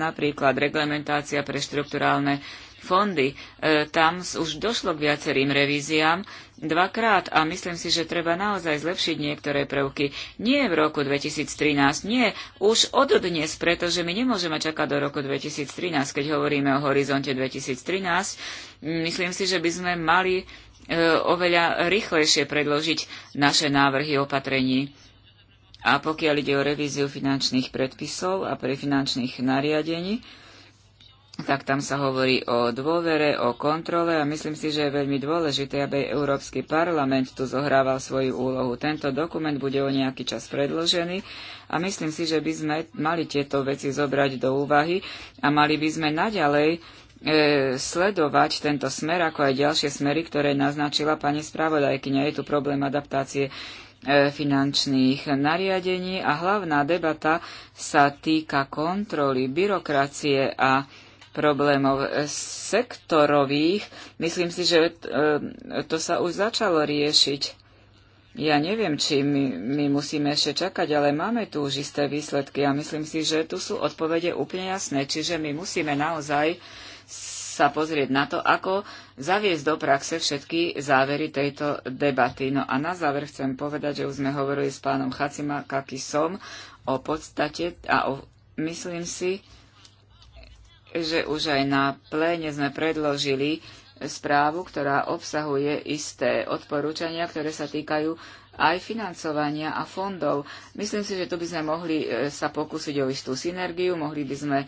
napríklad reglementácia pre štrukturálne fondy. E, tam už došlo k viacerým revíziám dvakrát a myslím si, že treba naozaj zlepšiť niektoré prvky. Nie v roku 2013, nie, už od dnes, pretože my nemôžeme čakať do roku 2013, keď hovoríme o horizonte 2013. Myslím si, že by sme mali E, oveľa rýchlejšie predložiť naše návrhy opatrení. A pokiaľ ide o revíziu finančných predpisov a pre finančných nariadení, tak tam sa hovorí o dôvere, o kontrole a myslím si, že je veľmi dôležité, aby Európsky parlament tu zohrával svoju úlohu. Tento dokument bude o nejaký čas predložený a myslím si, že by sme mali tieto veci zobrať do úvahy a mali by sme naďalej E, sledovať tento smer, ako aj ďalšie smery, ktoré naznačila pani spravodajkyňa. Je tu problém adaptácie e, finančných nariadení a hlavná debata sa týka kontroly byrokracie a problémov sektorových. Myslím si, že e, to sa už začalo riešiť. Ja neviem, či my, my musíme ešte čakať, ale máme tu už isté výsledky a myslím si, že tu sú odpovede úplne jasné. Čiže my musíme naozaj uh, sa pozrieť na to, ako zaviesť do praxe všetky závery tejto debaty. No a na záver chcem povedať, že už sme hovorili s pánom Chacima Kakisom o podstate a o, myslím si, že už aj na pléne sme predložili správu, ktorá obsahuje isté odporúčania, ktoré sa týkajú aj financovania a fondov. Myslím si, že tu by sme mohli e, sa pokúsiť o istú synergiu, mohli by sme e,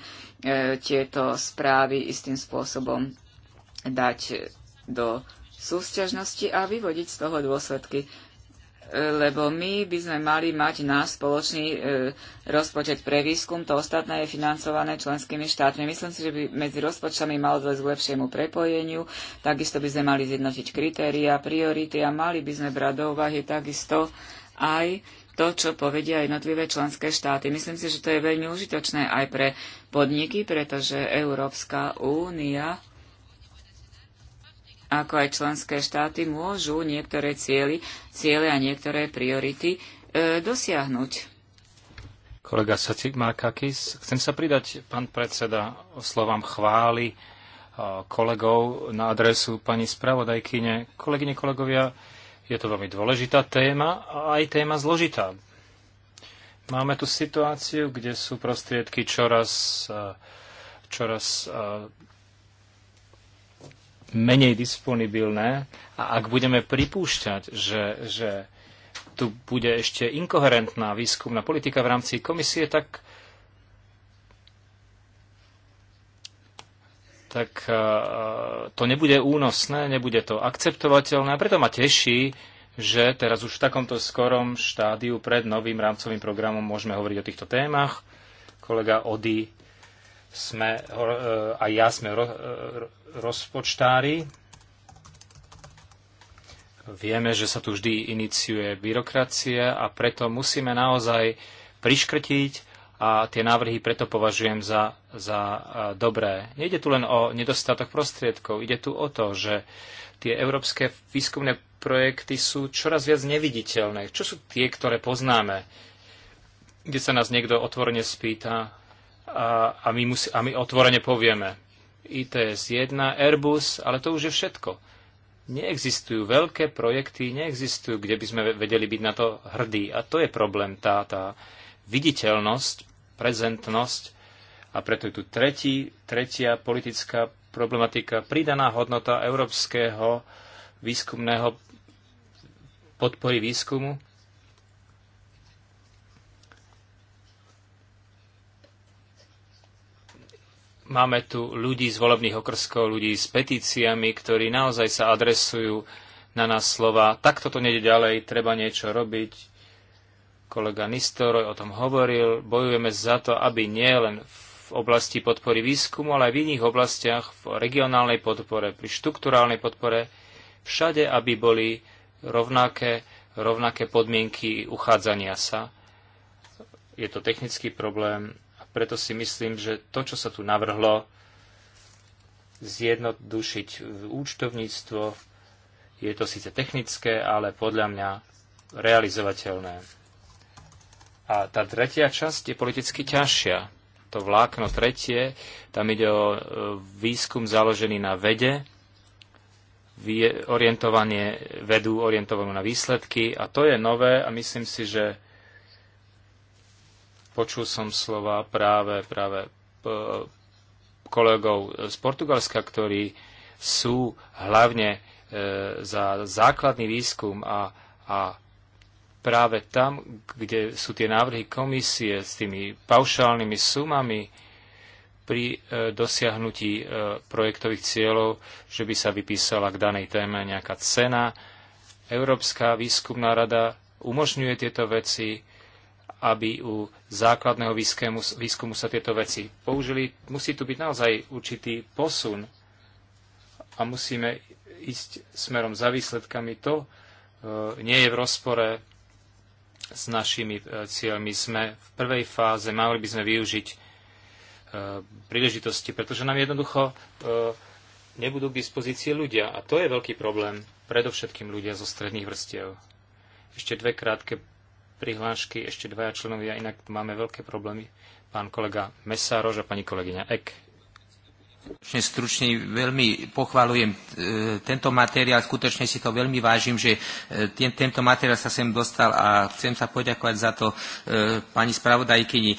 tieto správy istým spôsobom dať do súťažnosti a vyvodiť z toho dôsledky lebo my by sme mali mať náš spoločný e, rozpočet pre výskum, to ostatné je financované členskými štátmi. Myslím si, že by medzi rozpočtami malo dôjsť k lepšiemu prepojeniu, takisto by sme mali zjednotiť kritéria, priority a mali by sme brať do úvahy takisto aj to, čo povedia jednotlivé členské štáty. Myslím si, že to je veľmi užitočné aj pre podniky, pretože Európska únia ako aj členské štáty môžu niektoré cieľy, ciele a niektoré priority e, dosiahnuť. Kolega Sacik Markakis, chcem sa pridať, pán predseda, slovám chvály e, kolegov na adresu pani spravodajkyne. Kolegyne, kolegovia, je to veľmi dôležitá téma a aj téma zložitá. Máme tu situáciu, kde sú prostriedky čoraz, e, čoraz e, menej disponibilné a ak budeme pripúšťať, že, že tu bude ešte inkoherentná výskumná politika v rámci komisie, tak tak eh, to nebude únosné, nebude to akceptovateľné. A preto ma teší, že teraz už v takomto skorom štádiu pred novým rámcovým programom môžeme hovoriť o týchto témach. Kolega Ody sme, e, a ja sme e, rozpočtári. Vieme, že sa tu vždy iniciuje byrokracia a preto musíme naozaj priškrtiť a tie návrhy preto považujem za, za e, dobré. Nejde tu len o nedostatok prostriedkov, ide tu o to, že tie európske výskumné projekty sú čoraz viac neviditeľné. Čo sú tie, ktoré poznáme? Kde sa nás niekto otvorene spýta, a, a, my, musí, a my otvorene povieme ITS 1, Airbus, ale to už je všetko. Neexistujú veľké projekty, neexistujú, kde by sme vedeli byť na to hrdí. A to je problém, tá, tá viditeľnosť, prezentnosť. A preto je tu tretí, tretia politická problematika, pridaná hodnota európskeho výskumného podpory výskumu Máme tu ľudí z volebných okrskov, ľudí s petíciami, ktorí naozaj sa adresujú na nás slova. Takto to nejde ďalej, treba niečo robiť. Kolega Nistoroj o tom hovoril. Bojujeme za to, aby nie len v oblasti podpory výskumu, ale aj v iných oblastiach, v regionálnej podpore, pri štruktúrálnej podpore, všade, aby boli rovnaké, rovnaké podmienky uchádzania sa. Je to technický problém, preto si myslím, že to, čo sa tu navrhlo, zjednodušiť účtovníctvo, je to síce technické, ale podľa mňa realizovateľné. A tá tretia časť je politicky ťažšia. To vlákno tretie, tam ide o e, výskum založený na vede, orientovanie, vedú orientovanú na výsledky a to je nové a myslím si, že Počul som slova práve, práve kolegov z Portugalska, ktorí sú hlavne e, za základný výskum a, a práve tam, kde sú tie návrhy komisie s tými paušálnymi sumami pri e, dosiahnutí e, projektových cieľov, že by sa vypísala k danej téme nejaká cena. Európska výskumná rada umožňuje tieto veci, aby u základného výskumu, výskumu sa tieto veci použili. Musí tu byť naozaj určitý posun a musíme ísť smerom za výsledkami. To e, nie je v rozpore s našimi e, cieľmi. Sme v prvej fáze, mali by sme využiť e, príležitosti, pretože nám jednoducho nebudú k dispozícii ľudia. A to je veľký problém, predovšetkým ľudia zo stredných vrstiev. Ešte dve krátke prihlášky, ešte dvaja členovia, inak máme veľké problémy. Pán kolega Mesárož a pani kolegyňa Ek. Stručne veľmi pochvalujem e, tento materiál, skutočne si to veľmi vážim, že e, tento materiál sa sem dostal a chcem sa poďakovať za to e, pani spravodajkyni.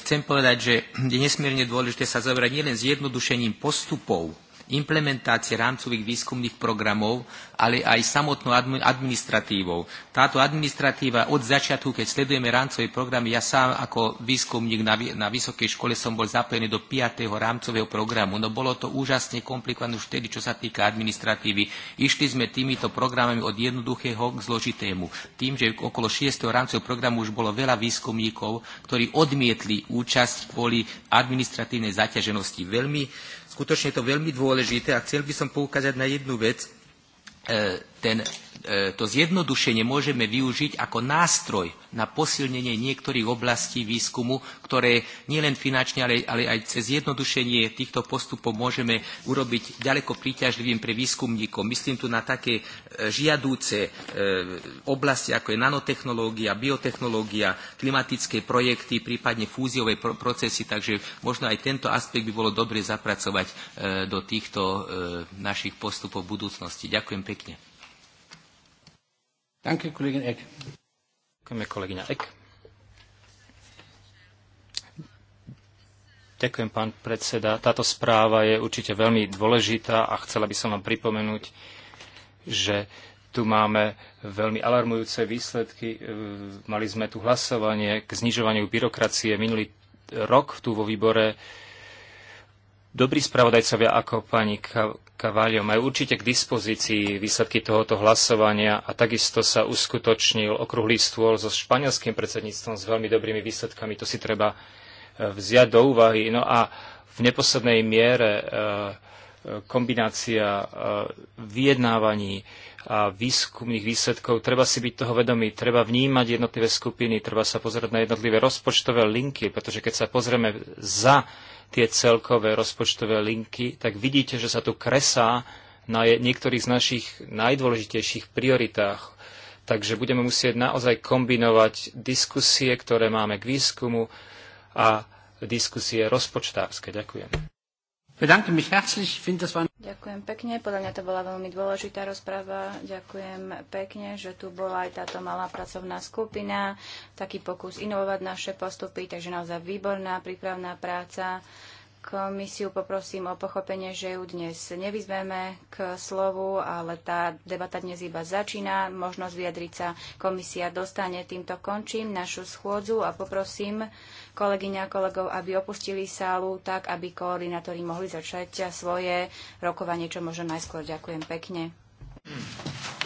Chcem povedať, že je nesmierne dôležité sa zaoberať nielen zjednodušením postupov, implementácie rámcových výskumných programov, ale aj samotnou administratívou. Táto administratíva od začiatku, keď sledujeme rámcové programy, ja sám ako výskumník na, na vysokej škole som bol zapojený do 5. rámcového programu. No bolo to úžasne komplikované už vtedy, čo sa týka administratívy. Išli sme týmito programami od jednoduchého k zložitému. Tým, že okolo 6. rámcového programu už bolo veľa výskumníkov, ktorí odmietli účasť kvôli administratívnej zaťaženosti. Veľmi skutočne je to veľmi dôležité a chcel by som poukázať na jednu vec. E, ten E, to zjednodušenie môžeme využiť ako nástroj na posilnenie niektorých oblastí výskumu, ktoré nielen finančne, ale, ale aj cez zjednodušenie týchto postupov môžeme urobiť ďaleko príťažlivým pre výskumníkov. Myslím tu na také e, žiadúce e, oblasti, ako je nanotechnológia, biotechnológia, klimatické projekty, prípadne fúziové procesy, takže možno aj tento aspekt by bolo dobre zapracovať do týchto našich postupov v budúcnosti. Ďakujem pekne. Danke, Kollegin Eck. Ďakujeme, kolegyňa Eck. Ďakujem, pán predseda. Táto správa je určite veľmi dôležitá a chcela by som vám pripomenúť, že tu máme veľmi alarmujúce výsledky. Mali sme tu hlasovanie k znižovaniu byrokracie minulý rok tu vo výbore. Dobrí spravodajcovia ako pani Cavalio majú určite k dispozícii výsledky tohoto hlasovania a takisto sa uskutočnil okrúhly stôl so španielským predsedníctvom s veľmi dobrými výsledkami. To si treba e, vziať do úvahy. No a v neposlednej miere e, e, kombinácia vyjednávaní a výskumných výsledkov. Treba si byť toho vedomý, treba vnímať jednotlivé skupiny, treba sa pozerať na jednotlivé rozpočtové linky, pretože keď sa pozrieme za tie celkové rozpočtové linky, tak vidíte, že sa tu kresá na niektorých z našich najdôležitejších prioritách. Takže budeme musieť naozaj kombinovať diskusie, ktoré máme k výskumu a diskusie rozpočtárske. Ďakujem. Ďakujem pekne, podľa mňa to bola veľmi dôležitá rozprava. Ďakujem pekne, že tu bola aj táto malá pracovná skupina, taký pokus inovovať naše postupy, takže naozaj výborná prípravná práca. Komisiu poprosím o pochopenie, že ju dnes nevyzveme k slovu, ale tá debata dnes iba začína. Možnosť vyjadriť sa komisia dostane. Týmto končím našu schôdzu a poprosím kolegyňa a kolegov, aby opustili sálu tak, aby koordinátori mohli začať svoje rokovanie čo možno najskôr. Ďakujem pekne. Hmm.